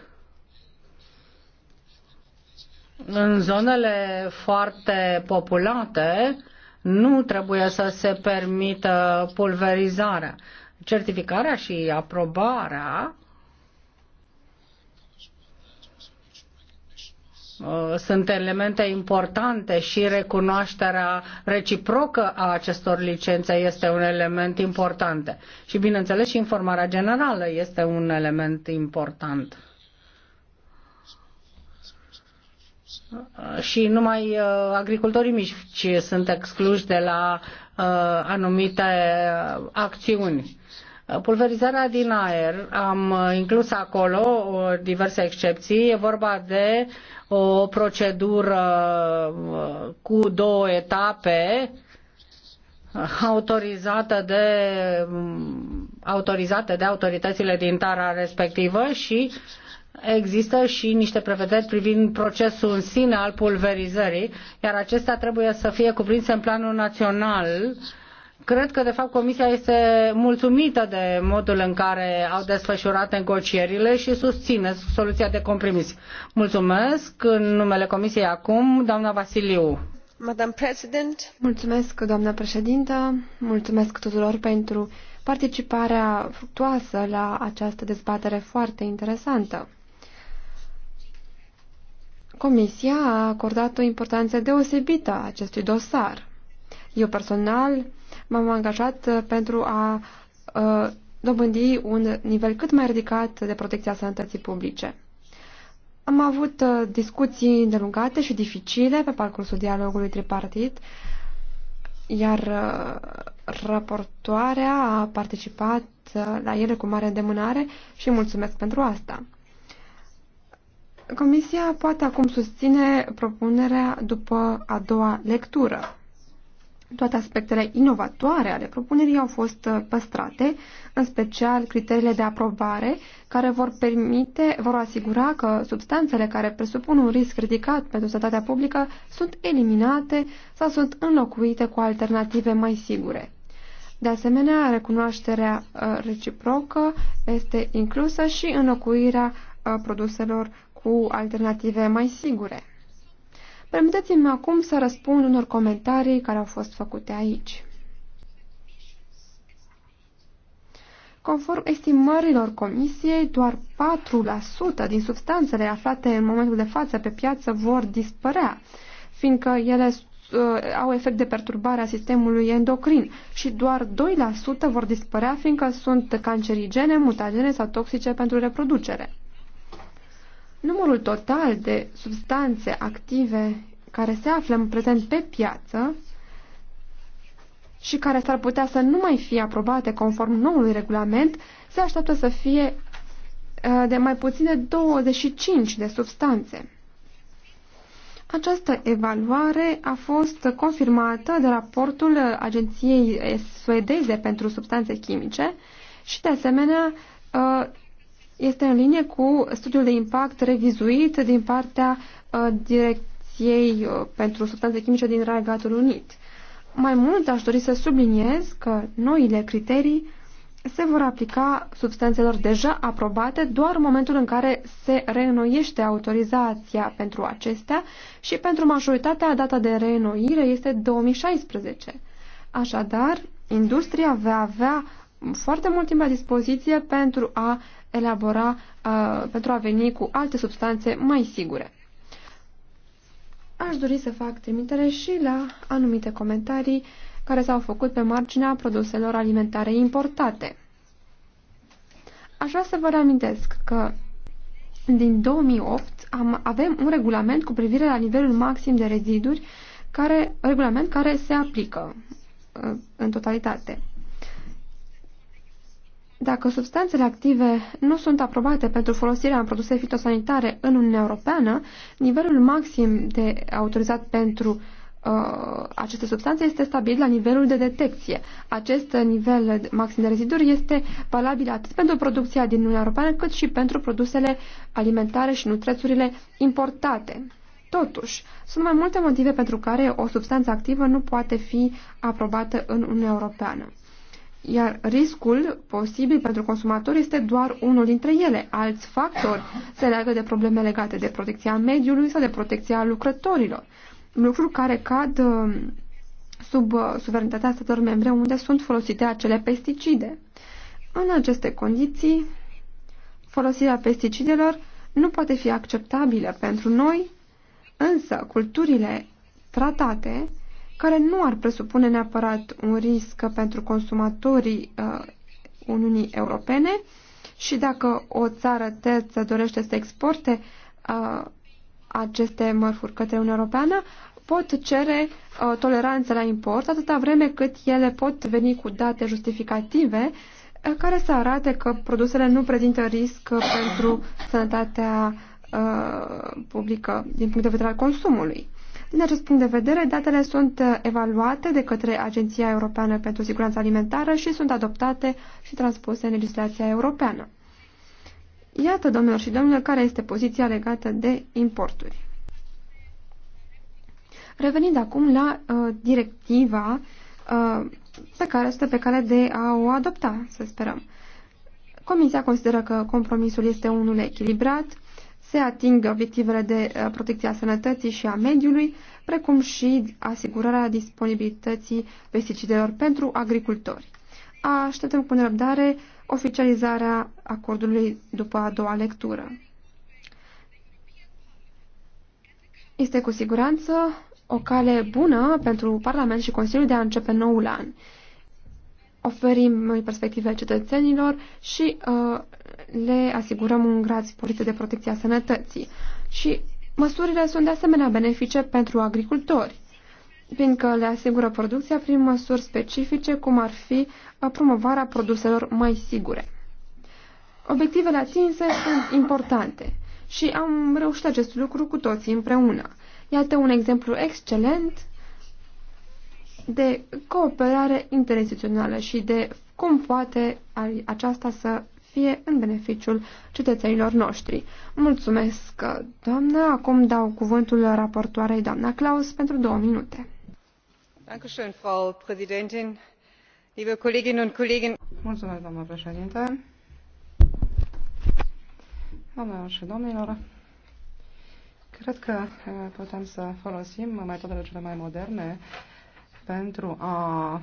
în zonele foarte populate, nu trebuie să se permită pulverizarea. Certificarea și aprobarea uh, sunt elemente importante și recunoașterea reciprocă a acestor licențe este un element important. Și bineînțeles și informarea generală este un element important. Uh, și numai uh, agricultorii mici sunt excluși de la uh, anumite acțiuni. Pulverizarea din aer, am inclus acolo diverse excepții, e vorba de o procedură cu două etape autorizată de, um, autorizată de autoritățile din tara respectivă și uh, Există și niște prevederi privind procesul în sine al pulverizării, iar acesta trebuie să fie cuprinse în planul național. Cred că, de fapt, Comisia este mulțumită de modul în care au desfășurat negocierile și susține soluția de compromis. Mulțumesc. În numele Comisiei acum, doamna Vasiliu. President. Mulțumesc, doamna președintă. Mulțumesc tuturor pentru participarea fructuoasă la această dezbatere foarte interesantă. Comisia a acordat o importanță deosebită acestui dosar. Eu personal m-am angajat uh, pentru a uh, dobândi un nivel cât mai ridicat de protecția sănătății publice. Am avut uh, discuții îndelungate și dificile pe parcursul dialogului tripartit, iar uh, raportoarea a participat uh, la ele cu mare îndemânare și mulțumesc pentru asta. Comisia poate acum susține propunerea după a doua lectură. Toate aspectele inovatoare ale propunerii au fost uh, păstrate, în special criteriile de aprobare, care vor permite, vor asigura că substanțele care presupun un risc ridicat pentru sănătatea publică sunt eliminate sau sunt înlocuite cu alternative mai sigure. De asemenea, recunoașterea uh, reciprocă este inclusă și înlocuirea uh, produselor cu alternative mai sigure. Permiteți-mi acum să răspund unor comentarii care au fost făcute aici. Conform estimărilor comisiei, doar 4% din substanțele aflate în momentul de față pe piață vor dispărea, fiindcă ele uh, au efect de perturbare a sistemului endocrin și doar 2% vor dispărea fiindcă sunt cancerigene, mutagene sau toxice pentru reproducere. Numărul total de substanțe active care se află în prezent pe piață și care s-ar putea să nu mai fie aprobate conform noului regulament, se așteaptă să fie uh, de mai puțin de 25 de substanțe. Această evaluare a fost confirmată de raportul Agenției Suedeze pentru Substanțe Chimice și, de asemenea, uh, este în linie cu studiul de impact revizuit din partea uh, Direcției uh, pentru Substanțe Chimice din Regatul Unit. Mai mult aș dori să subliniez că noile criterii se vor aplica substanțelor deja aprobate doar în momentul în care se reînnoiește autorizația pentru acestea și pentru majoritatea data de reînnoire este 2016. Așadar, industria va avea foarte mult timp la dispoziție pentru a elabora, uh, pentru a veni cu alte substanțe mai sigure. Aș dori să fac trimitere și la anumite comentarii care s-au făcut pe marginea produselor alimentare importate. Aș vrea să vă reamintesc că din 2008 am, avem un regulament cu privire la nivelul maxim de reziduri, care, regulament care se aplică în totalitate. Dacă substanțele active nu sunt aprobate pentru folosirea în produse fitosanitare în Uniunea Europeană, nivelul maxim de autorizat pentru uh, aceste substanțe este stabilit la nivelul de detecție. Acest nivel maxim de reziduri este valabil atât pentru producția din Uniunea Europeană, cât și pentru produsele alimentare și nutrețurile importate. Totuși, sunt mai multe motive pentru care o substanță activă nu poate fi aprobată în Uniunea Europeană. Iar riscul posibil pentru consumator este doar unul dintre ele. Alți factori se leagă de probleme legate de protecția mediului sau de protecția lucrătorilor. Lucruri care cad uh, sub uh, suverenitatea statelor membre unde sunt folosite acele pesticide. În aceste condiții, folosirea pesticidelor nu poate fi acceptabilă pentru noi, însă culturile tratate care nu ar presupune neapărat un risc pentru consumatorii uh, Uniunii Europene și dacă o țară terță dorește să exporte uh, aceste mărfuri către Uniunea Europeană, pot cere uh, toleranță la import atâta vreme cât ele pot veni cu date justificative uh, care să arate că produsele nu prezintă risc pentru sănătatea uh, publică din punct de vedere al consumului. Din acest punct de vedere, datele sunt uh, evaluate de către Agenția Europeană pentru Siguranța Alimentară și sunt adoptate și transpuse în legislația europeană. Iată, domnilor și domnilor, care este poziția legată de importuri. Revenind acum la uh, directiva uh, pe care este pe care de a o adopta, să sperăm. Comisia consideră că compromisul este unul echilibrat, se ating obiectivele de uh, protecție a sănătății și a mediului, precum și asigurarea disponibilității pesticidelor pentru agricultori. Așteptăm cu nerăbdare oficializarea acordului după a doua lectură. Este cu siguranță o cale bună pentru Parlament și Consiliul de a începe noul an oferim noi perspective cetățenilor și uh, le asigurăm un grad sporit de protecție a sănătății. Și măsurile sunt de asemenea benefice pentru agricultori, fiindcă le asigură producția prin măsuri specifice, cum ar fi uh, promovarea produselor mai sigure. Obiectivele atinse sunt importante și am reușit acest lucru cu toții împreună. Iată un exemplu excelent de cooperare interinstituțională și de cum poate aceasta să fie în beneficiul cetățenilor noștri. Mulțumesc, doamnă. Acum dau cuvântul raportoarei doamna Claus pentru două minute. Dankeschön, Frau Präsidentin. Liebe Kolleginnen und Kollegen. Mulțumesc, doamnă președinte. Doamnelor și domnilor, cred că eh, putem să folosim metodele cele mai moderne pentru a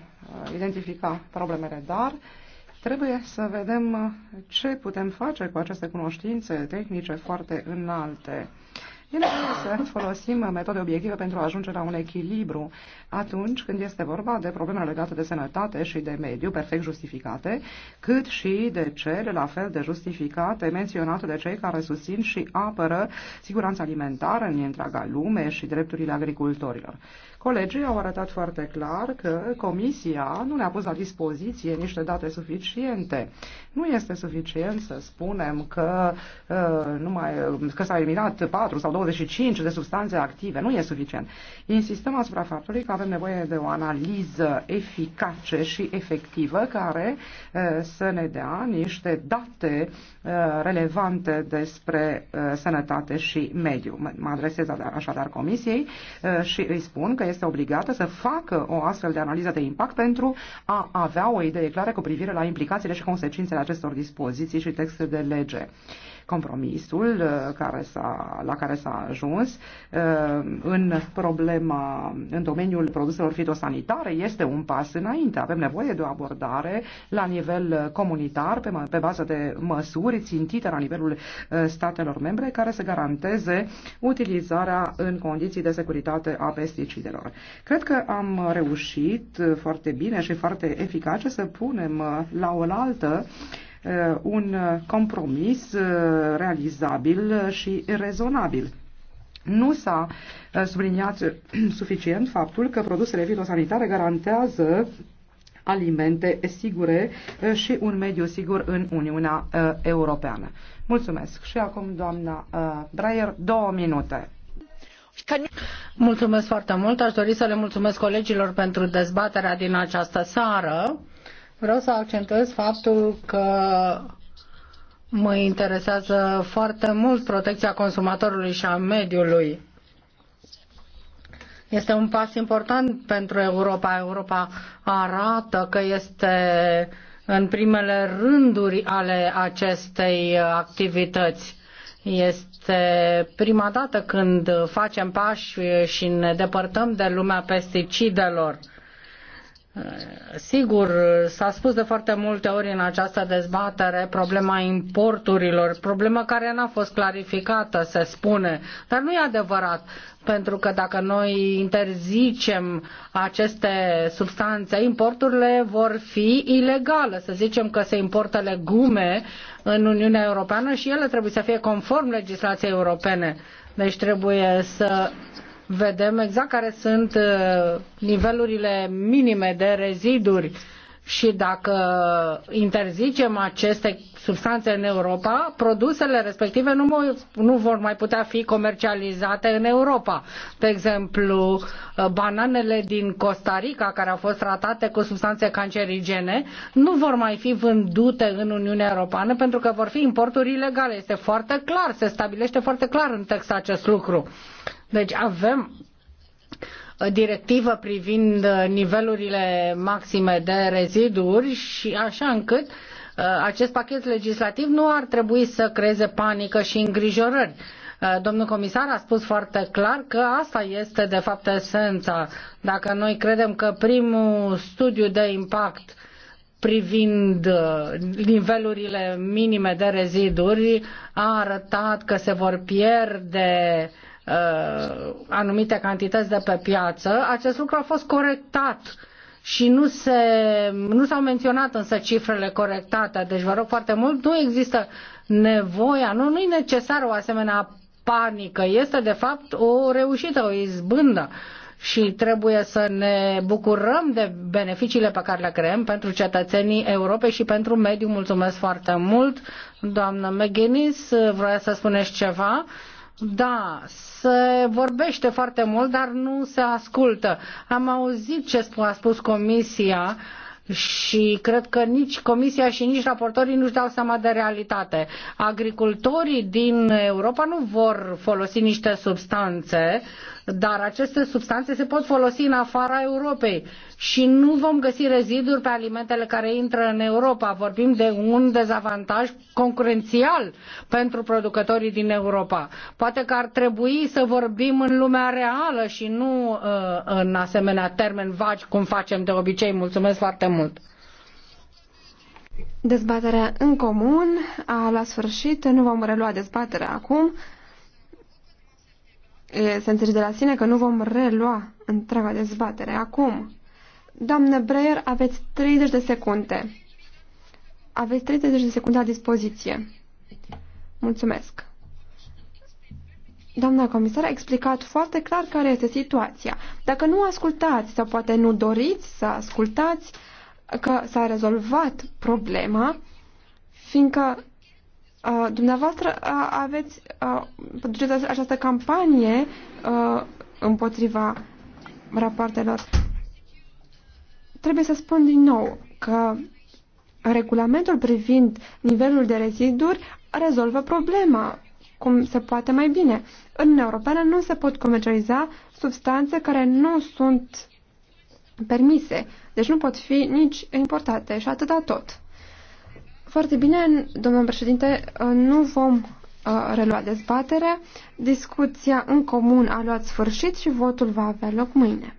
identifica problemele, dar trebuie să vedem ce putem face cu aceste cunoștințe tehnice foarte înalte ele trebuie să folosim metode obiective pentru a ajunge la un echilibru atunci când este vorba de probleme legate de sănătate și de mediu, perfect justificate, cât și de cele la fel de justificate menționate de cei care susțin și apără siguranța alimentară în întreaga lume și drepturile agricultorilor. Colegii au arătat foarte clar că Comisia nu ne-a pus la dispoziție niște date suficiente. Nu este suficient să spunem că, uh, numai, că s-a eliminat 4 sau 25 de substanțe active nu e suficient. Insistăm asupra faptului că avem nevoie de o analiză eficace și efectivă care eh, să ne dea niște date eh, relevante despre eh, sănătate și mediu. Mă adresez așadar Comisiei și îi spun că este obligată să facă o astfel de analiză de impact pentru a avea o idee clară cu privire la implicațiile și consecințele acestor dispoziții și texte de lege compromisul uh, care la care s-a ajuns uh, în problema, în domeniul produselor fitosanitare este un pas înainte. Avem nevoie de o abordare la nivel comunitar, pe, pe bază de măsuri țintite la nivelul uh, statelor membre, care să garanteze utilizarea în condiții de securitate a pesticidelor. Cred că am reușit foarte bine și foarte eficace să punem la oaltă uh, Uh, un uh, compromis uh, realizabil și rezonabil. Nu s-a subliniat [CLEARS THROAT] suficient faptul că produsele fitosanitare garantează alimente sigure și un mediu sigur în Uniunea Europeană. Mulțumesc. Și acum, doamna Breyer, două minute. Mulțumesc foarte mult. Aș dori să le mulțumesc colegilor pentru dezbaterea din această seară Vreau să accentuez faptul că mă interesează foarte mult protecția consumatorului și a mediului. Este un pas important pentru Europa. Europa arată că este în primele rânduri ale acestei activități. Este prima dată când facem pași și ne depărtăm de lumea pesticidelor Sigur, s-a spus de foarte multe ori în această dezbatere problema importurilor, problema care n-a fost clarificată, se spune, dar nu e adevărat, pentru că dacă noi interzicem aceste substanțe, importurile vor fi ilegale. Să zicem că se importă legume în Uniunea Europeană și ele trebuie să fie conform legislației europene. Deci trebuie să vedem exact care sunt uh, nivelurile minime de reziduri și dacă interzicem aceste substanțe în Europa, produsele respective nu, nu vor mai putea fi comercializate în Europa. De exemplu, uh, bananele din Costa Rica, care au fost tratate cu substanțe cancerigene, nu vor mai fi vândute în Uniunea Europeană pentru că vor fi importuri ilegale. Este foarte clar, se stabilește foarte clar în text acest lucru. Deci avem uh, directivă privind uh, nivelurile maxime de reziduri și așa încât uh, acest pachet legislativ nu ar trebui să creeze panică și îngrijorări. Domnul comisar a spus foarte clar că asta este de fapt esența. Dacă noi credem că primul studiu de impact privind nivelurile minime de reziduri a arătat că se vor pierde uh, Uh, anumite cantități de pe piață, acest lucru a fost corectat și nu, se, nu s-au menționat însă cifrele corectate. Deci vă rog foarte mult, nu există nevoia, nu, nu e necesară o asemenea panică. Este de fapt o reușită, o izbândă și trebuie să ne bucurăm de beneficiile pe care le creăm pentru cetățenii Europei și pentru mediu. Mulțumesc foarte mult, doamnă McGuinness. Vreau să spuneți ceva? Da, se vorbește foarte mult, dar nu se ascultă. Am auzit ce a spus Comisia și cred că nici Comisia și nici raportorii nu-și dau seama de realitate. Agricultorii din Europa nu vor folosi niște substanțe uh, dar aceste substanțe se pot folosi în afara Europei și nu vom găsi reziduri pe alimentele care intră în Europa. Vorbim de un dezavantaj concurențial pentru producătorii din Europa. Poate că ar trebui să vorbim în lumea reală și nu uh, în asemenea termeni vagi cum facem de obicei. Mulțumesc foarte mult! Dezbaterea în comun a la sfârșit, nu vom relua dezbaterea acum, se înțelege de la sine că nu vom relua întreaga dezbatere. Acum, doamnă Breyer, aveți 30 de secunde. Aveți 30 de secunde la dispoziție. Mulțumesc. Doamna comisar a explicat foarte clar care este situația. Dacă nu ascultați sau poate nu doriți să ascultați că s-a rezolvat problema, fiindcă Uh, dumneavoastră uh, aveți, uh, duceți această campanie uh, împotriva rapoartelor. Trebuie să spun din nou că regulamentul privind nivelul de reziduri rezolvă problema cum se poate mai bine. În Uniunea Europeană nu se pot comercializa substanțe care nu sunt permise, deci nu pot fi nici importate și atâta tot. Foarte bine, domnul președinte, nu vom relua dezbaterea. Discuția în comun a luat sfârșit și votul va avea loc mâine.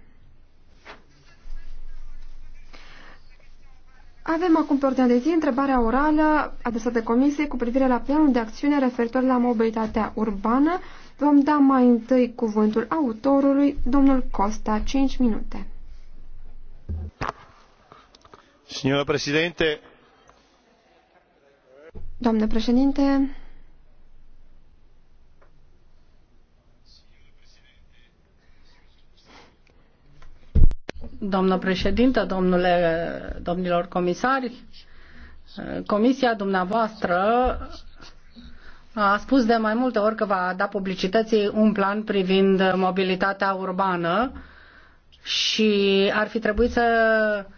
Avem acum pe ordinea de zi întrebarea orală adresată comisie cu privire la planul de acțiune referitor la mobilitatea urbană. Vom da mai întâi cuvântul autorului, domnul Costa, 5 minute. Signora Presidente, Doamnă președinte, Doamnă președintă, domnule, domnilor comisari, comisia dumneavoastră a spus de mai multe ori că va da publicității un plan privind mobilitatea urbană și ar fi trebuit să